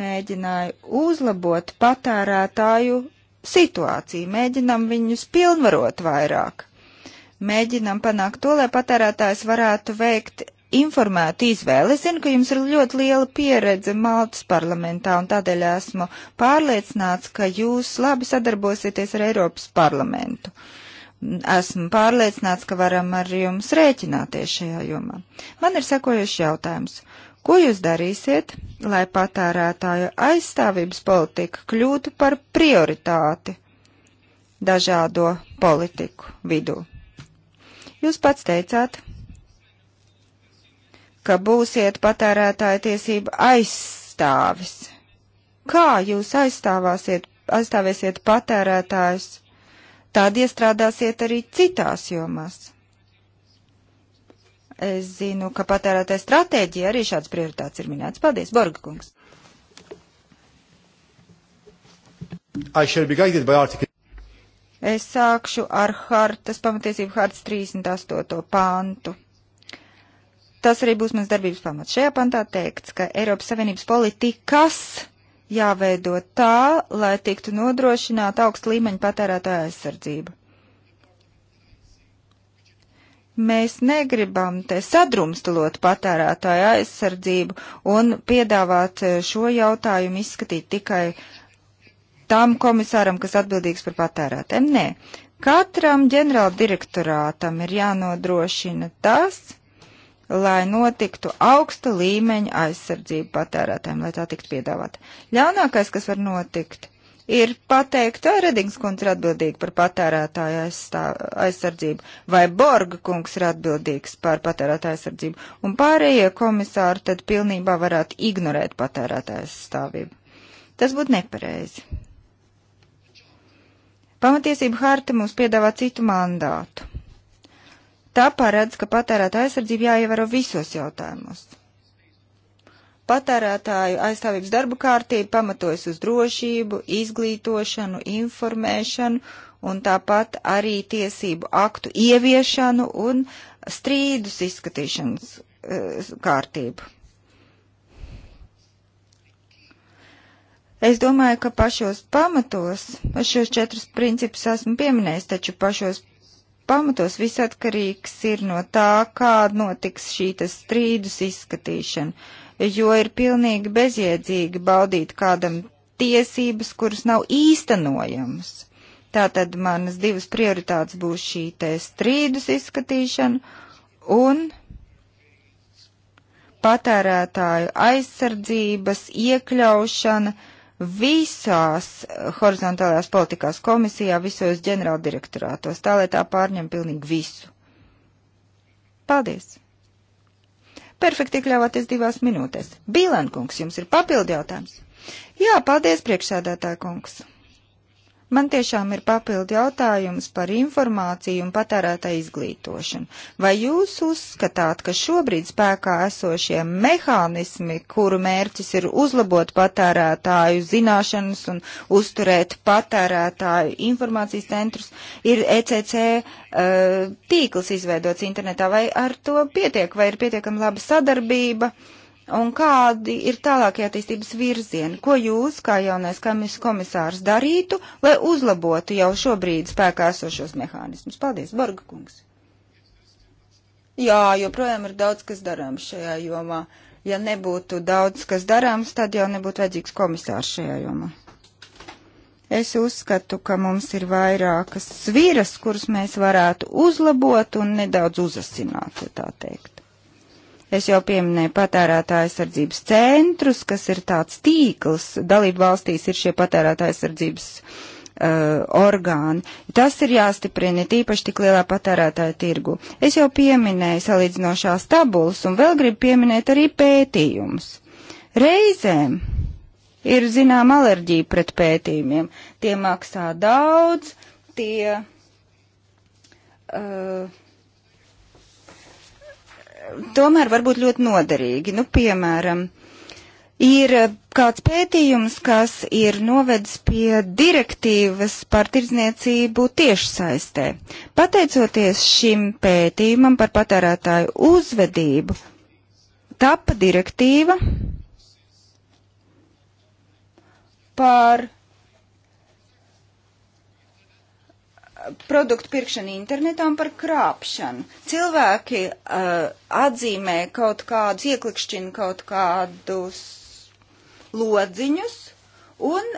mēģināja uzlabot patērētāju situāciju, mēģinam viņus pilnvarot vairāk, mēģinam panākt to, lai patērētājs varētu veikt informētu izvēli. Es zinu, ka jums ir ļoti liela pieredze Maltas parlamentā, un tādēļ esmu pārliecināts, ka jūs labi sadarbosieties ar Eiropas parlamentu. Uh, Esmu pārliecināts, ka varam ar jums rēķināties šajā jomā. Man ir sekojuši jautājums. Ko jūs darīsiet, lai patērētāju aizstāvības politika kļūtu par prioritāti dažādo politiku vidū? Jūs pats teicāt, ka būsiet patērētāja tiesība aizstāvis. Kā jūs aizstāvāsiet, aizstāvēsiet patērētājus tad iestrādāsiet arī citās jomās. Es zinu, ka patērētāja stratēģija arī šāds prioritāts ir minēts. Paldies, Borga kungs! Es sākšu ar hartas pamatiesību hartas 38. pantu. Tas arī būs mans darbības pamats. Šajā pantā teikts, ka Eiropas Savienības politikas jāveido tā, lai tiktu nodrošināta augsta līmeņa patērētāja aizsardzība. Mēs negribam te sadrumstalot patērētāju aizsardzību un piedāvāt eh, šo jautājumu izskatīt tikai tam komisāram, kas atbildīgs par patērētēm. Nē, katram ģenerāldirektorātam ir jānodrošina tas, lai notiktu augsta līmeņa aizsardzība patērētājiem, lai tā tiktu piedāvāta. Ļaunākais, kas var notikt, ir pateikt, tā Redings kungs ir atbildīga par patērētāju aizsardzību, vai Borga kungs ir atbildīgs par patērētāju aizsardzību, un pārējie komisāri tad pilnībā varētu ignorēt patērētāju aizstāvību. Tas būtu nepareizi. Pamatiesība harta mums piedāvā citu mandātu Tā paredz, ka patērētāja aizsardzība jāievēro visos jautājumos. Patērētāju aizstāvības darba kārtība pamatojas uz drošību, izglītošanu, informēšanu un tāpat arī tiesību aktu ieviešanu un strīdus izskatīšanas uh, kārtību. Es domāju, ka pašos pamatos, es šos četrus principus esmu pieminējis, taču pašos pamatos viss atkarīgs ir no tā, kāda notiks šī strīdus izskatīšana, jo ir pilnīgi bezjēdzīgi baudīt kādam tiesības, kuras nav īstenojamas. Tātad manas divas prioritātes būs šī te strīdus izskatīšana un patērētāju aizsardzības iekļaušana visās horizontālajās politikās komisijā, visos ģenerāldirektorātos, tā lai tā pārņem pilnīgi visu. Paldies! Perfekti iekļāvāties divās minūtēs. Bīlēnkungs, jums ir papildi jautājums? Jā, paldies, priekšsēdētāja kungs! Man tiešām ir papildu jautājums par informāciju un patērētā izglītošanu. Vai jūs uzskatāt, ka šobrīd spēkā esošie mehānismi, kuru mērķis ir uzlabot patērētāju zināšanas un uzturēt patērētāju informācijas centrus, ir ECC uh, eh, tīkls izveidots internetā, vai ar to pietiek, vai ir pietiekami laba sadarbība? Uh, Un kādi ir tālākie attīstības virzieni? Ko jūs, kā jaunais komisārs, darītu, lai uzlabotu jau šobrīd spēkā esošos mehānismus? Paldies, Borga kungs! Jā, joprojām ir daudz, kas darāms šajā jomā. Ja nebūtu daudz, kas darāms, tad jau nebūtu vajadzīgs komisārs šajā jomā. Es uzskatu, ka mums ir vairākas sviras, kuras mēs varētu uzlabot un nedaudz uzasināt, ja tā teikt. Es jau pieminēju patērētāju sardzības centrus, kas ir tāds tīkls. Dalību valstīs ir šie patērētāju sardzības uh, orgāni. Tas ir jāstiprina tīpaši tik lielā patērētāja tirgu. Es jau pieminēju salīdzinošās tabulas un vēl gribu pieminēt arī pētījumus. Reizēm ir zinām alerģija pret pētījumiem. Tie maksā daudz, tie. Uh, tomēr var būt ļoti noderīgi. Nu, piemēram, ir eh, kāds pētījums, kas ir novedis pie direktīvas par tirdzniecību tiešsaistē. Pateicoties šim pētījumam par patērētāju uzvedību, tapa direktīva par produktu pirkšanu internetā un par krāpšanu. Cilvēki uh, atzīmē kaut kādus, ieklikšķina kaut kādus lodziņus un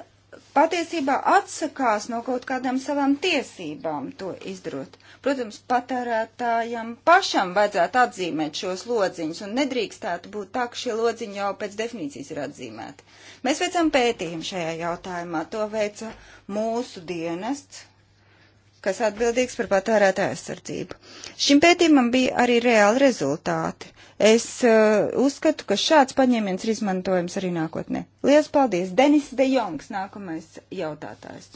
patiesībā atsakās no kaut kādām savām tiesībām to izdarot. Protams, patērētājam pašam vajadzētu atzīmēt šos lodziņus, un nedrīkstētu būt tā, ka šie lodziņi jau pēc definīcijas ir atzīmēti. Mēs veicam pētījumu šajā jautājumā, to veica mūsu dienests kas atbildīgs par patērētāju aizsardzību. Šim pētījumam bija arī reāli rezultāti. Es uh, uzskatu, ka šāds paņēmiens ir izmantojams arī nākotnē. Lielas paldies! Denis De Jongs, nākamais jautātājs.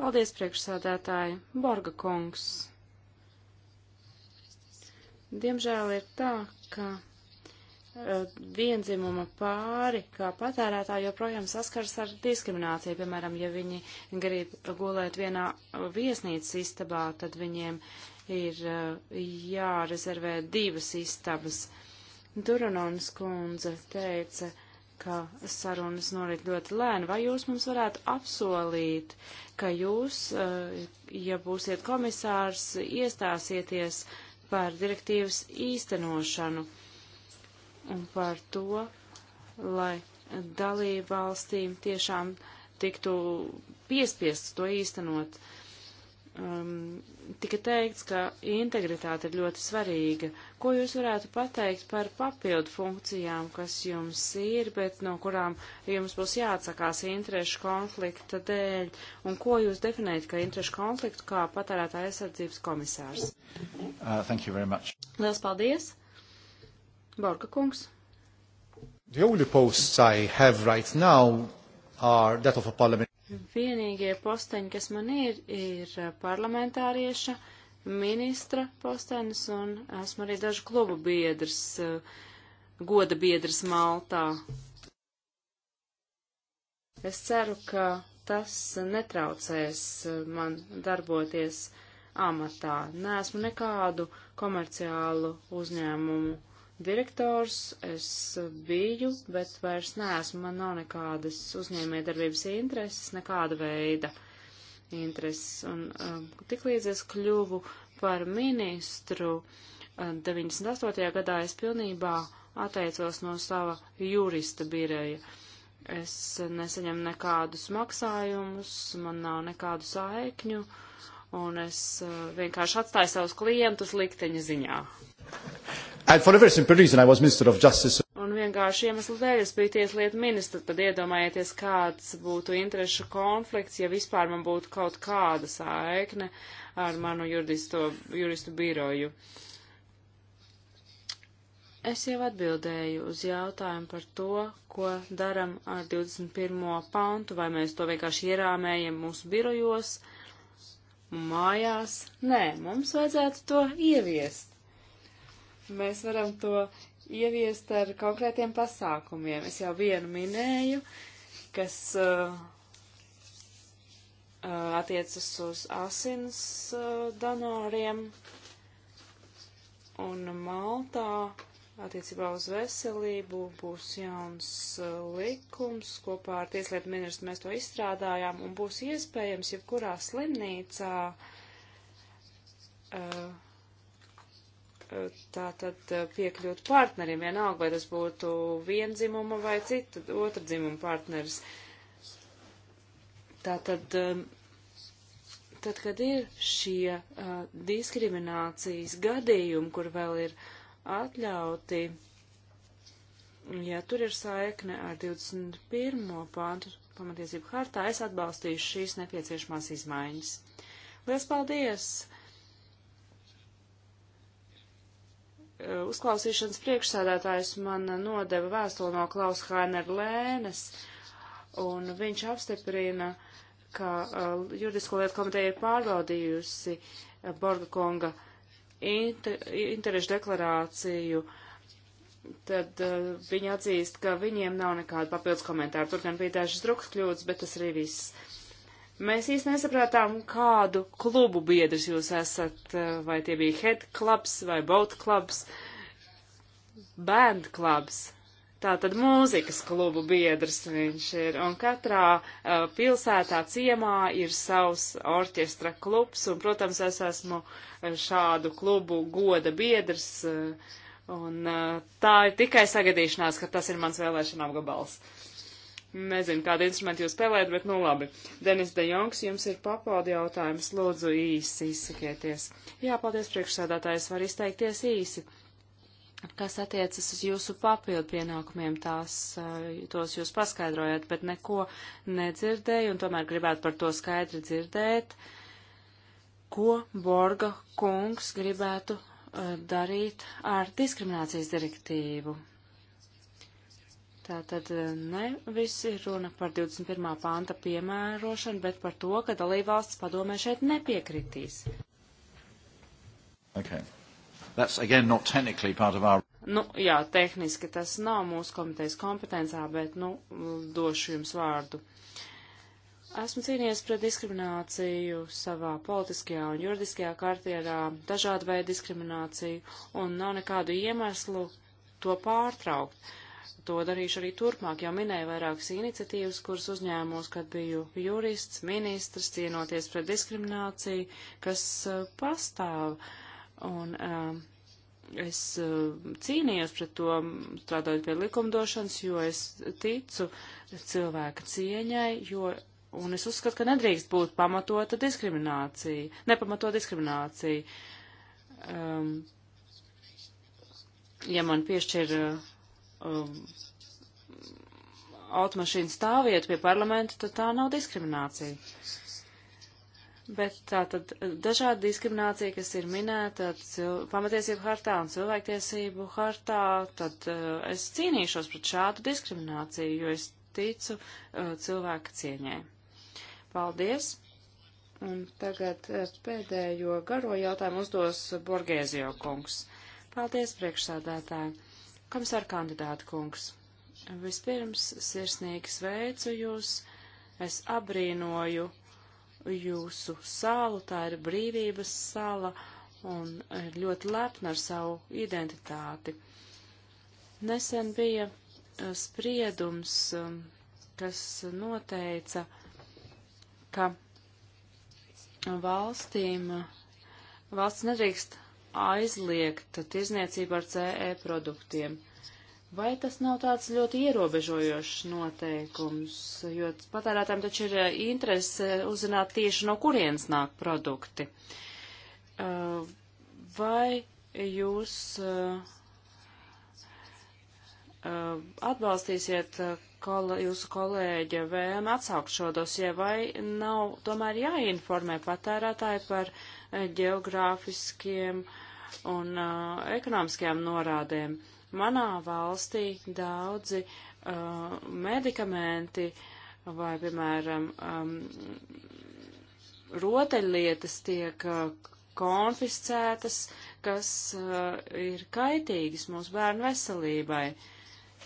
Paldies, priekšsādātāji! Borga kungs! Diemžēl ir tā, ka Eh, vienzimuma pāri, kā patērētāji joprojām saskars ar diskrimināciju. Piemēram, ja viņi grib gulēt vienā viesnīcas istabā, tad viņiem ir eh, jārezervē divas istabas. Duranons kundze teica, ka sarunas norit ļoti lēni. Vai jūs mums varētu apsolīt, ka jūs, eh, ja būsiet komisārs, iestāsieties par direktīvas īstenošanu? par to, lai dalību valstīm tiešām tiktu piespiests to īstenot. Um, tika teikts, ka integritāte ir ļoti svarīga. Ko jūs varētu pateikt par papildu funkcijām, kas jums ir, bet no kurām jums būs jāatsakās interešu konflikta dēļ? Un ko jūs definējat kā interešu konfliktu kā patērētāja aizsardzības komisārs? Uh, Lielas paldies! Borga kungs. The only posts I have right now are that of a parliament. Vienīgie posteņi, kas man ir, ir parlamentārieša, ministra postenis un esmu arī dažu klubu biedrs, eh, goda biedrs Maltā. Es ceru, ka tas netraucēs eh, man darboties amatā. Nē, esmu nekādu komerciālu uzņēmumu direktors es biju, bet vairs neesmu, man nav nekādas uzņēmējdarbības intereses, nekāda veida intereses. Un um, uh, tiklīdz es kļuvu par ministru, um, uh, 98. gadā es pilnībā atteicos no sava jurista bireja. Es nesaņemu nekādus maksājumus, man nav nekādu saikņu, un es uh, vienkārši atstāju savus klientus likteņa ziņā. Un vienkārši iemeslu dēļ es biju tieslietu ministra, tad iedomājieties, kāds būtu interešu konflikts, ja vispār man būtu kaut kāda saikne ar manu juridisto, juristu biroju. Es jau atbildēju uz jautājumu par to, ko daram ar 21. pantu, vai mēs to vienkārši ierāmējam mūsu birojos, mājās. Nē, mums vajadzētu to ieviest mēs varam to ieviest ar konkrētiem pasākumiem. Es jau vienu minēju, kas uh, uh, attiecas uz asins uh, donoriem un Maltā. Attiecībā uz veselību būs jauns uh, likums, kopā ar Tieslietu ministru mēs to izstrādājām, un būs iespējams jebkurā slimnīcā uh, tātad piekļūt partneriem, vienalga, vai tas būtu vienzimuma vai cita otra dzimuma partneris. Tātad, tad, kad ir šie uh, diskriminācijas gadījumi, kur vēl ir atļauti, ja tur ir saikne ar 21. pāntu pamatiesību hartā, es atbalstīšu šīs nepieciešamās izmaiņas. Lielas paldies! Eh, uzklausīšanas priekšsādātājs man nodeva vēstuli no Klaus Hainer Lēnes, un viņš apstiprina, ka uh, juridisko lietu komiteja ir pārbaudījusi uh, Borga Konga inter, interešu deklarāciju, tad uh, viņi atzīst, ka viņiem nav nekāda papildus komentāra. Tur gan bija dažas drukas kļūdas, bet tas arī viss. Mēs īsti nesaprātām, kādu klubu biedrs jūs esat, eh, vai tie bija head clubs vai boat clubs, band clubs. Tātad mūzikas klubu biedrs viņš ir, un katrā uh, pilsētā ciemā ir savs orķestra klubs, un, protams, es esmu eh, šādu klubu goda biedrs, uh, un uh, tā ir tikai sagadīšanās, ka tas ir mans vēlēšana apgabals. Uh, Nezinu, kādu instrumentu jūs spēlējat, bet nu labi. Denis De Jongs, jums ir papildi jautājums, lūdzu īsi izsakieties. Jā, paldies priekšsēdātājs, var izteikties īsi. Kas attiecas uz jūsu papildu pienākumiem, tās, eh, tos jūs paskaidrojat, bet neko nedzirdēju un tomēr gribētu par to skaidri dzirdēt, ko Borga kungs gribētu eh, darīt ar diskriminācijas direktīvu. Tātad eh, nevis ir runa par 21. panta piemērošanu, bet par to, ka dalībvalsts padomē šeit nepiekritīs. Okay. That's again not technically part of our. Nu, jā, tehniski tas nav mūsu komitejas kompetencā, bet, nu, došu jums vārdu. Esmu cīnījies pret diskrimināciju savā politiskajā un juridiskajā kartierā, dažādu veidu diskrimināciju, un nav nekādu iemeslu to pārtraukt. Uh, to darīšu arī turpmāk, jau minēju vairākas iniciatīvas, kuras uzņēmos, kad biju jurists, ministrs, cīnoties pret diskrimināciju, kas uh, pastāv. Un uh, es uh, cīnījos pret to, strādājot pie likumdošanas, jo es ticu cilvēka cieņai, jo. Un es uzskatu, ka nedrīkst būt pamatota diskriminācija, nepamatota diskriminācija. Um, ja man piešķir uh, um, automašīnu stāvvietu pie parlamenta, tad tā nav diskriminācija. Bet tā tad dažāda diskriminācija, kas ir minēta pamatiesību hartā un cilvēktiesību hartā, tad uh, es cīnīšos pret šādu diskrimināciju, jo es ticu uh, cilvēka cieņai. Paldies! Un tagad uh, pēdējo garo jautājumu uzdos Borgēzio kungs. Paldies, priekšsādātāji! Komisāra kandidāta kungs, vispirms sirsnīgi sveicu jūs, es abrīnoju jūsu salu, tā ir brīvības sala un ļoti lepna ar savu identitāti. Nesen bija eh, spriedums, um, kas noteica, ka valstīm, valsts nedrīkst aizliegt tirzniecību ar CE produktiem. Vai tas nav tāds ļoti ierobežojošs noteikums, jo patērētājiem taču ir eh, interese uzzināt tieši no kurienes nāk produkti? Eh, vai jūs eh, atbalstīsiet kol, jūsu kolēģa vēlme atsaukt šo dosie, vai nav tomēr jāinformē patērētāji par eh, geogrāfiskiem un uh, ekonomiskajām norādēm. Manā valstī daudzi uh, medikamenti vai, piemēram, um, rotaļlietas tiek uh, konfiscētas, kas uh, ir kaitīgas mūsu bērnu veselībai. Uh,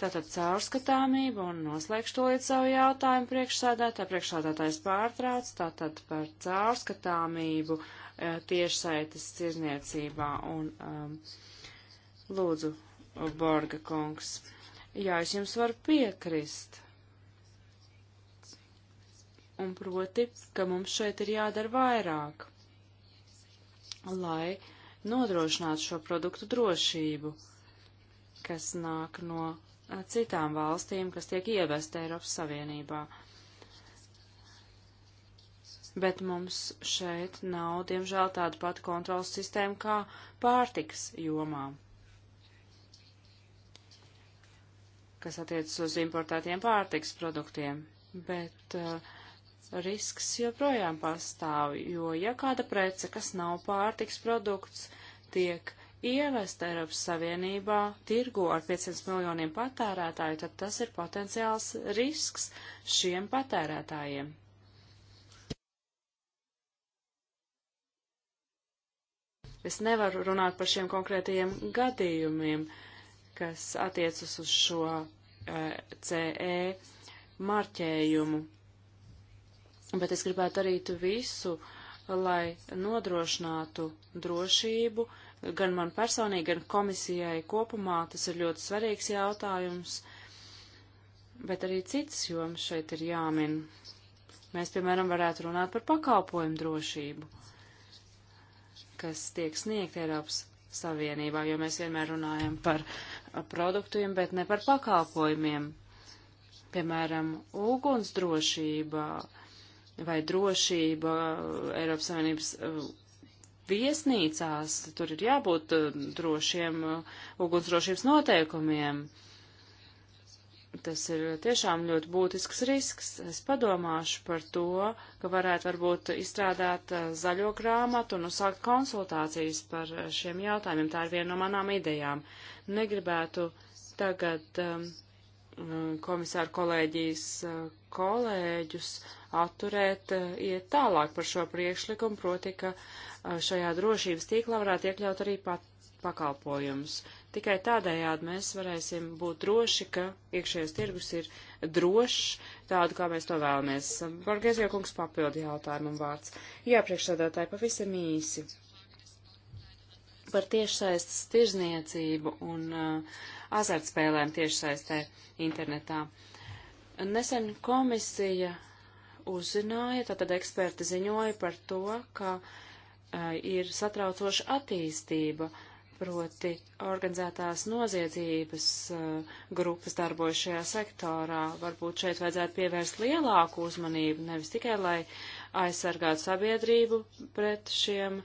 Tātad caurskatāmība un noslēgšu to līdz savu jautājumu priekšsādātāju. Priekšsādātājs pārtrauc tātad par caurskatāmību eh, tiešsaites tirzniecībā un um, lūdzu, Borga kungs. Jā, es jums varu piekrist. Un proti, ka mums šeit ir jādara vairāk, lai nodrošinātu šo produktu drošību, kas nāk no citām valstīm, kas tiek ievesta Eiropas Savienībā. Bet mums šeit nav, diemžēl, tāda pati kontrolas sistēma kā pārtiks jomā, kas attiecas uz importētiem pārtiks produktiem. Bet uh, risks joprojām pastāv, jo ja kāda prece, kas nav pārtiks produkts, tiek uh, ievest Eiropas Savienībā tirgu ar 500 miljoniem patērētāju, tad tas ir potenciāls risks šiem patērētājiem. Es nevaru runāt par šiem konkrētajiem gadījumiem, kas attiecas uz šo uh, eh, CE marķējumu, bet es gribētu darīt visu, lai nodrošinātu drošību uh, gan man personīgi, gan komisijai kopumā. Tas ir ļoti svarīgs jautājums, bet arī citas jomas šeit ir jāmin. Mēs, piemēram, varētu runāt par pakalpojumu drošību, kas tiek sniegt Eiropas Savienībā, jo mēs vienmēr runājam par produktiem, bet ne par pakalpojumiem. Piemēram, ugunsdrošība vai drošība Eiropas Savienības viesnīcās, tur ir jābūt eh, drošiem eh, ugunsdrošības noteikumiem. Tas ir tiešām ļoti būtisks risks. Es padomāšu par to, ka varētu varbūt izstrādāt eh, zaļo grāmatu un uzsākt konsultācijas par šiem jautājumiem. Tā ir viena no manām idejām. Negribētu tagad um, komisāru kolēģijas eh, kolēģus atturēt eh, iet tālāk par šo priekšlikumu, proti, ka eh, šajā drošības tīklā varētu iekļaut arī pat pakalpojumus. Tikai tādējādi mēs varēsim būt droši, ka iekšējais tirgus ir drošs, tādu, kā mēs to vēlamies. Vargēs jau kungs papildi jautājumu vārds. Jā, priekšsēdētāji, pavisam īsi. Par tiešsaistes tirzniecību un uh, azartspēlēm tiešsaistē internetā. Nesen komisija uzzināja, tātad eksperti ziņoja par to, ka uh, ir satraucoša attīstība, proti organizētās noziedzības uh, grupas darbojas šajā sektorā. Varbūt šeit vajadzētu pievērst lielāku uzmanību, nevis tikai, lai uh, aizsargāt sabiedrību pret šiem,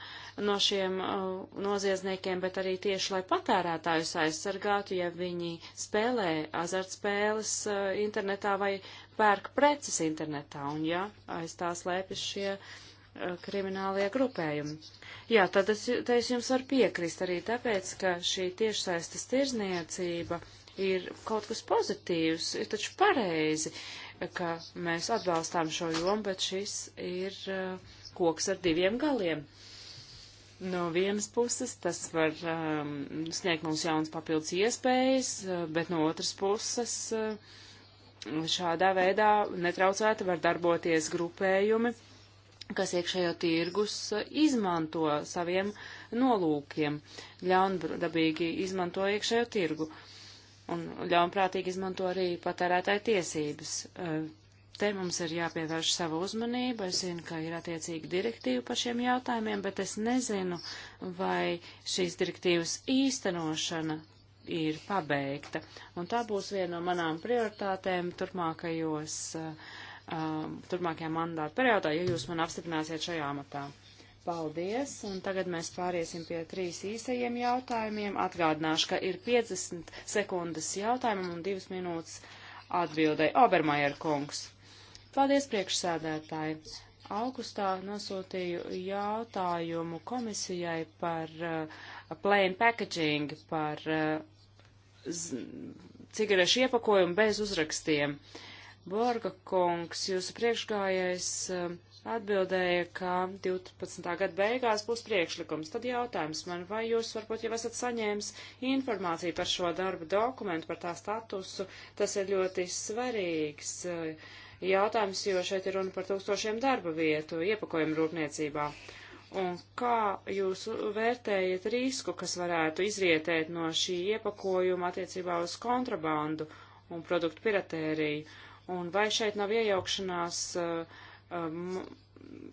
no šiem uh, noziedzniekiem, bet arī tieši, lai patērētājus aizsargātu, ja viņi spēlē azartspēles uh, internetā vai pērk preces internetā, un ja aiz tā slēpjas šie uh, kriminālie grupējumi. Jā, tad es, te es jums varu piekrist arī tāpēc, ka šī tiešsaistes tirzniecība ir kaut kas pozitīvs, ir taču pareizi. Uh, ka mēs atbalstām šo jomu, bet šis ir uh, koks ar diviem galiem. No vienas puses tas var um, sniegt mums jaunas papildus iespējas, uh, bet no otras puses uh, šādā veidā netraucēti var darboties grupējumi, kas iekšējo tirgus uh, izmanto saviem nolūkiem, ļaundabīgi izmanto iekšējo tirgu. Uh, un ļaunprātīgi izmanto arī patērētāju tiesības. Te mums ir jāpievērš sava uzmanība. Es zinu, ka ir attiecīga direktīva par šiem jautājumiem, bet es nezinu, vai šīs direktīvas īstenošana ir pabeigta. Un tā būs viena no manām prioritātēm turpmākajos, turpmākajā mandāta periodā, ja jūs man apstiprināsiet šajā amatā. Paldies, un tagad mēs pāriesim pie trīs īsajiem jautājumiem. Atgādināšu, ka ir 50 sekundes jautājumam un 2 minūtes atbildēji. Obermajer kungs. Paldies, priekšsēdētāji. Augustā nosūtīju jautājumu komisijai par uh, plain packaging, par uh, cigarešu iepakojumu bez uzrakstiem. Borga kungs, jūsu priekšgājais. Uh, atbildēja, ka 12. gada beigās būs priekšlikums. Tad jautājums man, vai jūs varbūt jau esat saņēmis informāciju par šo darba dokumentu, par tā statusu. Tas ir ļoti svarīgs eh, jautājums, jo šeit ir runa par tūkstošiem darba vietu iepakojumu rūpniecībā. Un kā jūs vērtējat risku, kas varētu izrietēt no šī iepakojuma attiecībā uz kontrabandu un produktu piratēriju? Un vai šeit nav iejaukšanās uh, um,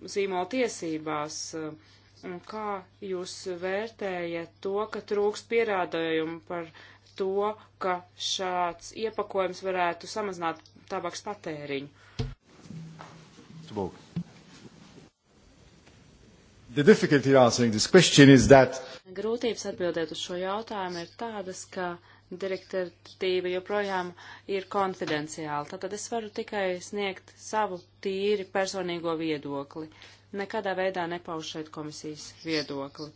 zīmola tiesībās. Um, un kā jūs vērtējat to, ka trūkst pierādījumu par to, ka šāds iepakojums varētu samazināt tabaks patēriņu? Tbūk. Grūtības atbildēt uz šo jautājumu ir tādas, ka uh, direktortība joprojām ir konfidenciāla. Tātad es varu tikai sniegt savu tīri personīgo viedokli. Nekādā veidā nepaušu šeit komisijas viedokli.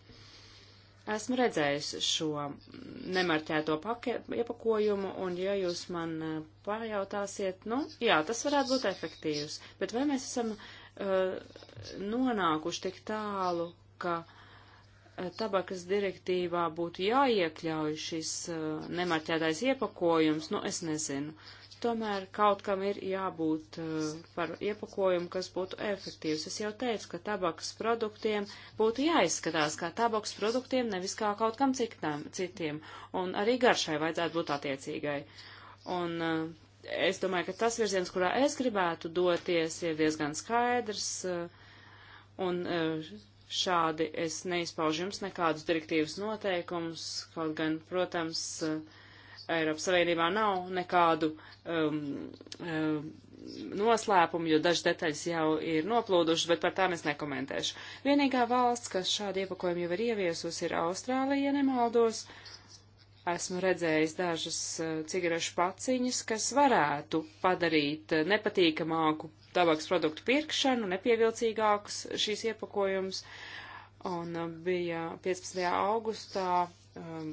Esmu redzējis šo nemarķēto iepakojumu, un ja jūs man eh, pajautāsiet, nu, jā, tas varētu būt efektīvs, bet vai mēs esam uh, nonākuši tik tālu, ka uh, tabakas direktīvā būtu jāiekļauj šis uh, eh, nemarķētais iepakojums, nu es nezinu. Tomēr kaut kam ir jābūt uh, par iepakojumu, kas būtu efektīvs. Es jau teicu, ka tabakas produktiem būtu jāizskatās kā tabakas produktiem, nevis kā kaut kam ciktām, citiem. Un arī garšai vajadzētu būt attiecīgai. Un uh, es domāju, ka tas virziens, kurā es gribētu doties, ir diezgan skaidrs. Un Šādi es neizpaužu jums nekādus direktīvas noteikumus, kaut gan, protams, Eiropas Savienībā nav nekādu um, um, noslēpumu, jo dažas detaļas jau ir noplūdušas, bet par tām es nekomentēšu. Vienīgā valsts, kas šādu iepakojumu jau ir ieviesusi, ir Austrālija, ja nemaldos. Esmu redzējis dažas uh, cigarešu paciņas, kas varētu padarīt uh, nepatīkamāku tabaks produktu pirkšanu, nepievilcīgākus šīs iepakojumus. Un uh, bija 15. augustā um,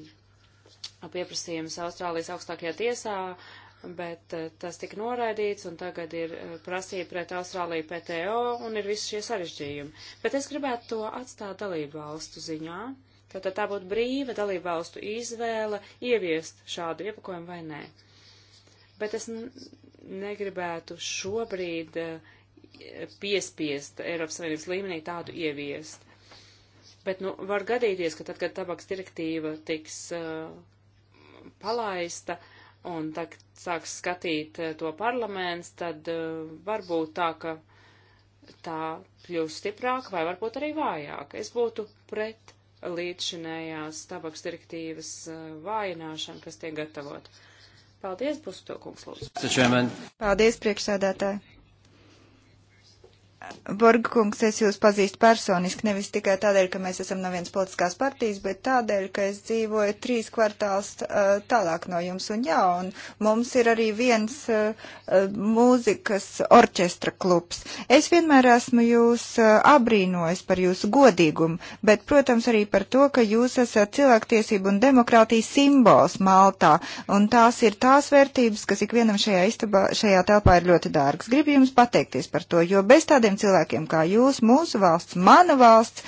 pieprasījums Austrālijas augstākajā tiesā, bet uh, tas tika noraidīts, un tagad ir uh, prasība pret Austrāliju PTO, un ir visi šie sarežģījumi. Bet es gribētu to atstāt dalību valstu ziņā. Tātad tā būtu brīva dalību valstu izvēle ieviest šādu iepakojumu vai nē. Bet es negribētu šobrīd eh, piespiest Eiropas Savienības līmenī tādu ieviest. Bet, nu, var gadīties, ka tad, kad tabaks direktīva tiks uh, palaista un tak, sāks skatīt uh, to parlaments, tad uh, varbūt tā, ka tā kļūs stiprāka vai varbūt arī vājāka. Es būtu pret līdzšinējās tabaks direktīvas uh, vājināšanu, kas tiek gatavota. Uh, Paldies, Bustokungs, lūdzu. Paldies, priekšsēdētāji. Borga kungs, es jūs pazīstu personiski, nevis tikai tādēļ, ka mēs esam no vienas politiskās partijas, bet tādēļ, ka es dzīvoju trīs kvartāls uh, tālāk no jums. Un jā, un mums ir arī viens uh, mūzikas orķestra klubs. Es vienmēr esmu jūs uh, abrīnojis par jūsu godīgumu, bet, protams, arī par to, ka jūs esat cilvēktiesību un demokrātijas simbols Maltā. Un tās ir tās vērtības, kas ikvienam šajā, istabā, šajā telpā ir ļoti dārgas. Gribu jums pateikties par to, jo bez tādiem tādiem cilvēkiem kā jūs, mūsu valsts, mana valsts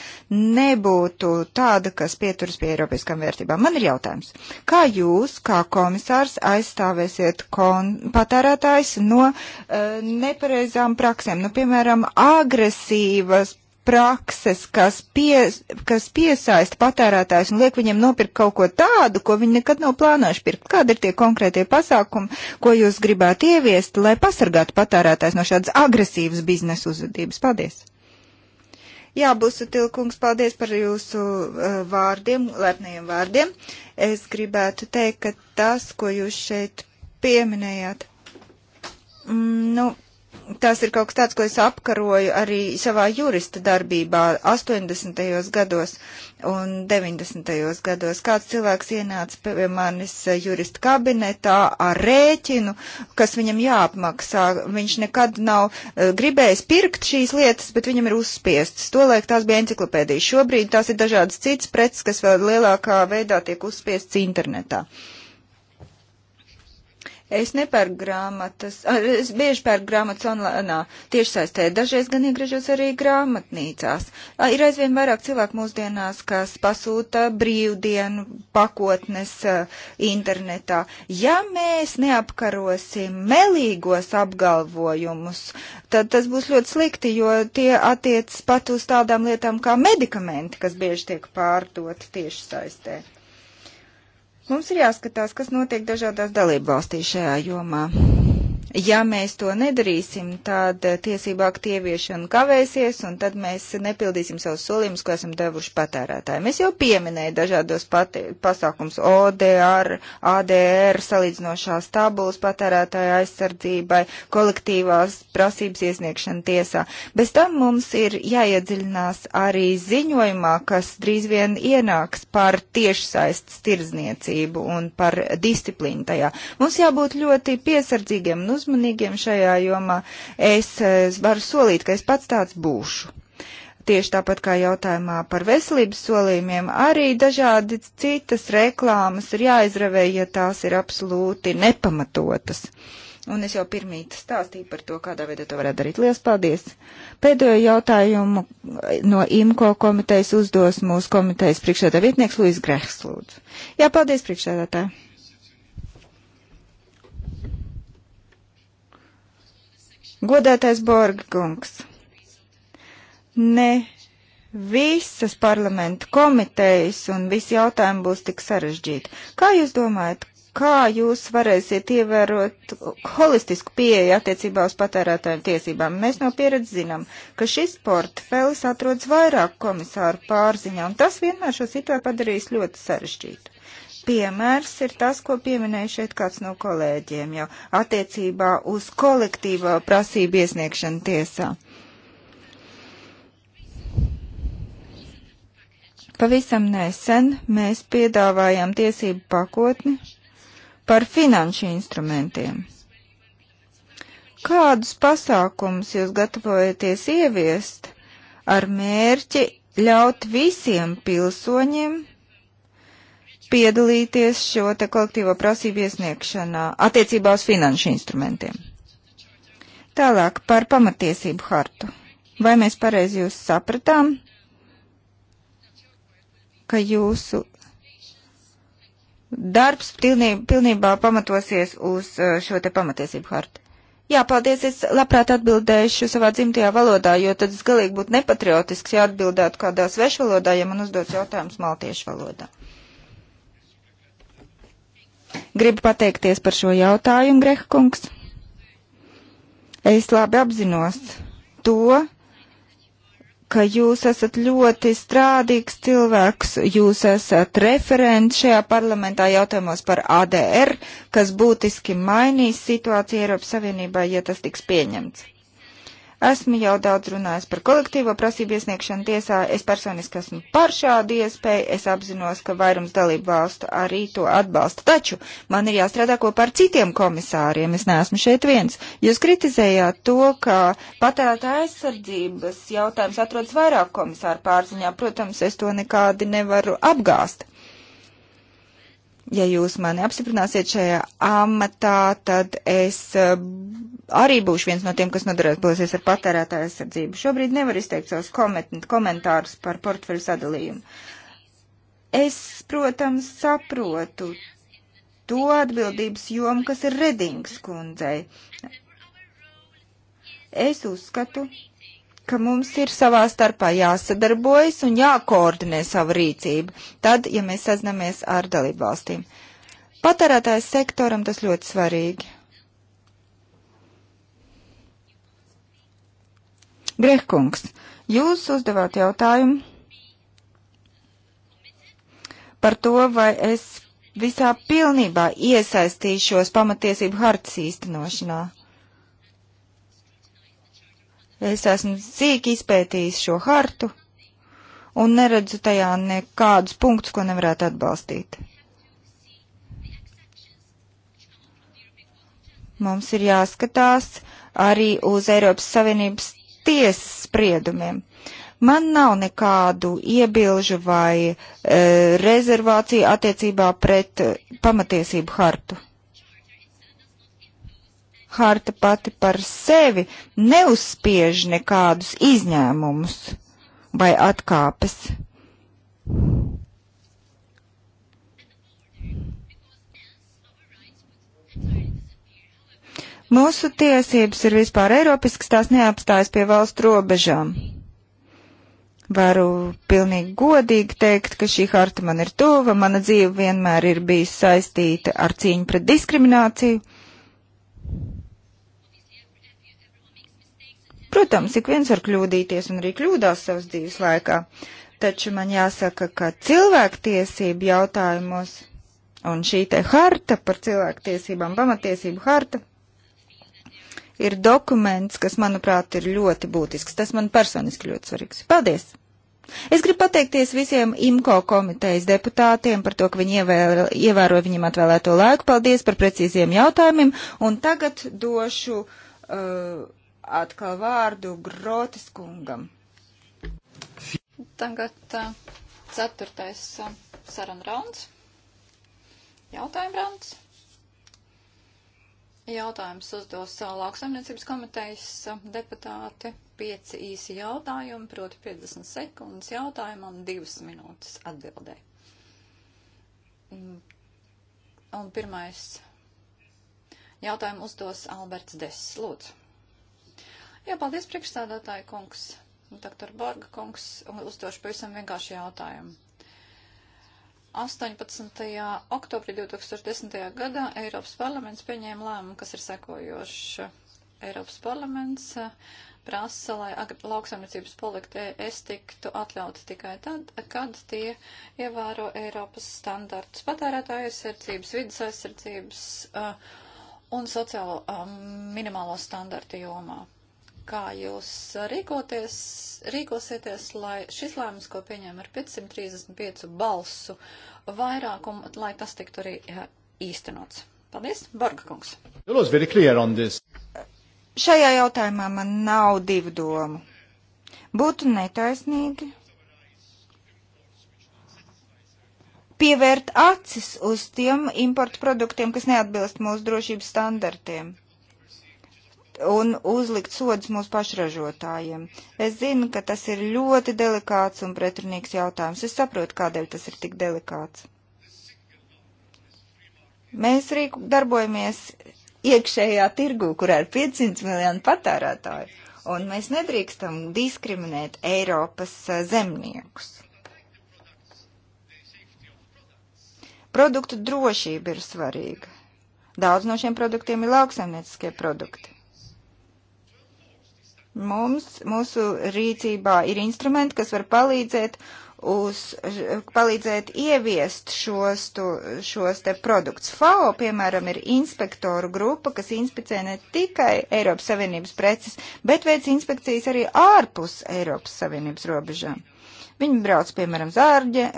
nebūtu tāda, kas pieturas pie Eiropiskām vērtībām. Man ir jautājums, kā jūs, kā komisārs, aizstāvēsiet patērētājs no uh, nepareizām praksēm, nu, piemēram, agresīvas prakses, kas, pie, kas piesaista patērētājs un liek viņiem nopirkt kaut ko tādu, ko viņi nekad nav plānojuši pirkt. Kādi ir tie konkrētie pasākumi, ko jūs gribētu ieviest, lai pasargātu patērētājs no šādas agresīvas biznesa uzvedības? Paldies! Jā, Busutilkungs, paldies par jūsu uh, vārdiem, lepniem vārdiem. Es gribētu teikt, ka tas, ko jūs šeit pieminējāt, mm, nu, tas ir kaut kas tāds, ko es apkaroju arī savā jurista darbībā 80. gados un 90. gados. Kāds cilvēks ienāca pie manis jurista kabinetā ar rēķinu, kas viņam jāapmaksā. Viņš nekad nav uh, gribējis pirkt šīs lietas, bet viņam ir uzspiestas. Tolēk tās bija enciklopēdijas. Šobrīd tās ir dažādas citas preces, kas vēl lielākā veidā tiek uzspiestas internetā. Uh, Es nepērku grāmatas, es bieži pērku grāmatas online, tiešsaistē, dažreiz gan iegriežos arī grāmatnīcās. Ir aizvien vairāk cilvēku mūsdienās, kas pasūta brīvdienu pakotnes internetā. Ja mēs neapkarosim melīgos apgalvojumus, tad tas būs ļoti slikti, jo tie attiec pat uz tādām lietām kā medikamenti, kas bieži tiek pārdoti tiešsaistē. Mums ir jāskatās, kas notiek dažādās dalību valstīs šajā jomā. Ja mēs to nedarīsim, tad tiesību aktu ieviešana kavēsies, un tad mēs nepildīsim savus solījumus, ko esam devuši patērētājiem. Es jau pieminēju dažādos pasākums ODR, ADR, salīdzinošās tabulas patērētāja aizsardzībai, kolektīvās prasības iesniegšana tiesā. Bez tam mums ir jāiedziļinās arī ziņojumā, kas drīz vien ienāks par tiešsaistes tirdzniecību un par disciplīnu tajā. Mums jābūt ļoti piesardzīgiem un uzmanīgiem uzmanīgiem šajā jomā. Es, es eh, varu solīt, ka es pats tāds būšu. Tieši tāpat kā jautājumā par veselības solījumiem, arī dažādi citas reklāmas ir jāizravē, ja tās ir absolūti nepamatotas. Un es jau pirmīt stāstīju par to, kādā veidā to varētu darīt. Lielas paldies! Pēdējo jautājumu no IMCO komitejas uzdos mūsu komitejas priekšēdā vietnieks Luis Grehs, lūdzu. Jā, paldies priekšēdātāji! Godātais Borgkungs, ne visas parlamentu komitejas un visi jautājumi būs tik sarežģīti. Kā jūs domājat, kā jūs varēsiet ievērot holistisku pieeju attiecībā uz patērētājiem tiesībām? Mēs no pieredzes zinām, ka šis portfelis atrodas vairāk komisāru pārziņā, un tas vienmēr šo situāciju padarīs ļoti sarežģītu piemērs ir tas, ko pieminēja šeit kāds no kolēģiem jau attiecībā uz kolektīvo prasību iesniegšanu tiesā. Pavisam nesen mēs piedāvājām tiesību pakotni par finanšu instrumentiem. Kādus pasākumus jūs gatavojaties ieviest ar mērķi ļaut visiem pilsoņiem piedalīties šo te kolektīvo prasību iesniegšanā attiecībā uz finanšu instrumentiem. Tālāk par pamatiesību hartu. Vai mēs pareizi jūs sapratām, ka jūsu darbs pilnībā, pilnībā pamatosies uz eh, šo te pamatiesību hartu? Jā, paldies, es labprāt atbildēšu savā dzimtajā valodā, jo tad es galīgi būtu nepatriotisks, ja atbildētu kādā svešvalodā, ja man uzdots jautājums maltiešu valodā. Gribu pateikties par šo jautājumu, Greha kungs. Es labi apzinos to, ka jūs esat ļoti strādīgs cilvēks, jūs esat referents šajā parlamentā jautājumos par ADR, kas būtiski mainīs situāciju Eiropas Savienībā, ja tas tiks pieņemts. Esmu jau daudz runājis par kolektīvo prasību iesniegšanu tiesā. Es personiski esmu par šādu iespēju. Es apzinos, ka vairums dalību valstu arī to atbalsta. Taču man ir jāstrādā kopā ar citiem komisāriem. Es neesmu šeit viens. Jūs kritizējāt to, ka patērētāja aizsardzības jautājums atrodas vairāk komisāru pārziņā. Protams, es to nekādi nevaru apgāst. Ja jūs mani apstiprināsiet šajā amatā, tad es eh, arī būšu viens no tiem, kas nodarbosies ar patērētāju aizsardzību. Šobrīd nevar izteikt savus komentārus par portfeļu sadalījumu. Es, protams, saprotu to atbildības jomu, kas ir Redings kundzei. Es uzskatu, ka mums ir savā starpā jāsadarbojas un jākoordinē savu rīcību, tad, ja mēs sazinamies ar dalību valstīm. Patērētājs sektoram tas ļoti svarīgi. Grehkungs, jūs uzdevāt jautājumu par to, vai es visā pilnībā iesaistīšos pamatiesību hartas īstenošanā. Es esmu sīki izpētījis šo hartu un neredzu tajā nekādus punktus, ko nevarētu atbalstīt. Mums ir jāskatās arī uz Eiropas Savienības tiesas spriedumiem. Man nav nekādu iebilžu vai e, rezervāciju attiecībā pret eh, pamatiesību hartu harta pati par sevi neuzspiež nekādus izņēmumus vai atkāpes. Mūsu tiesības ir vispār Eiropiskas, tās neapstājas pie valstu robežām. Varu pilnīgi godīgi teikt, ka šī harta man ir tuva, mana dzīve vienmēr ir bijusi saistīta ar cīņu pret diskrimināciju Protams, ik viens var kļūdīties un arī kļūdās savas dzīves laikā, taču man jāsaka, ka cilvēktiesību jautājumos un šī te harta par cilvēktiesībām, pamatiesību harta, ir dokuments, kas, manuprāt, ir ļoti būtisks. Tas man personiski ļoti svarīgs. Paldies! Es gribu pateikties visiem IMCO komitejas deputātiem par to, ka viņi ievēro, ievēroja viņam atvēlēto laiku. Paldies par precīziem jautājumiem. Un tagad došu. Uh, atkal vārdu Grotis kungam. Tagad uh, ceturtais uh, saruna rauns. Jautājuma rauns. Jautājums uzdos uh, lauksaimniecības komitejas uh, deputāti. Pieci īsi jautājumi, proti 50 sekundes jautājumam, 2 minūtes atbildē. Un pirmais jautājumu uzdos Alberts Dess. Lūdzu. Jā, paldies priekšstādātāji kungs, doktor Borga kungs, un uzdošu pavisam vienkārši jautājumu. 18. oktobrī 2010. gadā Eiropas parlaments pieņēma lēmumu, kas ir sekojoši. Eiropas parlaments eh, prasa, lai lauksaimniecības politika es tiktu atļauta tikai tad, kad tie ievēro Eiropas standartus patērētāju aizsardzības, vidas aizsardzības uh, un sociālo um, minimālo standartu jomā kā jūs rīkoties, rīkosieties, lai šis lēmums, ko pieņēma ar 535 balsu vairākumu, lai tas tiktu arī jā, īstenots. Paldies, Borga kungs. Šajā jautājumā man nav divu domu. Būtu netaisnīgi pievērt acis uz tiem importu produktiem, kas neatbilst mūsu drošības standartiem un uzlikt sodus mūsu pašražotājiem. Es zinu, ka tas ir ļoti delikāts un pretrunīgs jautājums. Es saprotu, kādēļ tas ir tik delikāts. Mēs rīku darbojamies iekšējā tirgu, kurā ir 500 miljoni patērētāju, un mēs nedrīkstam diskriminēt Eiropas eh, zemniekus. Produktu drošība ir svarīga. Daudz no šiem produktiem ir lauksaimnieciskie produkti. Mums, mūsu rīcībā ir instrumenti, kas var palīdzēt uz, palīdzēt ieviest šos, tu, šos te produktus. FAO, piemēram, ir inspektoru grupa, kas inspicē ne tikai Eiropas Savienības preces, bet veic inspekcijas arī ārpus Eiropas Savienības robežām. Viņi brauc, piemēram, uz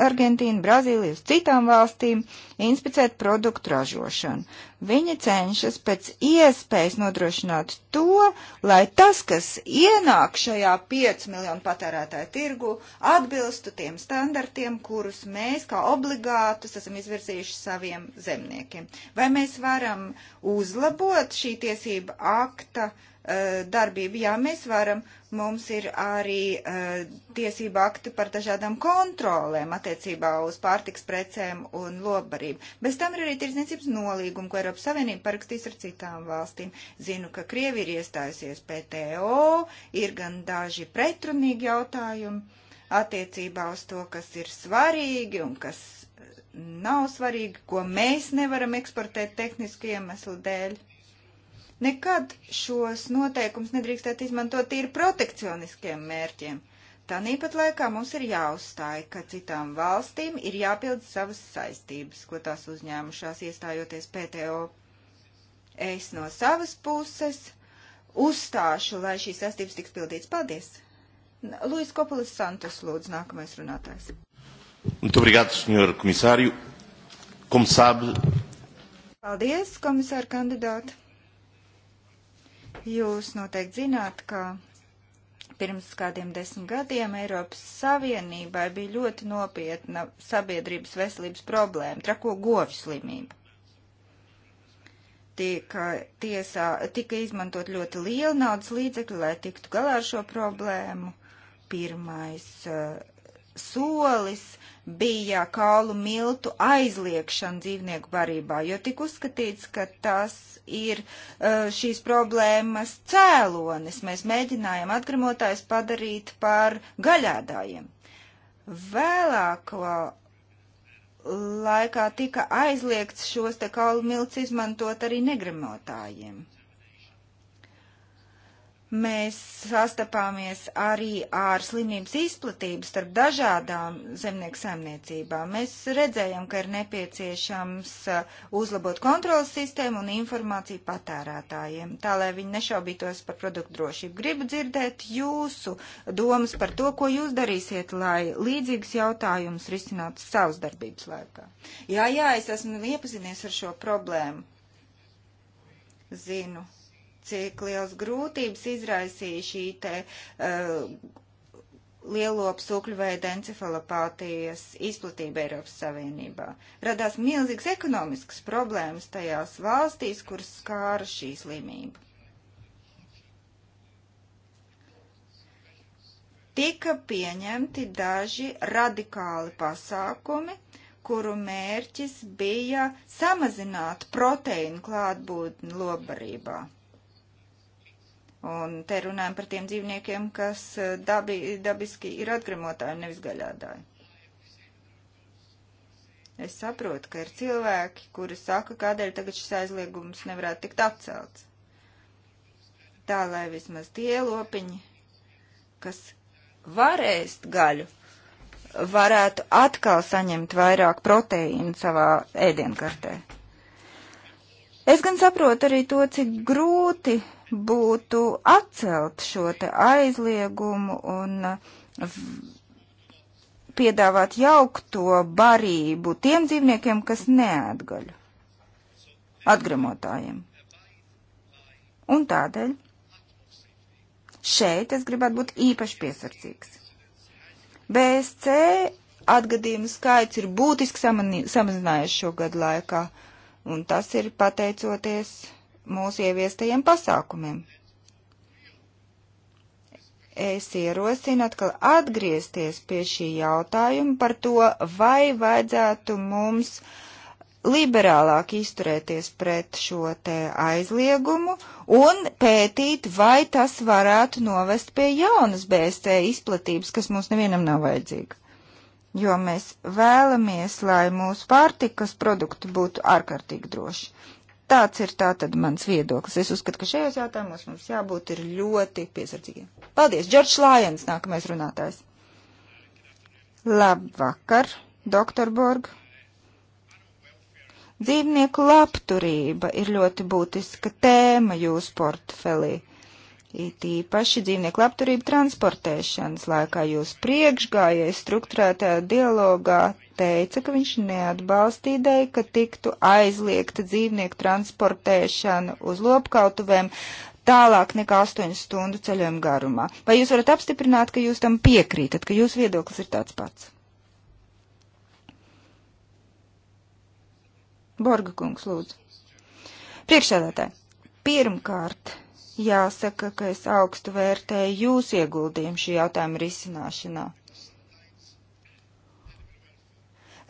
Argentīnu, Brazīliju, uz citām valstīm, inspicēt produktu ražošanu. Viņi cenšas pēc iespējas nodrošināt to, lai tas, kas ienāk šajā 5 miljonu patērētāju tirgu, atbilstu tiem standartiem, kurus mēs kā obligātus esam izvirzījuši saviem zemniekiem. Vai mēs varam uzlabot šī tiesība akta uh, Eh, darbību. Jā, mēs varam, mums ir arī uh, tiesība akti par dažādām kontrolēm attiecībā uz pārtiks precēm un lobbarību. Bez tam ir arī tirdzniecības nolīguma, ko Eiropas Savienība parakstīs ar citām valstīm. Zinu, ka Krievi ir iestājusies PTO, ir gan daži pretrunīgi jautājumi attiecībā uz to, kas ir svarīgi un kas eh, nav svarīgi, ko mēs nevaram eksportēt tehnisku iemeslu dēļ. Nekad šos noteikumus nedrīkstētu izmantot tīri protekcioniskiem mērķiem. Tāpat laikā mums ir jāuzstāj, ka citām valstīm ir jāpild savas saistības, ko tās uzņēmušās iestājoties PTO. Es no savas puses uzstāšu, lai šīs saistības tiks pildīts. Paldies! Luis Kopulis Santos, lūdzu, nākamais runātājs. Muito obrigado, senhor comissário. Como sabe... Paldies, komisāra kandidāta. Jūs noteikti zināt, ka pirms kādiem desmit gadiem Eiropas Savienībai bija ļoti nopietna sabiedrības veselības problēma - trako govju slimība. Tika tiesā, tika izmantot ļoti liela naudas līdzekļa, lai tiktu galā ar šo problēmu. Pirmais uh, solis bija kālu miltu aizliekšana dzīvnieku barībā, jo tik uzskatīts, ka tas ir eh, šīs problēmas cēlonis. Mēs mēģinājām atgremotājs padarīt par gaļādājiem. Vēlāko laikā tika aizliegts šos te kaulu milts izmantot arī negremotājiem. Mēs sastapāmies arī ar slimības izplatību starp dažādām zemnieku saimniecībām. Mēs redzējām, ka ir nepieciešams uh, uzlabot kontrolas sistēmu un informāciju patērētājiem, tā lai viņi nešaubītos par produktu drošību. Gribu dzirdēt jūsu domas par to, ko jūs darīsiet, lai līdzīgas jautājumus risinātu savas darbības laikā. Jā, jā, es esmu iepazinies ar šo problēmu. Zinu cik liels grūtības izraisīja šī te uh, eh, lielo psukļveida encefalopātijas izplatība Eiropas Savienībā. Radās milzīgas ekonomiskas problēmas tajās valstīs, kuras skāra šī slimība. Tika pieņemti daži radikāli pasākumi, kuru mērķis bija samazināt proteīnu klātbūtni lobarībā. Un te runājam par tiem dzīvniekiem, kas eh, dabi, dabiski ir atgremotāji, nevis gaļādāji. Es saprotu, ka ir cilvēki, kuri saka, kādēļ tagad šis aizliegums nevarētu tikt atcelts. Tā lai vismaz tie lopiņi, kas var ēst gaļu, varētu atkal saņemt vairāk proteīnu savā ēdienkartē. Es gan saprotu arī to, cik grūti būtu atcelt šo te aizliegumu un eh, piedāvāt jaukto barību tiem dzīvniekiem, kas neatgaļ atgremotājiem. Un tādēļ šeit es gribētu būt īpaši piesardzīgs. BSC atgadījumu skaits ir būtiski samazinājies šo gadu laikā, un tas ir pateicoties mūsu ieviestajiem pasākumiem. Es ierosinu atkal atgriezties pie šī jautājuma par to, vai vajadzētu mums liberālāk izturēties pret šo te aizliegumu un pētīt, vai tas varētu novest pie jaunas BSC izplatības, kas mums nevienam nav vajadzīga jo mēs vēlamies, lai mūsu pārtikas produkti būtu ārkārtīgi droši. Tāds ir tātad mans viedoklis. Es uzskatu, ka šajos jautājumos mums jābūt ir ļoti piesardzīgiem. Paldies, Džordžs Lājens, nākamais runātājs. Labvakar, doktor Borg. Dzīvnieku labturība ir ļoti būtiska tēma jūsu portfelī. It īpaši dzīvnieku labturību transportēšanas laikā jūs priekšgājēji struktūrētajā dialogā teica, ka viņš neatbalsta ideju, ka tiktu aizliegta dzīvnieku transportēšana uz lopkautuvēm tālāk nekā 8 stundu ceļojuma garumā. Vai jūs varat apstiprināt, ka jūs tam piekrītat, ka jūsu viedoklis ir tāds pats? Borga kungs, lūdzu. Priekšsēdētāji, pirmkārt Jāsaka, ka es augstu vērtēju jūsu ieguldījumu šī jautājuma risināšanā.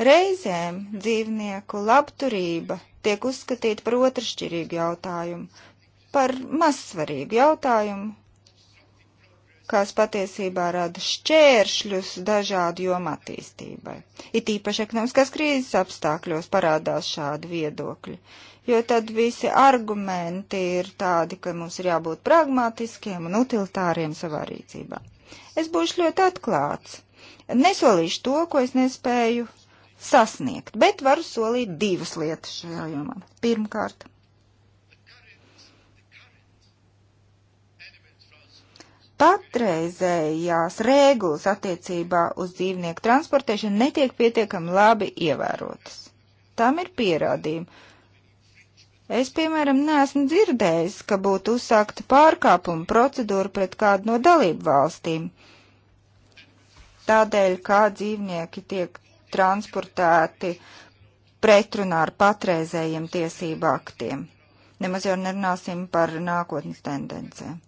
Reizēm dzīvnieku labturība tiek uzskatīta par otršķirīgu jautājumu, par mazsvarīgu jautājumu, kas patiesībā rada šķēršļus dažādu jomu attīstībai. It īpaši ekonomiskās krīzes apstākļos parādās šādi viedokļi. Uh, jo tad visi argumenti ir tādi, ka mums ir jābūt pragmatiskiem un utilitāriem savā rīcībā. Es būšu ļoti atklāts. Nesolīšu to, ko es nespēju sasniegt, bet varu solīt divas lietas šajā jomā. Pirmkārt, patreizējās regulas attiecībā uz dzīvnieku transportēšanu netiek pietiekami labi ievērotas. Tam ir pierādījumi Es, piemēram, neesmu dzirdējis, ka būtu uzsākta pārkāpuma procedūra pret kādu no dalību valstīm. Tādēļ, kā dzīvnieki tiek transportēti pretrunā ar patreizējiem tiesību aktiem. Nemaz jau nerunāsim par nākotnes tendencēm.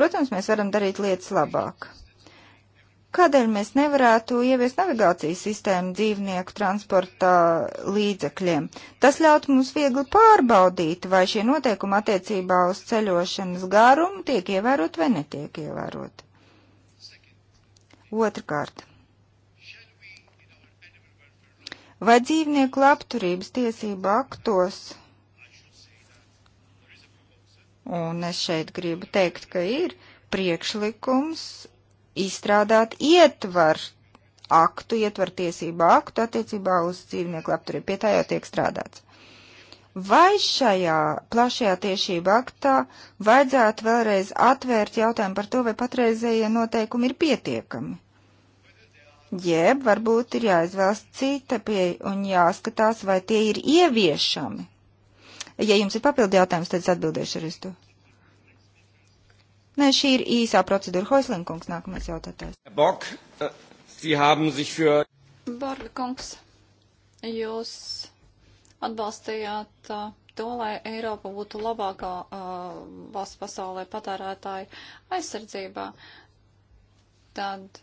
Protams, mēs varam darīt lietas labāk. Kādēļ mēs nevarētu ieviest navigācijas sistēmu dzīvnieku transporta līdzekļiem? Tas ļaut mums viegli pārbaudīt, vai šie noteikumi attiecībā uz ceļošanas garumu tiek ievērot vai netiek ievērot. Otrakārt. Vai dzīvnieku labturības tiesību aktos Un es šeit gribu teikt, ka ir priekšlikums izstrādāt ietvar aktu, ietvar tiesību aktu attiecībā uz dzīvnieku labturību. Pie tā jau tiek strādāts. Vai šajā plašajā tiešība aktā vajadzētu vēlreiz atvērt jautājumu par to, vai patreizējie noteikumi ir pietiekami? Jeb varbūt ir jāizvēlas cita pieeja un jāskatās, vai tie ir ieviešami. Ja jums ir papildi jautājums, tad es atbildēšu arī uz to. Nē, šī ir īsā procedūra. Hoislinkungs nākamais jautātājs. Bok, äh, Sie haben sich für. Borga kungs, jūs atbalstījāt uh, to, lai Eiropa būtu labākā uh, valsts pasaulē patērētāju aizsardzībā. Tad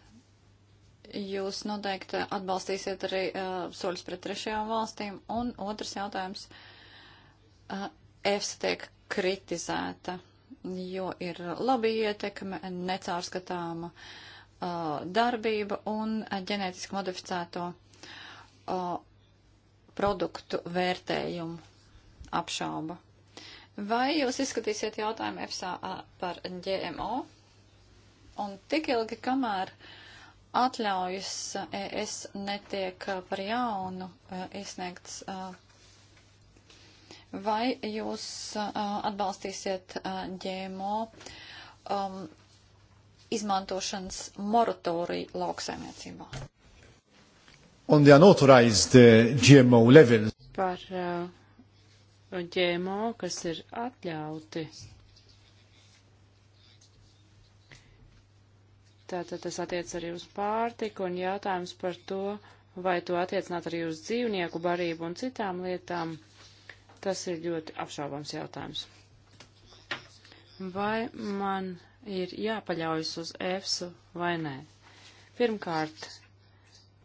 jūs noteikti atbalstīsiet arī uh, soļus pret trešajām valstīm. Un otrs jautājums. Uh, EFSA tiek kritizēta jo ir labi ietekme, necārskatāma uh, darbība un ģenētiski modificēto uh, produktu vērtējumu apšauba. Vai jūs izskatīsiet jautājumu EFSA uh, par GMO? Un tik ilgi, kamēr atļaujas uh, ES netiek uh, par jaunu izsniegts uh, Vai jūs uh, atbalstīsiet uh, ģēmo um, izmantošanas moratoriju lauksaimniecībā? On the unauthorized uh, GMO level. Par uh, ģēmo, kas ir atļauti. Tātad tas attiec arī uz pārtiku un jautājums par to, vai to attiecināt arī uz dzīvnieku barību un citām lietām. Uh, Tas ir ļoti apšaubams jautājums. Vai man ir jāpaļaujas uz EFSU vai nē? Pirmkārt,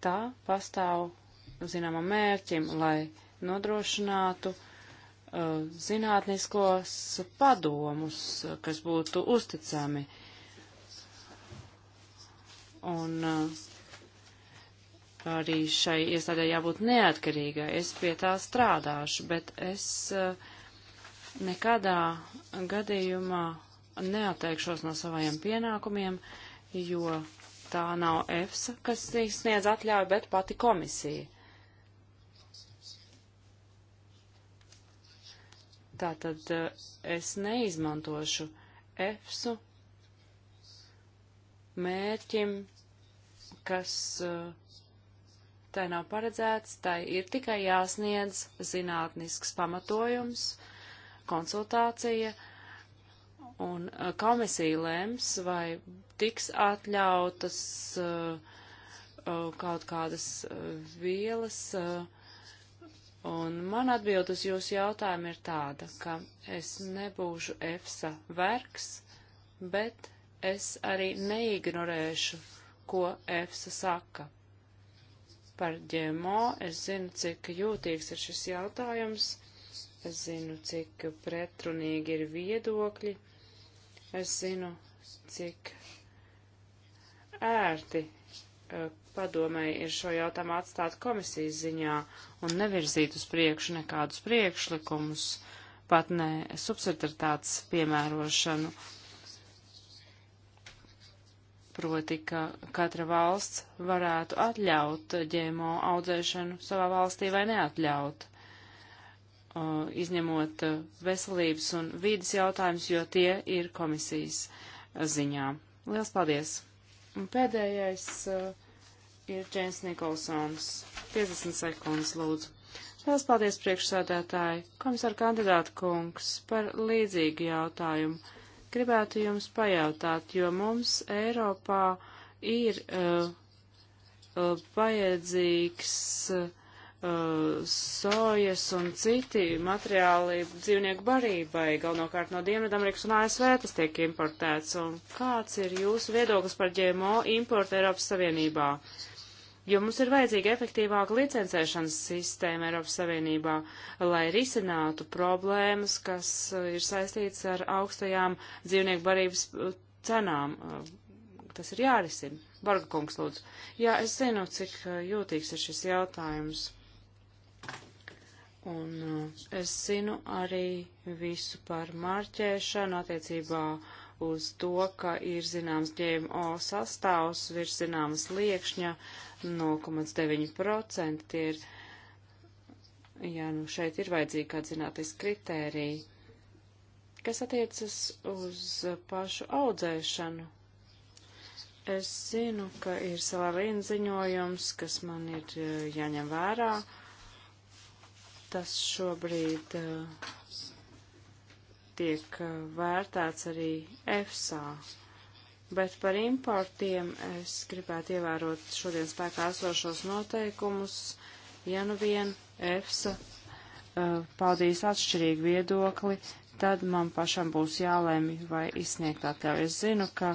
tā pastāv zināmam mērķim, lai nodrošinātu uh, zinātniskos padomus, kas būtu uzticami. Un uh, ka arī šai iestādē jābūt neatkarīgai. Es pie tā strādāšu, bet es eh, nekādā gadījumā neatteikšos no savajiem pienākumiem, jo tā nav EFSA, kas sniedz atļauju, bet pati komisija. Tātad eh, es neizmantošu EFSU mērķim, kas uh, tai nav paredzēts, tai ir tikai jāsniedz zinātnisks pamatojums, konsultācija, un uh, komisija lems, vai tiks atļautas uh, uh, kaut kādas vielas. Un man atbild uz jūsu jautājumu ir tāda, ka es nebūšu EFSA vergs, bet es arī neignorēšu, ko EFSA saka par ģēmo. Es zinu, cik jūtīgs ir šis jautājums. Es zinu, cik pretrunīgi ir viedokļi. Es zinu, cik ērti eh, padomēji ir šo jautājumu atstāt komisijas ziņā un nevirzīt uz priekšu nekādus priekšlikumus, pat ne subsidaritātes piemērošanu. Uh, proti, ka katra valsts varētu atļaut ģēmo audzēšanu savā valstī vai neatļaut, uh, izņemot uh, veselības un vīdas jautājumus, jo tie ir komisijas uh, ziņā. Lielas paldies! Un pēdējais uh, ir Džēns Nikolsons. 50 sekundes, lūdzu. Lielas paldies, priekšsādātāji, komisāra kandidāta kungs, par līdzīgu jautājumu Gribētu jums pajautāt, jo mums Eiropā ir uh, uh, vajadzīgs uh, sojas un citi materiāli dzīvnieku barībai, galvenokārt no Dienvidamerikas un ASV tas tiek importēts. Un kāds ir jūsu viedoklis par GMO importu Eiropas Savienībā? Uh, jo mums ir vajadzīga efektīvāka licencēšanas sistēma Eiropas Savienībā, lai risinātu problēmas, kas uh, ir saistītas ar augstajām dzīvnieku barības uh, cenām. Uh, tas ir jārisina. Barga kungs, lūdzu. Jā, es zinu, cik jūtīgs ir šis jautājums. Un es zinu arī visu par marķēšanu attiecībā uh, uz to, ka ir zināms GMO sastāvs virs zināmas liekšņa 0,9%. Tie ir, jā, nu šeit ir vajadzīgi kāds zinātnes kritērija. Kas attiecas uz pašu audzēšanu? Es zinu, ka ir savā līnziņojums, kas man ir eh, jāņem vērā. Tas šobrīd uh, tiek eh, vērtēts arī EFSA. Bet par importiem es gribētu ievērot šodien spēkā esošos noteikumus, ja nu vien EFSA uh, paudīs atšķirīgu viedokli, tad man pašam būs jālēmi, vai izsniegt atļauju. Es zinu, ka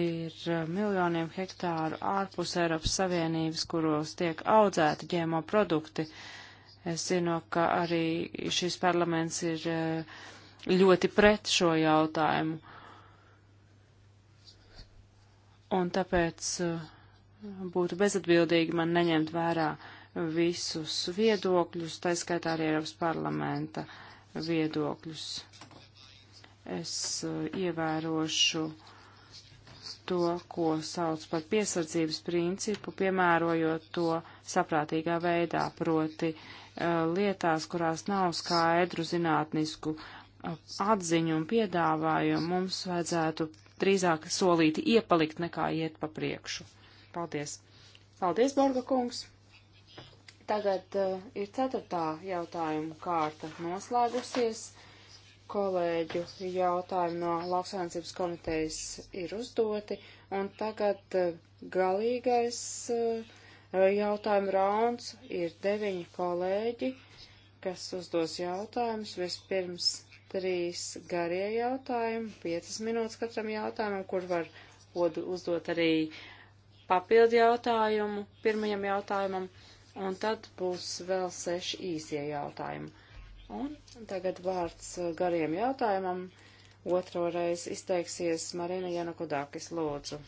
ir eh, miljoniem hektāru ārpus Eiropas Savienības, kuros tiek audzēti ģēmo produkti. Es zinu, ka arī šis parlaments ir uh, ļoti pret šo jautājumu. Un tāpēc uh, būtu bezatbildīgi man neņemt vērā visus viedokļus, taiskaitā arī Eiropas parlamenta viedokļus. Es uh, ievērošu to, ko sauc par piesardzības principu, piemērojot to saprātīgā veidā, proti uh, lietās, kurās nav skaidru zinātnisku atziņu un piedāvājumu mums vajadzētu drīzāk solīti iepalikt nekā iet pa priekšu. Paldies! Paldies, Borga kungs! Tagad uh, ir ceturtā jautājuma kārta noslēgusies. Kolēģu jautājumi no lauksainicības komitejas ir uzdoti, un tagad uh, galīgais uh, jautājuma rauns ir deviņi kolēģi, kas uzdos jautājumus. Vispirms trīs garie jautājumi, piecas minūtes katram jautājumam, kur var uzdot arī papildu jautājumu pirmajam jautājumam, un tad būs vēl seši īsie jautājumi. Un tagad vārds uh, gariem jautājumam. Otro reizi izteiksies Marina Janukudakis, lūdzu.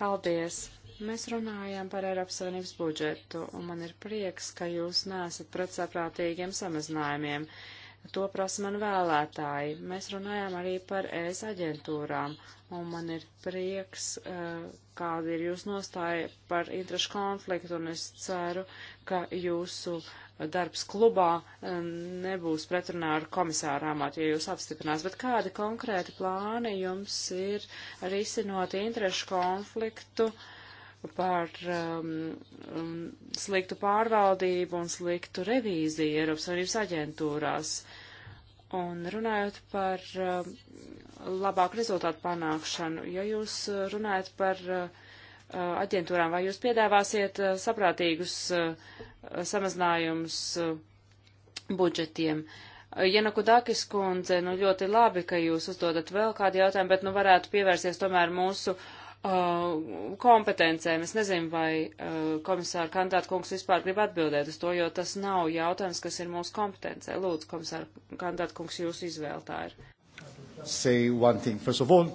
Paldies! Mēs runājām par Eiropas Savienības budžetu, un man ir prieks, ka jūs nesat pret saprātīgiem samazinājumiem. Uh, To prasa man vēlētāji. Mēs runājām arī par ES aģentūrām, un man ir prieks, eh, kāda ir jūsu nostāja par interešu konfliktu, un es ceru, ka jūsu darbs klubā eh, nebūs pretrunā ar komisāru amatu, ja jūs apstiprinās. Bet kādi konkrēti plāni jums ir risinot interešu konfliktu? Uh, par um, um, sliktu pārvaldību un sliktu revīziju Eiropas Savienības aģentūrās. Un runājot par um, labāku rezultātu panākšanu, ja jūs runājat par uh, aģentūrām, vai jūs piedāvāsiet uh, saprātīgus uh, samazinājumus uh, budžetiem? Uh, Jana Kudakis kundze, nu ļoti labi, ka jūs uzdodat vēl kādu jautājumu, bet nu varētu pievērsties tomēr mūsu uh, Uh, kompetencēm. Es nezinu, vai uh, komisāra kandidāta kungs vispār grib atbildēt uz to, jo tas nav jautājums, kas ir mūsu kompetencē. Lūdzu, komisāra kandidāta kungs, jūsu izvēle tā ir. Thing,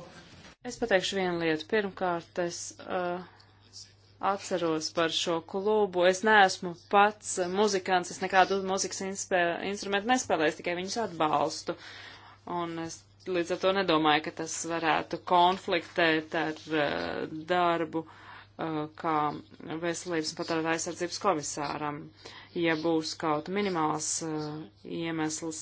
es pateikšu vienu lietu. Pirmkārt, es uh, atceros par šo klubu. Es neesmu pats muzikants, es nekādu muzikas instrumentu nespēlēju, tikai viņus atbalstu. Un es līdz ar to nedomāju, ka tas varētu konfliktēt ar uh, darbu uh, kā veselības un patērētāju aizsardzības komisāram. Ja būs kaut minimāls uh, iemesls,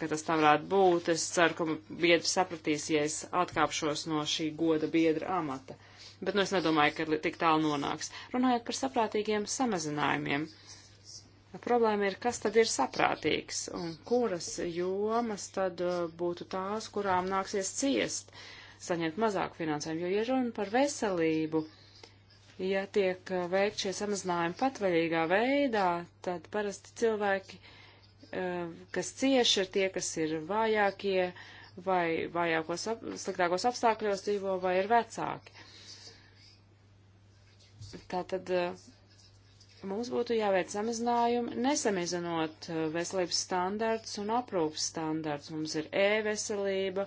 ka tas tā varētu būt, es ceru, ka biedri sapratīs, ja es atkāpšos no šī goda biedra amata. Bet nu es nedomāju, ka tik tālu nonāks. Runājot par saprātīgiem samazinājumiem. Uh, Nu, problēma ir, kas tad ir saprātīgs un kuras jomas tad uh, būtu tās, kurām nāksies ciest, saņemt mazāk finansējumu, jo ir runa par veselību. Ja tiek uh, veikt šie samazinājumi patvaļīgā veidā, tad parasti cilvēki, uh, kas cieši, ir tie, kas ir vājākie vai vājākos, ap, sliktākos apstākļos dzīvo vai ir vecāki. Tātad mums būtu jāveic samazinājumi, nesamazinot eh, veselības standārts un aprūpas standārts. Mums ir e-veselība,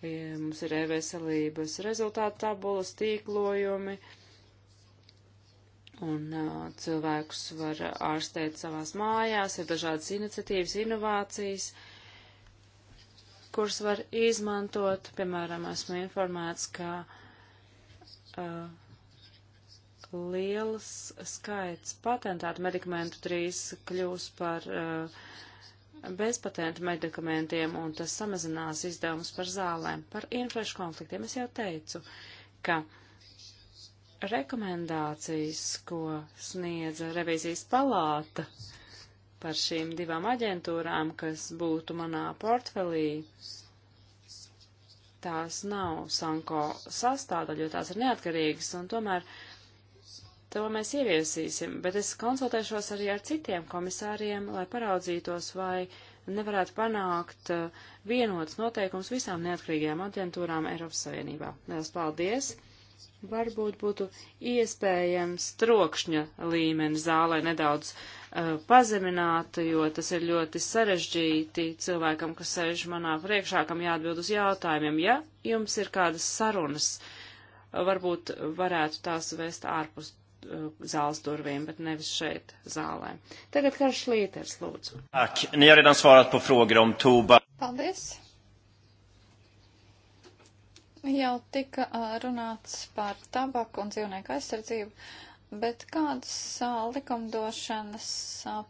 e, mums ir e-veselības rezultātu tabulas, tīklojumi, un uh, cilvēkus var ārstēt savās mājās, ir dažādas iniciatīvas, inovācijas, kuras var izmantot. Piemēram, esmu informēts, ka uh, liels skaits patentētu medikamentu drīz kļūs par uh, bezpatentu medikamentiem, un tas samazinās izdevumus par zālēm. Par interešu konfliktiem es jau teicu, ka rekomendācijas, ko sniedza revizijas palāta par šīm divām aģentūrām, kas būtu manā portfelī, tās nav Sanko sastāvdaļa, jo tās ir neatkarīgas, un tomēr uh, to mēs ieviesīsim, bet es konsultēšos arī ar citiem komisāriem, lai paraudzītos, vai nevarētu panākt uh, vienotas noteikums visām neatkarīgajām aģentūrām Eiropas Savienībā. Lielas paldies! Varbūt būtu iespējams trokšņa līmeni zālē nedaudz uh, pazemināt, jo tas ir ļoti sarežģīti cilvēkam, kas sēž manā priekšā, kam jāatbild uz jautājumiem. Ja jums ir kādas sarunas, varbūt varētu tās vēst ārpus Uh, zāles durvīm, bet nevis šeit zālē. Tagad Karš Līters, lūdzu. Ak, ni har redan svarat på frågor om tūba. Paldies. Jau tika uh, runāts par tabaku un dzīvnieku aizsardzību, bet kādas uh, likumdošanas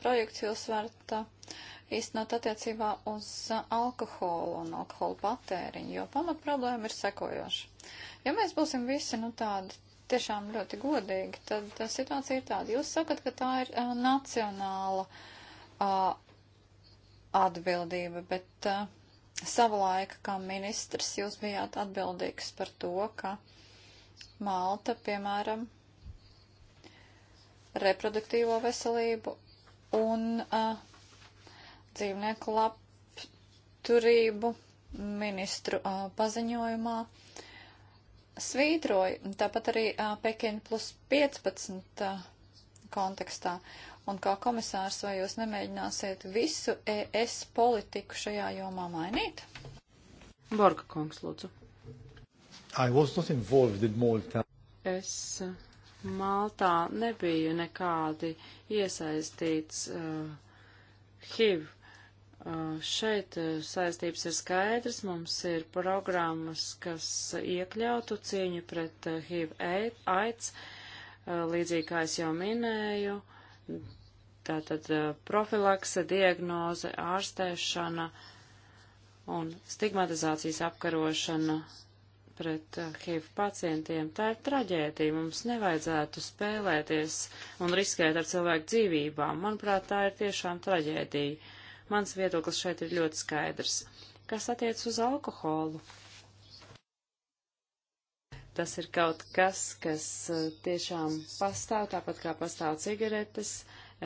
projekts jūs varat īstenot attiecībā uz alkoholu un alkoholu patēriņu, jo pamat problēma ir sekojoša. Ja mēs būsim visi, nu, tādi tiešām ļoti godīgi, tad tā situācija ir tāda. Jūs sakat, ka tā ir uh, nacionāla uh, atbildība, bet uh, savulaika kā ministrs jūs bijāt atbildīgs par to, ka Malta, piemēram, reproduktīvo veselību un uh, dzīvnieku labturību ministru uh, paziņojumā. Uh, svītroju, tāpat arī Pekina plus 15 kontekstā. Un kā komisārs, vai jūs nemēģināsiet visu ES politiku šajā jomā mainīt? Borga kungs, lūdzu. Es Maltā nebiju nekādi iesaistīts uh, HIV Šeit saistības ir skaidrs, mums ir programmas, kas iekļautu cīņu pret HIV aids, līdzīgi kā es jau minēju, tātad profilakse, diagnoze, ārstēšana un stigmatizācijas apkarošana pret HIV pacientiem. Tā ir traģēdija, mums nevajadzētu spēlēties un riskēt ar cilvēku dzīvībām. Manuprāt, tā ir tiešām traģēdija Mans viedoklis šeit ir ļoti skaidrs. Kas attiec uz alkoholu? Tas ir kaut kas, kas eh, tiešām pastāv, tāpat kā pastāv cigaretes.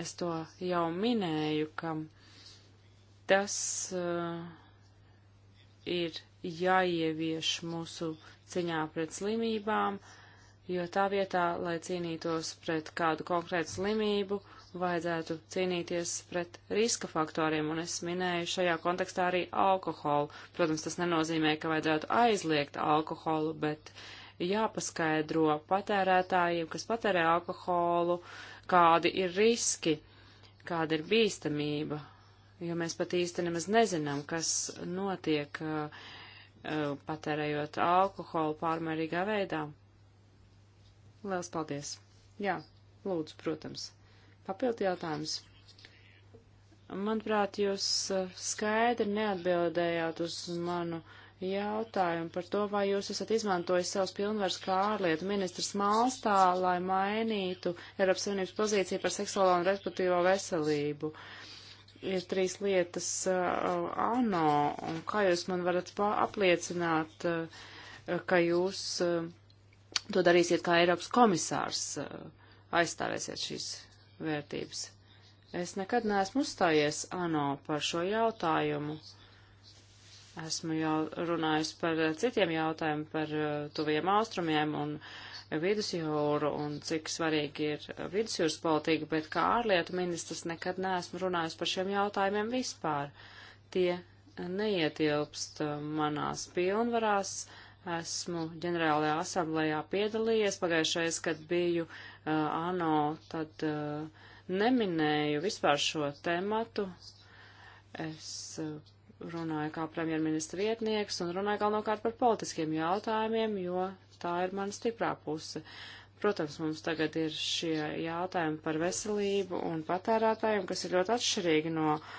Es to jau minēju, ka tas uh, ir jāievieš mūsu ciņā pret slimībām, jo tā vietā, lai cīnītos pret kādu konkrētu slimību, uh, vajadzētu cīnīties pret riska faktoriem, un es minēju šajā kontekstā arī alkoholu. Protams, tas nenozīmē, ka vajadzētu aizliegt alkoholu, bet jāpaskaidro patērētājiem, kas patērē alkoholu, kādi ir riski, kāda ir bīstamība, jo mēs pat īsti nemaz nezinām, kas notiek uh, uh patērējot alkoholu pārmērīgā veidā. Liels paldies! Jā, lūdzu, protams. Papildu jautājums. Manuprāt, jūs eh, skaidri neatbildējāt uz manu jautājumu par to, vai jūs esat izmantojis savus pilnvars kā ārlietu ministrs Malstā, lai mainītu Eiropas Savienības pozīciju par seksuālo un reproduktīvo veselību. Ir trīs lietas uh, ANO, un kā jūs man varat apliecināt, uh, ka jūs uh, to darīsiet kā Eiropas komisārs, uh, aizstāvēsiet šīs vērtības. Es nekad neesmu uzstājies ANO par šo jautājumu. Esmu jau runājis par citiem jautājumiem, par uh, tuviem austrumiem un vidusjūru un cik svarīgi ir vidusjūras politika, bet kā ārlietu ministrs nekad neesmu runājis par šiem jautājumiem vispār. Tie neietilpst uh, manās pilnvarās. Uh, Esmu ģenerālajā asamblējā piedalījies pagājušais, kad biju uh, ANO, tad uh, neminēju vispār šo tematu. Es uh, runāju kā premjerministra vietnieks un runāju galvenokārt par politiskiem jautājumiem, jo tā ir mana stiprā puse. Protams, mums tagad ir šie jautājumi par veselību un patērētājiem, kas ir ļoti atšķirīgi no uh,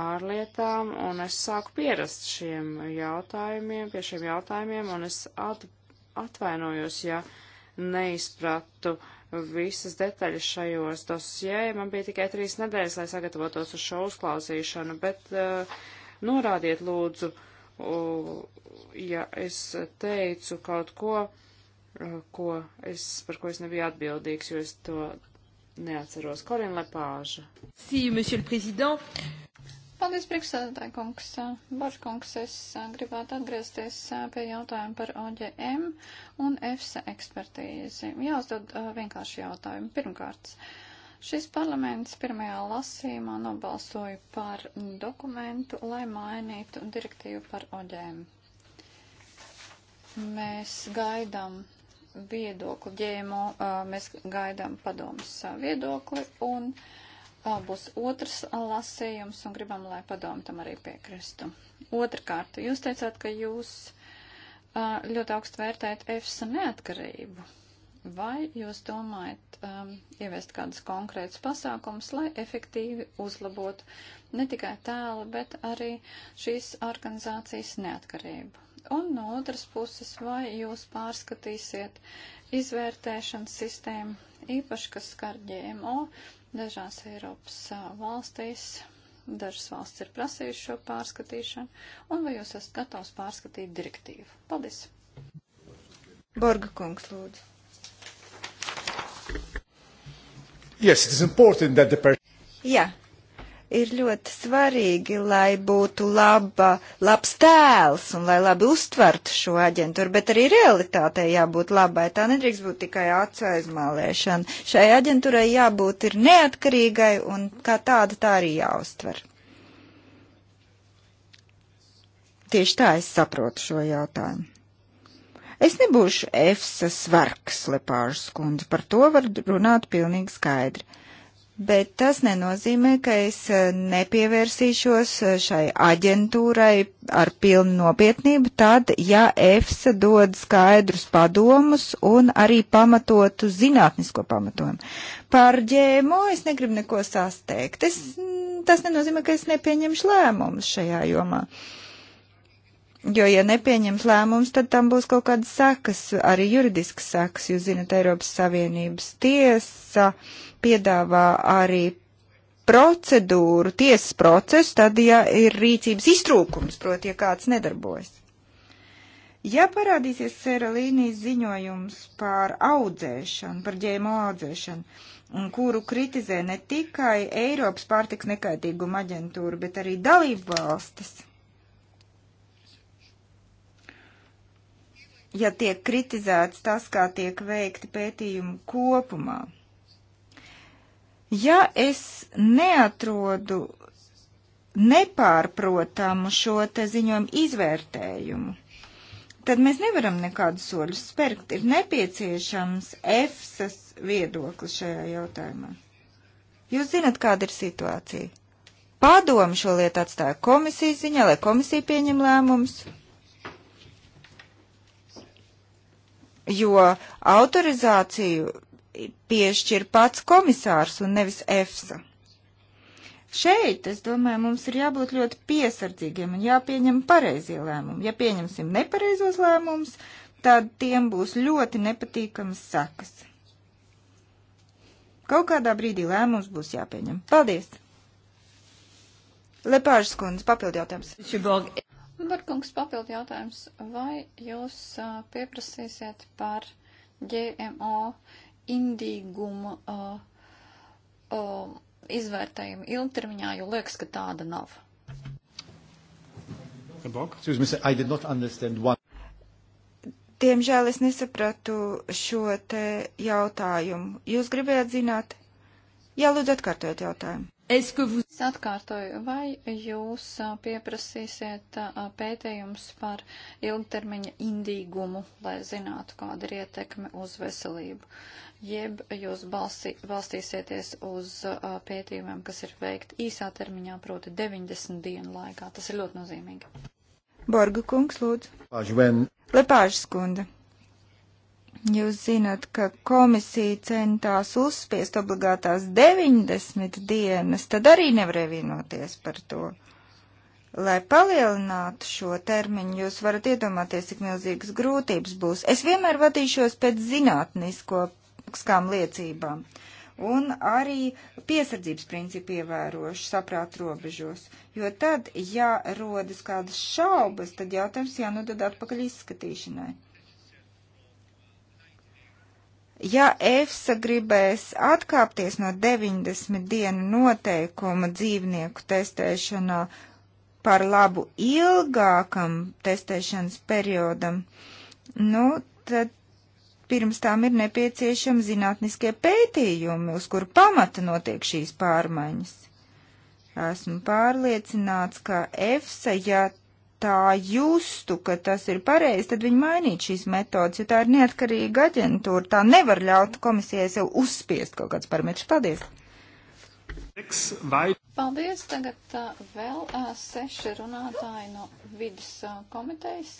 ārlietām, un es sāku pierast šiem jautājumiem, pie šiem jautājumiem, un es at, atvainojos, ja neizpratu visas detaļas šajos dosjē. Man bija tikai trīs nedēļas, lai sagatavotos uz šo uzklausīšanu, bet uh, norādiet lūdzu, uh, ja es teicu kaut ko, uh, ko es, par ko es nebiju atbildīgs, jo es to Neatceros. Korina Lepāža. Sī, monsieur le président. Paldies, priekšsēdētāji kungs. Bažkungs, es gribētu atgriezties pie jautājuma par OGM un EFSA ekspertīzi. Jāuzdod uh, vienkārši jautājumu. Pirmkārt, šis parlaments pirmajā lasījumā nobalsoja par dokumentu, lai mainītu direktīvu par OGM. Mēs gaidām viedokli ģēmo, mēs gaidām padomus viedokli un būs otrs lasījums un gribam, lai padomu tam arī piekristu. Otrakārt, jūs teicāt, ka jūs ļoti augstu vērtējat EFSA neatkarību. Vai jūs domājat um, ieviest kādus konkrētus pasākumus, lai efektīvi uzlabotu ne tikai tēlu, bet arī šīs organizācijas neatkarību? Un no otras puses, vai jūs pārskatīsiet izvērtēšanas sistēmu, īpaši, kas skar GMO, dažās Eiropas valstīs, dažas valsts ir prasījušas šo pārskatīšanu, un vai jūs esat gatavs pārskatīt direktīvu? Paldies! Borga kungs, lūdzu. Yes, it is important that the person. Yeah. Jā, ir ļoti svarīgi, lai būtu laba, labs tēls un lai labi uztvertu šo aģentūru, bet arī realitātei jābūt labai. Tā nedrīkst būt tikai acu aizmālēšana. Šai aģentūrai jābūt ir neatkarīgai un kā tāda tā arī jāuztver. Tieši tā es saprotu šo jautājumu. Es nebūšu EFSA svarks, lepāžas kundze, par to var runāt pilnīgi skaidri Bet tas nenozīmē, ka es e, nepievērsīšos e, šai aģentūrai ar pilnu nopietnību tad, ja EFSA dod skaidrus padomus un arī pamatotu zinātnisko pamatojumu. Par ģēmo es negribu neko sasteigt. Es, tas nenozīmē, ka es nepieņemšu lēmumus šajā jomā. Jo, ja nepieņems lēmums, tad tam būs kaut kādas sekas, arī juridiskas sekas. Jūs zinat, Eiropas Savienības tiesa piedāvā arī procedūru, tiesas procesu, tad, ja ir rīcības iztrūkums, proti, ja kāds nedarbojas. Ja parādīsies Sēralīnijas ziņojums par audzēšanu, par ģēmo audzēšanu, kuru kritizē ne tikai Eiropas pārtiks nekaitīguma aģentūra, bet arī dalību valstis, ja tiek kritizēts tas, kā tiek veikti pētījumi kopumā – Ja es neatrodu nepārprotamu šo te ziņojumu izvērtējumu, tad mēs nevaram nekādus soļus spērkt. Ir nepieciešams EFSAS viedoklis šajā jautājumā. Jūs zinat, kāda ir situācija. Padomu šo lietu atstāja komisijas ziņā, lai komisija pieņem lēmumus. Jo autorizāciju piešķir pats komisārs un nevis EFSA. Šeit, es domāju, mums ir jābūt ļoti piesardzīgiem un jāpieņem pareizie lēmumi. Ja pieņemsim nepareizos lēmumus, tad tiem būs ļoti nepatīkamas sekas. Kaut kādā brīdī lēmums būs jāpieņem. Paldies! Lepāžas kundze, papildu jautājums. Barkungs, papildu jautājums. Vai jūs uh, pieprasīsiet par GMO indīguma uh, uh, izvērtējumu ilgtermiņā, jo liekas, ka tāda nav. Diemžēl es nesapratu šo te jautājumu. Jūs gribējāt zināt? Jā, lūdzu, atkārtojiet jautājumu. Es atkārtoju, vai jūs pieprasīsiet pētījums par ilgtermiņa indīgumu, lai zinātu, kāda ir ietekme uz veselību, jeb jūs balsi, balstīsieties uz pētījumiem, kas ir veikti īsā termiņā, proti 90 dienu laikā. Tas ir ļoti nozīmīgi. Borga kungs, lūdzu. Lepāžas kunda. Jūs zināt, ka komisija centās uzspiest obligātās 90 dienas, tad arī nevarēja vienoties par to. Lai palielinātu šo termiņu, jūs varat iedomāties, cik milzīgas grūtības būs. Es vienmēr vadīšos pēc zinātnisko skām liecībām un arī piesardzības principu ievērošu saprāt robežos, jo tad, ja rodas kādas šaubas, tad jautājums jānodod atpakaļ izskatīšanai. Ja EFSA gribēs atkāpties no 90 dienu noteikuma dzīvnieku testēšanā par labu ilgākam testēšanas periodam, nu, tad pirms tām ir nepieciešami zinātniskie pētījumi, uz kur pamata notiek šīs pārmaiņas. Esmu pārliecināts, ka EFSA, ja tā justu, ka tas ir pareizi, tad viņi mainītu šīs metodas, jo tā ir neatkarīga aģentūra. Tā nevar ļaut komisijai sev uzspiest kaut kāds parametrs. Paldies! Paldies! Tagad uh, vēl uh, seši runātāji no vidas uh, komitejas.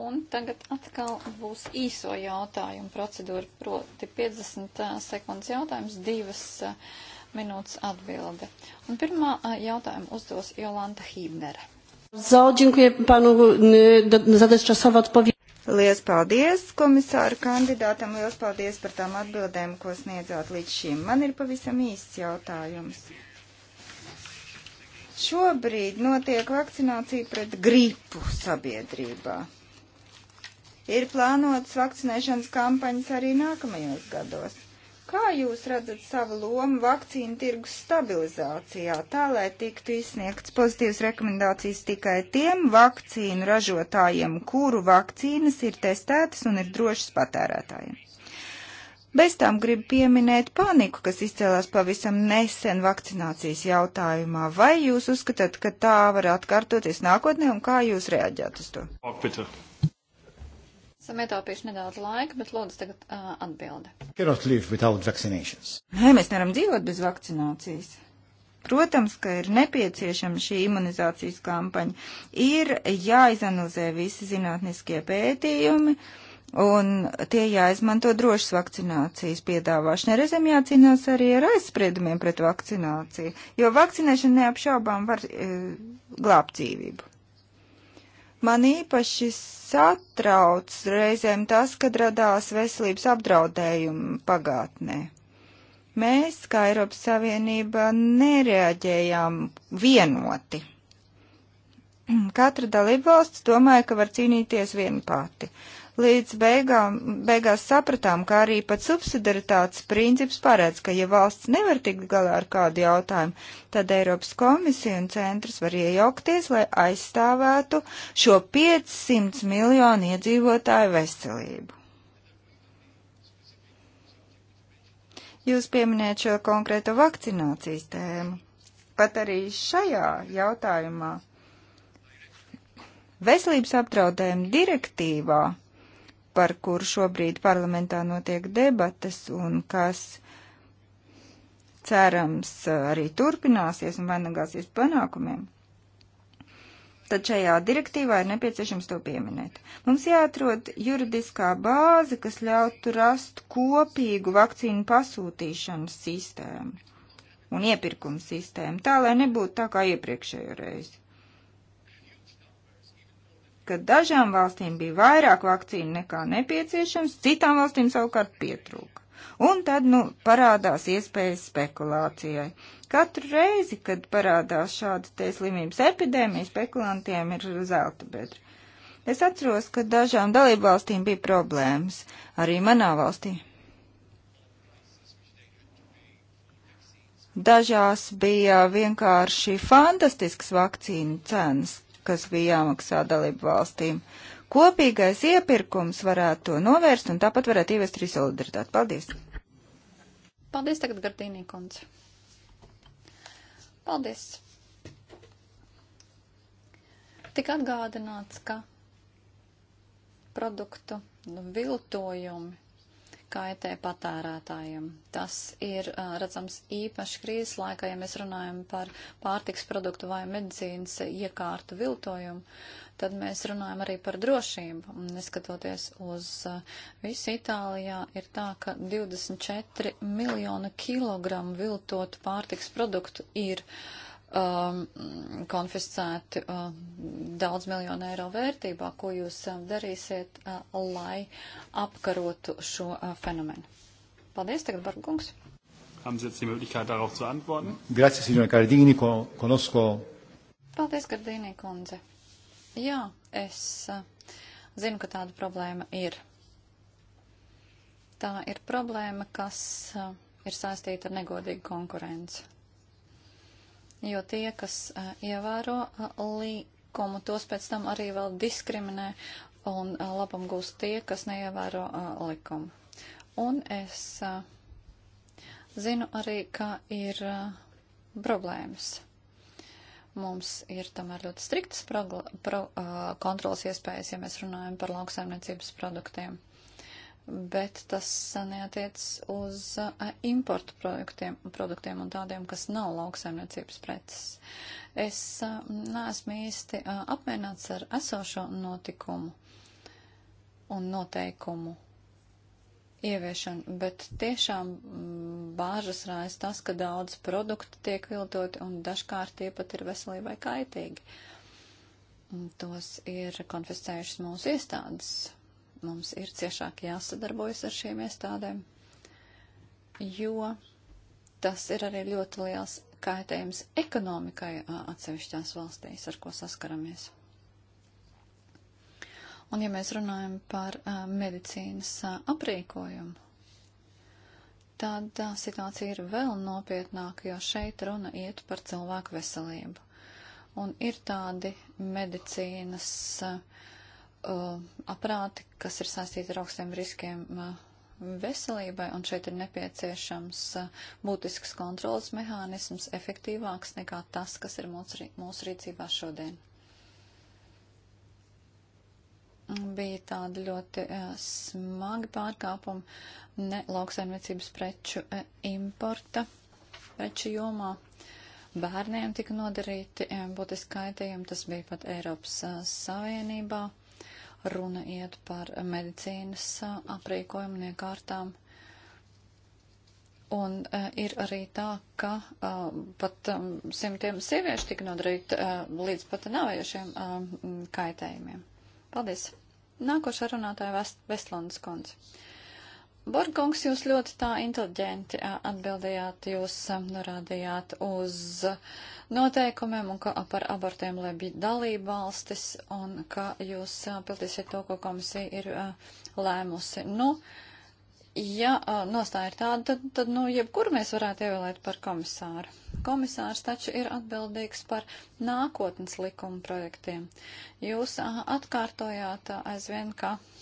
Un tagad atkal būs īso jautājumu procedūra, proti 50 sekundes jautājums, divas minūtes atbilde. Un pirmā jautājuma uzdos Jolanta Hībnere. So, dziękuję panu za bezčasovā atpavību. Lielas paldies komisāru kandidātam, lielas paldies par tām atbildēm, ko sniedzāt līdz šim. Man ir pavisam īsts jautājums. Šobrīd notiek vakcinācija pret gripu sabiedrībā. Ir plānotas vakcinēšanas kampaņas arī nākamajos gados. Kā jūs redzat savu lomu vakcīnu tirgus stabilizācijā, tā lai tiktu izsniegts pozitīvas rekomendācijas tikai tiem vakcīnu ražotājiem, kuru vakcīnas ir testētas un ir drošas patērētājiem? Bez tām gribu pieminēt paniku, kas izcēlās pavisam nesen vakcinācijas jautājumā. Vai jūs uzskatāt, ka tā var atkārtoties nākotnē un kā jūs reaģētu uz to? Ak, Esam ietaupījuši nedaudz laika, bet lūdzu tagad uh, atbildi. Nē, mēs nevaram dzīvot bez vakcinācijas. Protams, ka ir nepieciešama šī imunizācijas kampaņa. Ir jāizanalizē visi zinātniskie pētījumi. Un tie jāizmanto drošas vakcinācijas piedāvāšanai. Reizēm jācīnās arī ar aizspriedumiem pret vakcināciju, jo vakcinēšana neapšaubām var e, glābt dzīvību. Man īpaši satrauc reizēm tas, kad radās veselības apdraudējumi pagātnē. Mēs, kā Eiropas Savienība, nereaģējām vienoti. Katra dalībvalsts domāja, ka var cīnīties viena pati. Uh, Līdz beigām, beigās sapratām, ka arī pat subsidaritātes princips paredz, ka ja valsts nevar tikt galā ar kādu jautājumu, tad Eiropas komisija un centrs var iejaukties, lai aizstāvētu šo 500 miljonu iedzīvotāju veselību. Jūs pieminējat šo konkrēto vakcinācijas tēmu. Pat arī šajā jautājumā veselības apdraudējuma direktīvā par kuru šobrīd parlamentā notiek debates un kas cerams uh, arī turpināsies un vainagāsies panākumiem, tad šajā direktīvā ir nepieciešams to pieminēt. Mums jāatrod juridiskā bāze, kas ļautu rast kopīgu vakcīnu pasūtīšanas sistēmu un iepirkuma sistēmu, tā lai nebūtu tā kā iepriekšējo reizi ka dažām valstīm bija vairāk vakcīnu nekā nepieciešams, citām valstīm savukārt pietrūka. Un tad, nu, parādās iespējas spekulācijai. Katru reizi, kad parādās šāda te slimības epidēmija, spekulantiem ir zelta bedra. Es atceros, ka dažām dalību valstīm bija problēmas, arī manā valstī. Dažās bija vienkārši fantastisks vakcīnu cenas, kas bija jāmaksā dalību valstīm. Kopīgais iepirkums varētu to novērst un tāpat varētu ievest arī solidaritāti. Paldies! Paldies tagad, Gardīnī kundze! Paldies! Tik atgādināts, ka produktu nu, viltojumi kaitē patērētājiem. Tas ir uh, redzams īpaši krīzes laikā, ja mēs runājam par pārtiks produktu vai medicīnas iekārtu viltojumu, tad mēs runājam arī par drošību. Neskatoties uz uh, visu Itālijā, ir tā, ka 24 miljonu kilogramu viltotu pārtiks produktu ir uh, um, konfiscēti um, daudz miljonu eiro vērtībā. Ko jūs um, darīsiet, uh, lai apkarotu šo uh, fenomenu? Paldies, tagad Bargungs. Grazie, signora Cardini, ko, conosco. Paldies, Gardīnī kundze. Jā, es uh, zinu, ka tāda problēma ir. Tā ir problēma, kas uh, ir saistīta ar negodīgu konkurenci jo tie, kas eh, ievēro eh, līkumu, tos pēc tam arī vēl diskriminē un eh, labam gūst tie, kas neievēro likumu. Un es zinu arī, ka ir problēmas mums ir tomēr ļoti striktas pro, pro, uh, kontrolas iespējas, ja mēs runājam par lauksaimniecības produktiem bet tas neatiec uz importu produktiem, produktiem un tādiem, kas nav lauksaimniecības preces. Es neesmu īsti apmierināts ar esošo notikumu un noteikumu ieviešanu, bet tiešām bāžas rājas tas, ka daudz produktu tiek viltoti un dažkārt tie pat ir veselībai kaitīgi. Tos ir konfiscējušas mūsu iestādes, mums ir ciešāk jāsadarbojas ar šīm iestādēm, jo tas ir arī ļoti liels kaitējums ekonomikai atsevišķās valstīs, ar ko saskaramies. Un ja mēs runājam par a, medicīnas a, aprīkojumu, tad a, situācija ir vēl nopietnāka, jo šeit runa iet par cilvēku veselību. Un ir tādi medicīnas uh, uh, aparāti, kas ir saistīti ar augstiem riskiem uh, veselībai, un šeit ir nepieciešams uh, būtisks kontrolas mehānisms, efektīvāks nekā tas, kas ir mūsu, mūsu rīcībā šodien. Bija tādi ļoti uh, smagi pārkāpumi ne lauksaimniecības preču uh, importa preču jomā. Bērniem tika nodarīti uh, būtiski kaitējumi, tas bija pat Eiropas uh, Savienībā Runa iet par medicīnas aprīkojumu un iekārtām. Un uh, ir arī tā, ka uh, pat um, simtiem sieviešu tika nodarīt uh, līdz pat naviejušiem uh, kaitējumiem. Paldies! Nākošā runātāja Vest Vestlandes konce. Borgungs, jūs ļoti tā inteliģenti atbildējāt, jūs norādījāt uz noteikumiem un ka par abortiem lebi dalība valstis un ka jūs pildīsiet to, ko komisija ir lēmusi. Nu, ja nostāja ir tāda, tad, tad nu, jebkuru mēs varētu ievēlēt par komisāru. Komisārs taču ir atbildīgs par nākotnes likuma projektiem. Jūs atkārtojāt aizvien, ka. Kā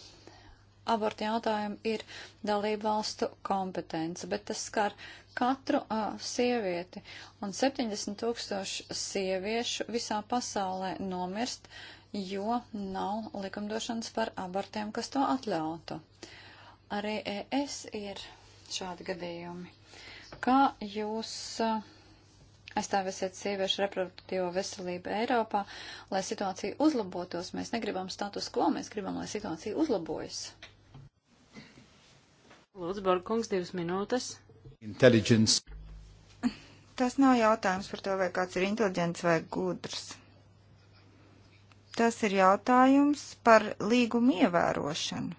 abortu jautājumu ir dalība valstu kompetence, bet tas skar katru uh, sievieti. Un 70 tūkstoši sieviešu visā pasaulē nomirst, jo nav likumdošanas par abortiem, kas to atļautu. Arī ES ir šādi gadījumi. Kā jūs. Uh, aizstāvēsiet sieviešu reproduktīvo veselību Eiropā, lai situācija uzlabotos. Mēs negribam status quo, mēs gribam, lai situācija uzlabojas. Lūdzu, Borkungs, divas minūtes. Intelligence. Tas nav jautājums par to, vai kāds ir inteliģents vai gudrs. Tas ir jautājums par līgumu ievērošanu.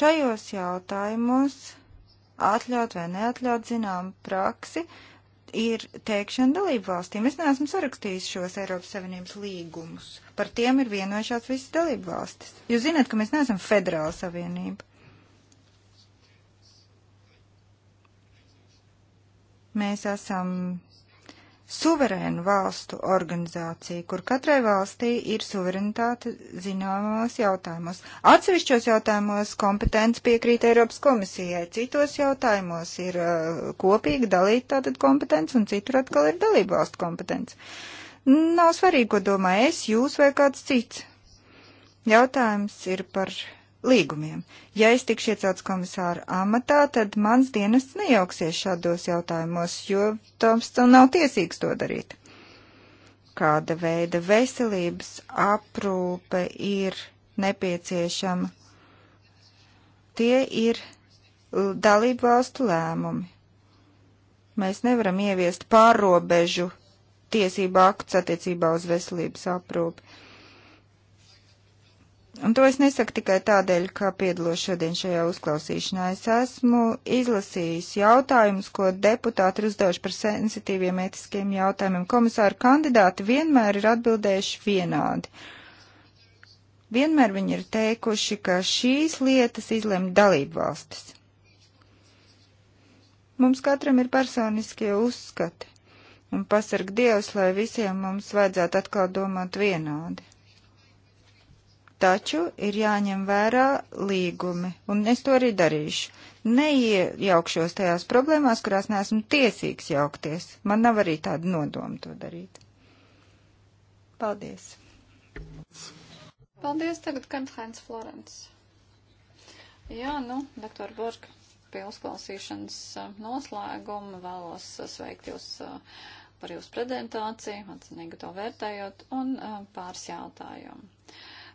Šajos jautājumos atļaut vai neatļaut zinām praksi ir teikšana dalību valstīm. Es neesmu sarakstījis šos Eiropas Savienības līgumus. Par tiem ir vienojušās visas dalību valstis. Jūs zināt, ka mēs neesam federāla savienība. Mēs esam suverēnu valstu organizācija, kur katrai valstī ir suverenitāte zināmos jautājumos. Atsevišķos jautājumos kompetence piekrīt Eiropas komisijai, citos jautājumos ir uh, kopīgi dalīta tātad kompetence un citur atkal ir dalība valstu kompetence. Nav svarīgi, ko domā es, jūs vai kāds cits. Jautājums ir par līgumiem. Ja es tikšu iecelts komisāra amatā, tad mans dienests nejauksies šādos jautājumos, jo Toms tam nav tiesīgs to darīt. Kāda veida veselības aprūpe ir nepieciešama? Tie ir dalību valstu lēmumi. Mēs nevaram ieviest pārobežu tiesību aktus attiecībā uz veselības aprūpi Un to es nesaku tikai tādēļ, ka piedalos šodien šajā uzklausīšanā. Es esmu izlasījis jautājumus, ko deputāti ir uzdevuši par sensitīviem etiskiem jautājumiem. Komisāru kandidāti vienmēr ir atbildējuši vienādi. Vienmēr viņi ir teikuši, ka šīs lietas izlem dalību valstis. Mums katram ir personiskie uzskati, un pasarg Dievs, lai visiem mums vajadzētu atkal domāt vienādi. Taču ir jāņem vērā līgumi, un es to arī darīšu. Neiejaukšos tajās problēmās, kurās neesmu tiesīgs jaukties. Man nav arī tāda nodoma to darīt. Paldies! Paldies tagad Kanthēns Florence. Jā, nu, doktor Burka, pie uzklausīšanas noslēguma vēlos sveikt jūs par jūsu prezentāciju, atzinīgi to vērtējot, un pāris jautājumu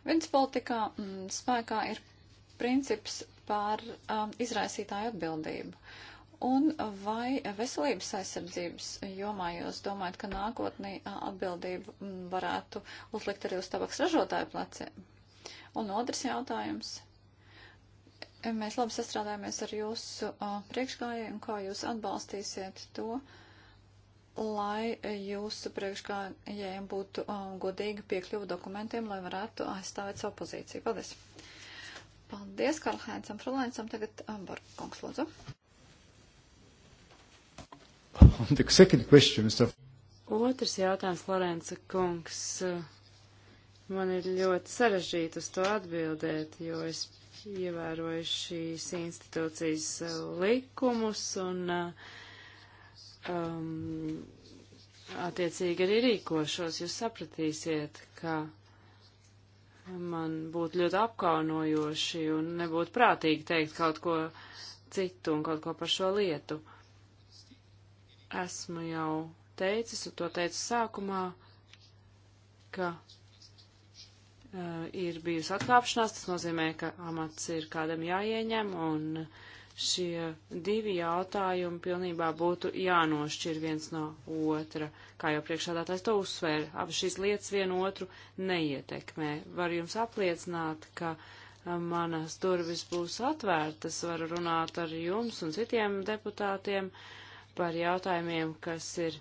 Vidas politikā m, mm, spēkā ir princips par um, izraisītāju atbildību. Un vai veselības aizsardzības jomā jūs domājat, ka nākotnī atbildību mm, varētu uzlikt arī uz tabaks ražotāju pleciem? Un otrs jautājums. Mēs labi sastrādājamies ar jūsu uh, priekšgājēju un kā jūs atbalstīsiet to, uh, lai jūsu priekšgājējiem būtu uh, godīga piekļuva dokumentiem, lai varētu aizstāvēt savu pozīciju. Paldies! Paldies, Karl Heinzam, Frulēnsam, tagad uh, Borg kungs lūdzu. Otrs jautājums, Lorenza kungs. Man ir ļoti sarežģīti uz to atbildēt, jo es ievēroju šīs institūcijas likumus un uh, um, attiecīgi arī rīkošos. Jūs sapratīsiet, ka man būtu ļoti apkaunojoši un nebūtu prātīgi teikt kaut ko citu un kaut ko par šo lietu. Esmu jau teicis, un to teicu sākumā, ka uh, ir bijusi atkāpšanās, tas nozīmē, ka amats ir kādam jāieņem, un uh, šie divi jautājumi pilnībā būtu jānošķir viens no otra. Kā jau priekšādātājs to uzsvēra, abi šīs lietas vienu otru neietekmē. Var jums apliecināt, ka manas durvis būs atvērtas, varu runāt ar jums un citiem deputātiem. Uh, par jautājumiem, kas ir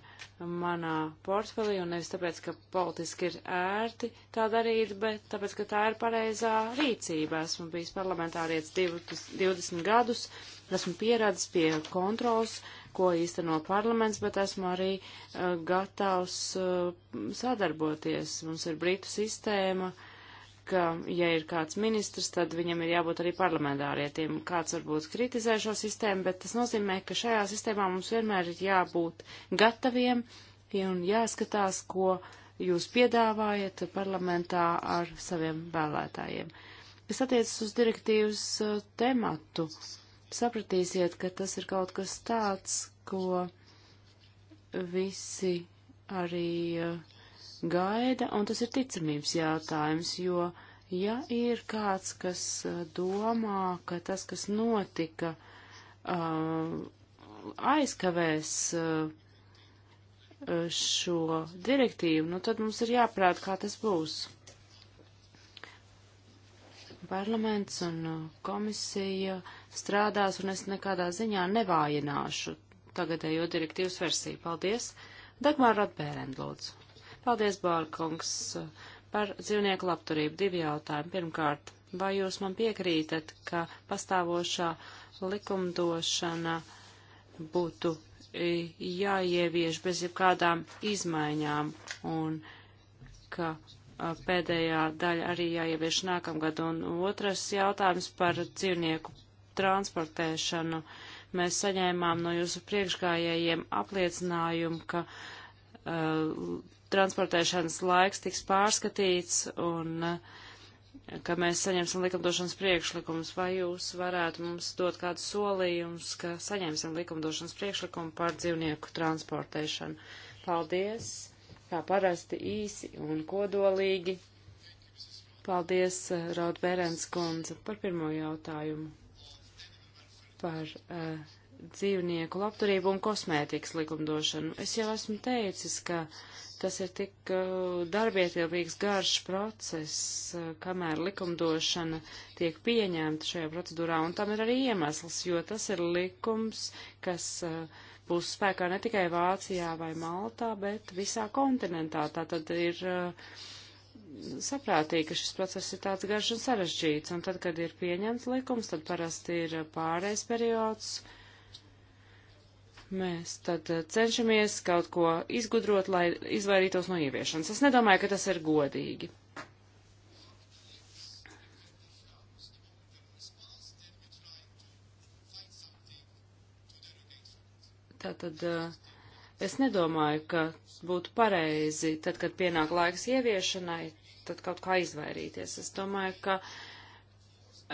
manā portfelī, un nevis tāpēc, ka politiski ir ērti tā darīt, bet tāpēc, ka tā ir pareizā rīcība. Esmu bijis parlamentārietis 20 gadus, esmu pieradis pie kontrols, ko īsteno parlaments, bet esmu arī uh, gatavs uh, sadarboties. Mums ir Britu sistēma. Uh, ka, ja ir kāds ministrs, tad viņam ir jābūt arī parlamentārietim. Kāds varbūt kritizē šo sistēmu, bet tas nozīmē, ka šajā sistēmā mums vienmēr ir jābūt gataviem un jāskatās, ko jūs piedāvājat parlamentā ar saviem vēlētājiem. Kas attiecas uz direktīvas uh, tematu, sapratīsiet, ka tas ir kaut kas tāds, ko visi arī uh, gaida, un tas ir ticamības jautājums, jo, ja ir kāds, kas uh, domā, ka tas, kas notika, uh, aizkavēs uh, šo direktīvu, nu tad mums ir jāprāt, kā tas būs. Parlaments un komisija strādās, un es nekādā ziņā nevājināšu tagadējo direktīvas versiju. Paldies! Dagmāra Rotbērend, lūdzu. Paldies, Bārkungs, par dzīvnieku labturību. Divi jautājumi. Pirmkārt, vai jūs man piekrītat, ka pastāvošā likumdošana būtu e, jāievieš bez jebkādām izmaiņām un ka e, pēdējā daļa arī jāievieš nākamgad. Un otrs jautājums par dzīvnieku transportēšanu. Mēs saņēmām no jūsu priekšgājējiem apliecinājumu, ka Uh, transportēšanas laiks tiks pārskatīts un uh, ka mēs saņemsim likumdošanas priekšlikumus, vai jūs varētu mums dot kādu solījumus, ka saņemsim likumdošanas priekšlikumu par dzīvnieku transportēšanu. Paldies! Kā parasti īsi un kodolīgi. Paldies, uh, Raudbērens kundze, par pirmo jautājumu. Par uh, dzīvnieku labturību un kosmētikas likumdošanu. Es jau esmu teicis, ka tas ir tik uh, darbietilvīgs garš process, uh, kamēr likumdošana tiek pieņemta šajā procedūrā, un tam ir arī iemesls, jo tas ir likums, kas uh, būs spēkā ne tikai Vācijā vai Maltā, bet visā kontinentā. Tā tad ir saprātīgi, ka šis process ir tāds garš un sarežģīts, un tad, kad ir pieņemts likums, tad parasti ir pārējais periods, uh, Mēs tad eh, cenšamies kaut ko izgudrot, lai izvairītos no ieviešanas. Es nedomāju, ka tas ir godīgi. Tātad eh, es nedomāju, ka būtu pareizi, tad, kad pienāk laiks ieviešanai, tad kaut kā izvairīties. Es domāju, ka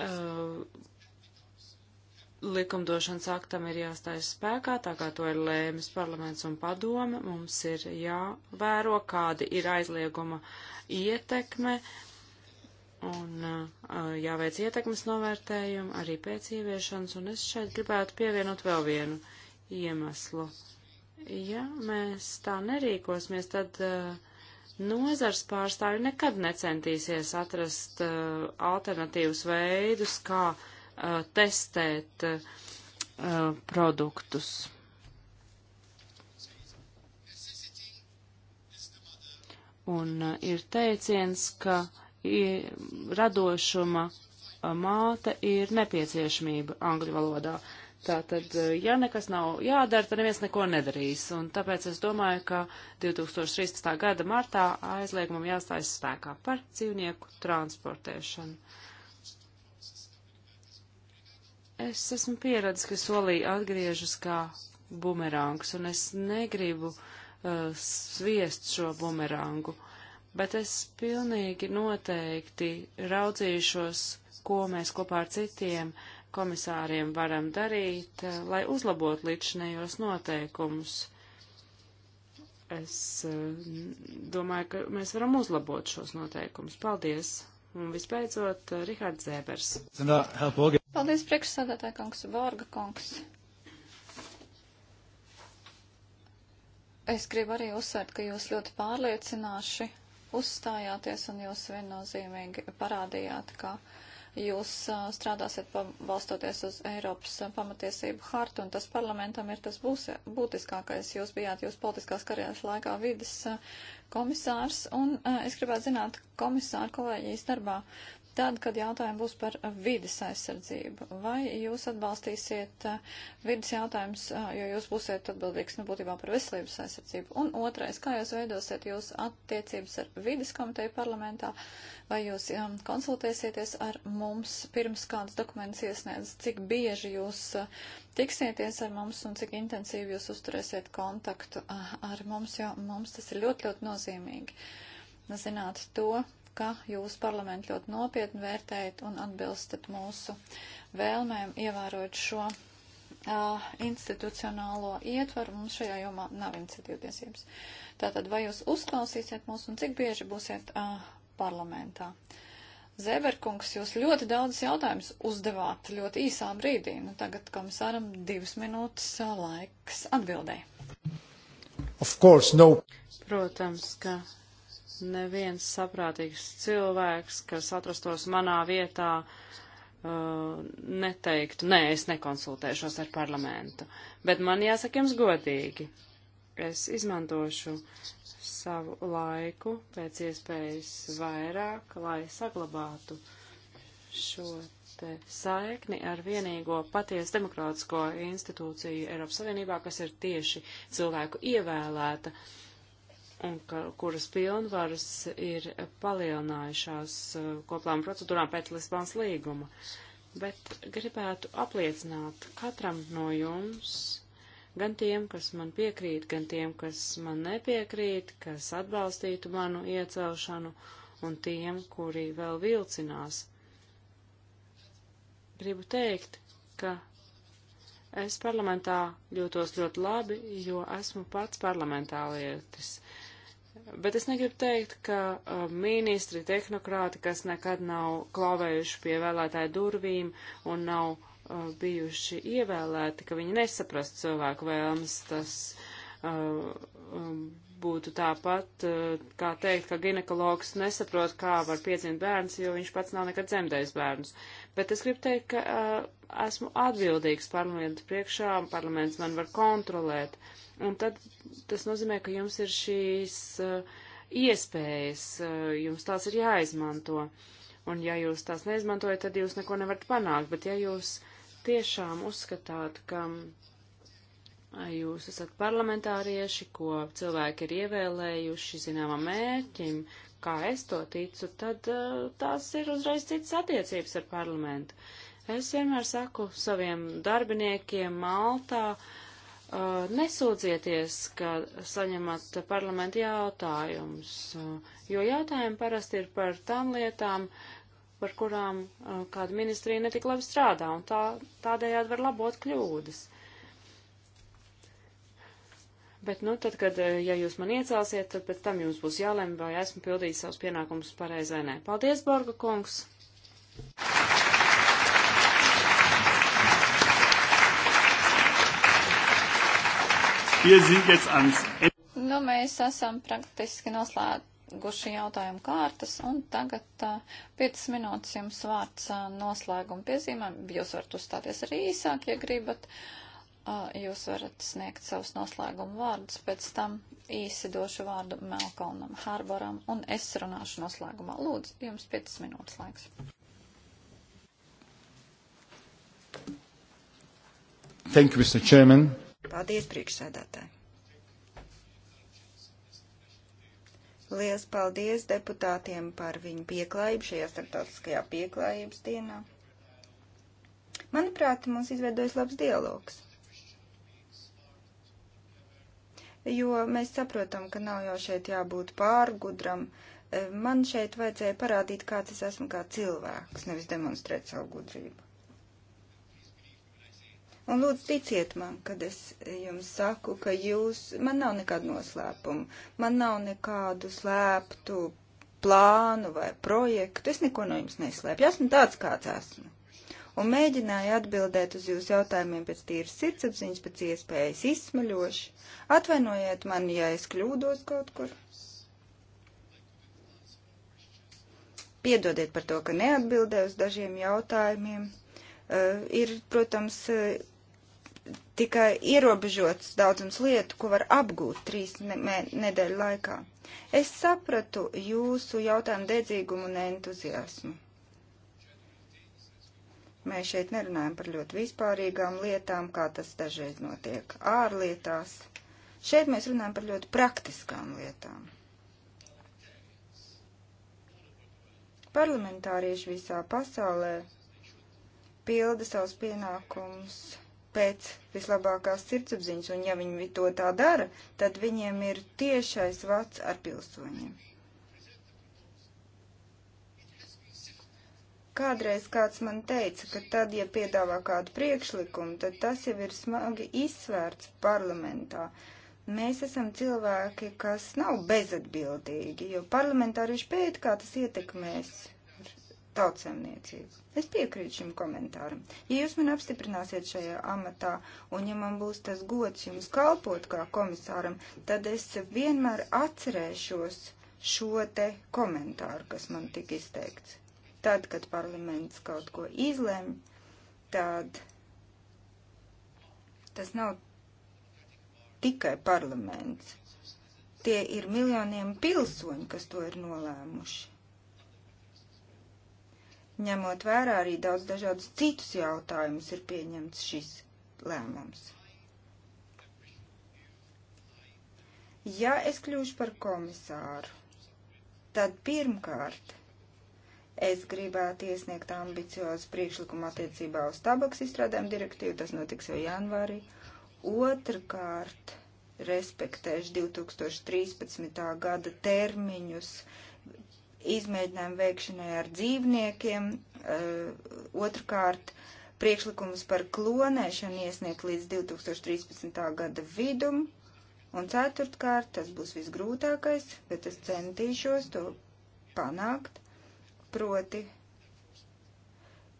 uh, likumdošanas aktam ir jāstājas spēkā, tā kā to ir lēmis parlaments un padome. Mums ir jāvēro, kāda ir aizlieguma ietekme un uh, jāveic ietekmes novērtējumi arī pēc ieviešanas. Un es šeit gribētu pievienot vēl vienu iemeslu. Ja mēs tā nerīkosimies, tad. Uh, Nozars pārstāvi nekad necentīsies atrast uh, alternatīvus veidus, kā uh, uh, testēt uh, produktus. Un uh, ir teiciens, ka radošuma uh, māte ir nepieciešamība angļu valodā. Tātad, uh, ja nekas nav jādara, tad neviens neko nedarīs. Un tāpēc es domāju, ka 2013. gada martā aizliegumam jāstājas spēkā par dzīvnieku transportēšanu. Es esmu pieradis, ka solī atgriežas kā bumerāngs, un es negribu uh, sviest šo bumerāngu, bet es pilnīgi noteikti raudzīšos, ko mēs kopā ar citiem komisāriem varam darīt, uh, lai uzlabotu līdzinējos noteikumus. Es uh, domāju, ka mēs varam uzlabot šos noteikumus. Paldies! Un visbeidzot, uh, Rihards Zēbers. Paldies, priekšsādātāja kungs, Vārga kungs. Es gribu arī uzsvērt, ka jūs ļoti pārliecināši uzstājāties un jūs viennozīmīgi parādījāt, ka jūs strādāsiet balstoties uz Eiropas pamatiesību hartu, un tas parlamentam ir tas būs, būtiskākais. Jūs bijāt jūs politiskās karjeras laikā vidas komisārs, un es gribētu zināt komisāru kolēģijas darbā, tad, kad jautājumi būs par uh, vides aizsardzību. Vai jūs atbalstīsiet uh, vides jautājumus, uh, jo jūs būsiet atbildīgs, nu, būtībā par veselības aizsardzību? Un otrais, kā jūs veidosiet jūsu attiecības ar vides komiteju parlamentā? Vai jūs um, konsultēsieties ar mums pirms kāds dokuments iesniedz? Cik bieži jūs uh, tiksieties ar mums un cik intensīvi jūs uzturēsiet kontaktu uh, ar mums, jo mums tas ir ļoti, ļoti nozīmīgi. Zināt to, ka jūs parlamentu ļoti nopietni vērtējat un atbilstat mūsu vēlmēm, ievērojot šo uh, institucionālo ietvaru. Mums šajā jomā nav iniciatīvtiesības. Tātad, vai jūs uzklausīsiet mūs un cik bieži būsiet uh, parlamentā? Zēberkungs, jūs ļoti daudz jautājumus uzdevāt ļoti īsā brīdī. Nu, tagad komisāram divas minūtes uh, laiks atbildēji. Of course, no. Protams, ka neviens saprātīgs cilvēks, kas atrastos manā vietā, uh, neteiktu, nē, es nekonsultēšos ar parlamentu. Bet man jāsaka jums godīgi, es izmantošu savu laiku pēc iespējas vairāk, lai saglabātu šo te saikni ar vienīgo patiesu demokrātisko institūciju Eiropas Savienībā, kas ir tieši cilvēku ievēlēta. Uh, un ka, kuras pilnvaras ir palielinājušās uh, koplām procedūrām pēc Lisbons līguma. Bet gribētu apliecināt katram no jums, gan tiem, kas man piekrīt, gan tiem, kas man nepiekrīt, kas atbalstītu manu iecelšanu, un tiem, kuri vēl vilcinās. Gribu teikt, ka es parlamentā jūtos ļoti labi, jo esmu pats parlamentārietis. Bet es negribu teikt, ka ministri, tehnokrāti, kas nekad nav klauvējuši pie vēlētāju durvīm un nav uh, bijuši ievēlēti, ka viņi nesaprast cilvēku vēlmes, tas uh, būtu tāpat, uh, kā teikt, ka ginekologs nesaprot, kā var piedzimt bērns, jo viņš pats nav nekad dzemdējis bērnus. Bet es gribu teikt, ka esmu atbildīgs parlamentu priekšā, un parlaments man var kontrolēt. Uh, Un tad tas nozīmē, ka jums ir šīs uh, iespējas, uh, jums tās ir jāizmanto. Un ja jūs tās neizmantojat, tad jūs neko nevarat panākt. Bet ja jūs tiešām uzskatāt, ka uh, jūs esat parlamentārieši, ko cilvēki ir ievēlējuši zināmā mērķim, kā es to ticu, tad tās ir uzreiz citas attiecības ar parlamentu. Es vienmēr saku saviem darbiniekiem Maltā, uh, Uh, nesūdzieties, ka saņemat parlamenta jautājumus, uh, jo jautājumi parasti ir par tām lietām, par kurām uh, kāda ministrija netik labi strādā, un tā, tādējādi var labot kļūdas. Bet, nu, tad, kad, ja jūs man iecelsiet, tad pēc tam jums būs jālem, vai esmu pildījis savus pienākumus pareizi vai nē. Paldies, Borga kungs! Thank you. Nu, mēs esam praktiski noslēguši jautājumu kārtas, un tagad uh, 5 minūtes jums vārds uh, noslēguma piezīmēm. Jūs varat uzstāties arī īsāk, ja gribat. Uh, jūs varat sniegt savus noslēguma vārdus, pēc tam īsi došu vārdu Melkalnam Harboram, un es runāšu noslēgumā. Lūdzu, jums 5 minūtes laiks. Thank you, Mr. Chairman. Paldies, priekšsēdētāji! Lielas paldies deputātiem par viņu pieklājību šajā starptautiskajā pieklājības dienā. Manuprāt, mums izveidojas labs dialogs. Jo mēs saprotam, ka nav jau šeit jābūt pārgudram. Man šeit vajadzēja parādīt, kāds es esmu kā cilvēks, nevis demonstrēt savu gudrību. Un lūdzu, ticiet man, kad es jums saku, ka jūs, man nav nekādu noslēpumu, man nav nekādu slēptu plānu vai projektu, es neko no jums neslēpju, esmu tāds, kāds esmu. Un mēģināju atbildēt uz jūsu jautājumiem pēc tīras sirdsapziņas, pēc iespējas izsmaļoši. Atvainojiet mani, ja es kļūdos kaut kur. Piedodiet par to, ka neatbildēju uz dažiem jautājumiem. Uh, ir, protams, uh, tikai ierobežots daudzums lietu, ko var apgūt trīs ne nedēļu laikā. Es sapratu jūsu jautājumu dedzīgumu un entuziasmu. Mēs šeit nerunājam par ļoti vispārīgām lietām, kā tas dažreiz notiek ārlietās. Šeit mēs runājam par ļoti praktiskām lietām. Parlamentārieši visā pasaulē pilda savus pienākumus pēc vislabākās sirdsapziņas, un ja viņi to tā dara, tad viņiem ir tiešais vats ar pilsoņiem. Kādreiz kāds man teica, ka tad, ja piedāvā kādu priekšlikumu, tad tas jau ir smagi izsvērts parlamentā. Mēs esam cilvēki, kas nav bezatbildīgi, jo parlamentārieši pēt, kā tas ietekmēs tautsemniecību. Es piekrītu šim komentāram. Ja jūs man apstiprināsiet šajā amatā, un ja man būs tas gods jums kalpot kā komisāram, tad es vienmēr atcerēšos šo te komentāru, kas man tika izteikts. Tad, kad parlaments kaut ko izlēma, tad tas nav tikai parlaments. Tie ir miljoniem pilsoņi, kas to ir nolēmuši ņemot vērā arī daudz dažādus citus jautājumus, ir pieņemts šis lēmums. Ja es kļūšu par komisāru, tad pirmkārt es gribētu iesniegt ambiciozu priekšlikumu attiecībā uz tabaks izstrādājumu direktīvu, tas notiks jau janvārī. Otrkārt, respektēšu 2013. gada termiņus uh, izmēģinājumu veikšanai ar dzīvniekiem, eh, otrkārt priekšlikumus par klonēšanu iesniegt līdz 2013. gada vidum, un ceturtkārt, tas būs visgrūtākais, bet es centīšos to panākt, proti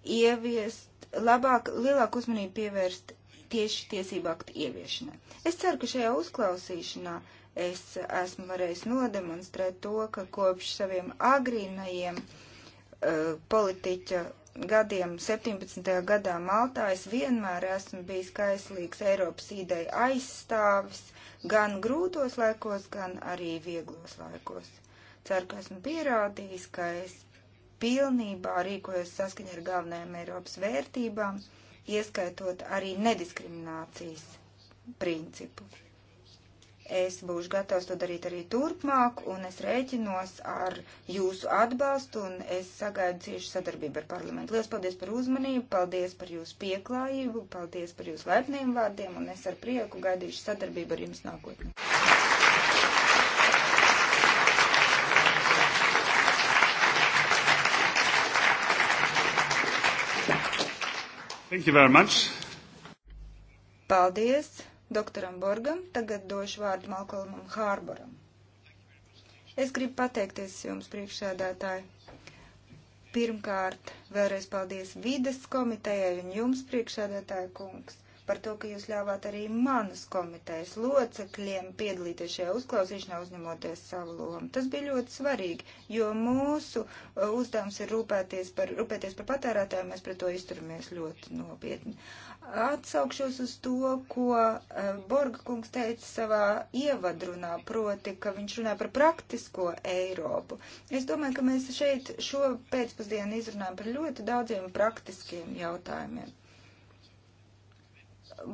ieviest, labāk, lielāku uzmanību pievērst tieši tiesību aktu ieviešanai. Es ceru, ka šajā uzklausīšanā uh, Es esmu varējis nodemonstrēt to, ka kopš saviem agrīnajiem uh, politiķa gadiem, 17. gadā Maltā, es vienmēr esmu bijis kaislīgs Eiropas ideja aizstāvis, gan grūtos laikos, gan arī vieglos laikos. Ceru, ka esmu pierādījis, ka es pilnībā rīkojos saskaņā ar galvenajām Eiropas vērtībām, ieskaitot arī nediskriminācijas principu. Es būšu gatavs to darīt arī turpmāk, un es rēķinos ar jūsu atbalstu, un es sagaidu ciešu sadarbību ar parlamentu. Lielas paldies par uzmanību, paldies par jūsu pieklājību, paldies par jūsu laipniem vārdiem, un es ar prieku gaidīšu sadarbību ar jums nākotnē. Thank you very much. Paldies doktoram Borgam. Tagad došu vārdu Malkolmam Hārboram. Es gribu pateikties jums, priekšsēdētāji. Pirmkārt, vēlreiz paldies vides komitejai un jums, priekšsēdētāja kungs par to, ka jūs ļāvāt arī manas komitejas locekļiem piedalīties šajā uzklausīšanā, uzņemoties savu lomu. Tas bija ļoti svarīgi, jo mūsu uh, uzdevums ir rūpēties par, rūpēties par patērētājiem, mēs pret to izturamies ļoti nopietni. Atsaukšos uz to, ko uh, Borga kungs teica savā ievadrunā, proti, ka viņš runā par praktisko Eiropu. Es domāju, ka mēs šeit šo pēcpusdienu izrunājam par ļoti daudziem praktiskiem jautājumiem.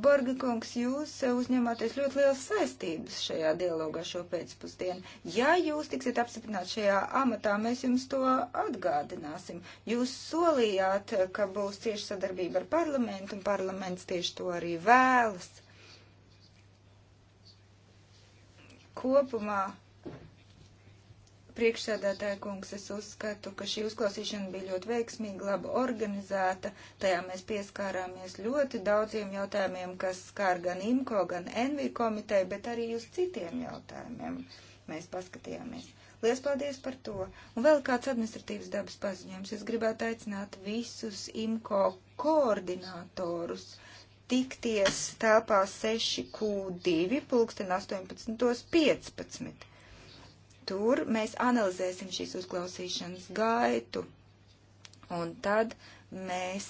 Borga kungs, jūs uzņematies ļoti liels saistības šajā dialogā šo pēcpusdienu. Ja jūs tiksiet apstiprināts šajā amatā, mēs jums to atgādināsim. Jūs solījāt, ka būs cieši sadarbība ar parlamentu, un parlaments tieši to arī vēlas. Kopumā Priekšsēdētāja kungs, es uzskatu, ka šī uzklausīšana bija ļoti veiksmīga, labi organizēta. Tajā mēs pieskārāmies ļoti daudziem jautājumiem, kas skār gan IMCO, gan NV komiteju, bet arī uz citiem jautājumiem mēs paskatījāmies. Lielas paldies par to! Un vēl kāds administratīvas dabas paziņojums. Es gribētu aicināt visus IMCO koordinatorus tikties telpā 6Q2 pulksten 18.15 Tur mēs analizēsim šīs uzklausīšanas gaitu, un tad mēs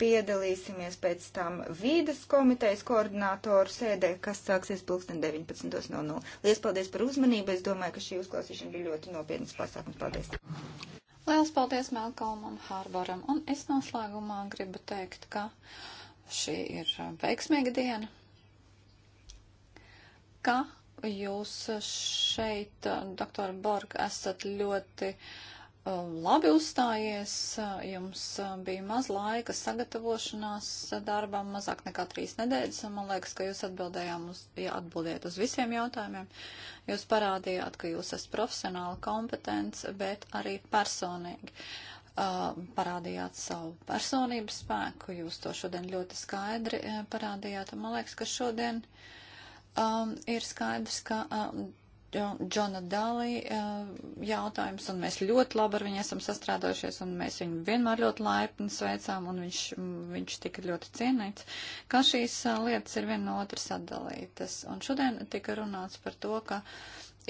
piedalīsimies pēc tam vīdes komitejas koordinātoru sēdē, kas sāksies pulksten 19.00. Lies paldies par uzmanību, es domāju, ka šī uzklausīšana bija ļoti nopietnas pasākums. Paldies! Liels paldies Melkalmam Hārbaram, un es noslēgumā gribu teikt, ka šī ir veiksmīga diena, ka Jūs šeit, eh, doktor Borg, esat ļoti eh, labi uzstājies. Eh, jums bija maz laika sagatavošanās darbam, mazāk nekā trīs nedēļas. Man liekas, ka jūs atbildējām uz, ja atbildējāt uz visiem jautājumiem. Jūs parādījāt, ka jūs esat profesionāli kompetents, bet arī personīgi. Uh, parādījāt savu personības spēku, jūs to šodien ļoti skaidri parādījāt. Man liekas, ka šodien uh, um, ir skaidrs, ka um, Džona Dali uh, jautājums, un mēs ļoti labi ar viņu esam sastrādājušies, un mēs viņu vienmēr ļoti laipni sveicām, un viņš, viņš tika ļoti cienīts, ka šīs uh, lietas ir viena no otras atdalītas. Un šodien tika runāts par to, ka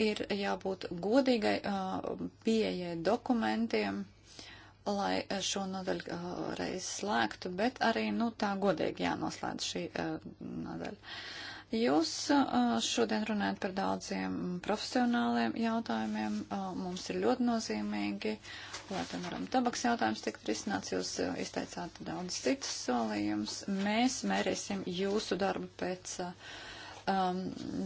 ir jābūt godīgai uh, pieejai dokumentiem, lai uh, šo nodaļu uh, reiz slēgtu, bet arī, nu, tā godīgi jānoslēdz šī uh, nodaļa. Jūs šodien runājat par daudziem profesionāliem jautājumiem. Mums ir ļoti nozīmīgi, lai, piemēram, tabaks jautājums tiktu risināts. Jūs izteicāt daudz citus solījumus. Mēs mērīsim jūsu darbu pēc um,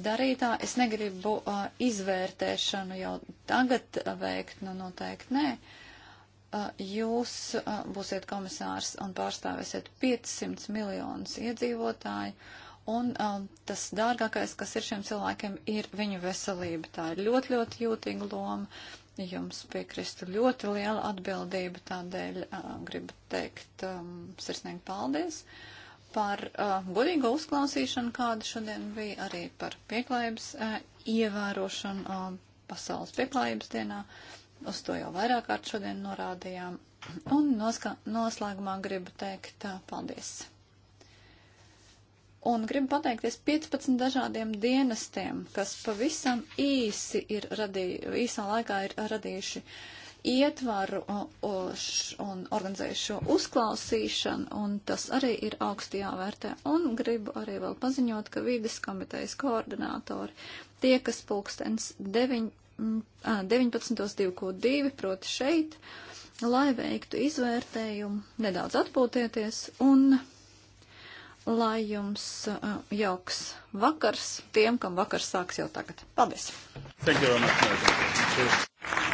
darītā. Es negribu uh, izvērtēšanu jau tagad veikt, nu noteikti nē. Uh, jūs uh, būsiet komisārs un pārstāvēsiet 500 miljonus iedzīvotāju. Uh, Un um, tas dārgākais, kas ir šiem cilvēkiem, ir viņu veselība. Tā ir ļoti, ļoti jūtīga loma. Jums piekristu ļoti liela atbildība, tādēļ uh, gribu teikt um, sirsnīgi paldies par uh, godīgo uzklausīšanu, kāda šodien bija, arī par pieklājības uh, ievērošanu uh, pasaules pieklājības dienā. Uz to jau vairāk kārt šodien norādījām. Un noslēgumā gribu teikt uh, paldies! Un gribu pateikties 15 dažādiem dienestiem, kas pavisam īsi ir radīju, īsā laikā ir radījuši ietvaru un organizējuši šo uzklausīšanu, un tas arī ir augsti jāvērtē. Un gribu arī vēl paziņot, ka vides komitejas koordinātori tie, kas pulkstens 19.202, proti šeit, lai veiktu izvērtējumu, nedaudz atpūtieties un Lai jums uh, jauks vakars tiem, kam vakars sāks jau tagad. Paldies! Thank you very much.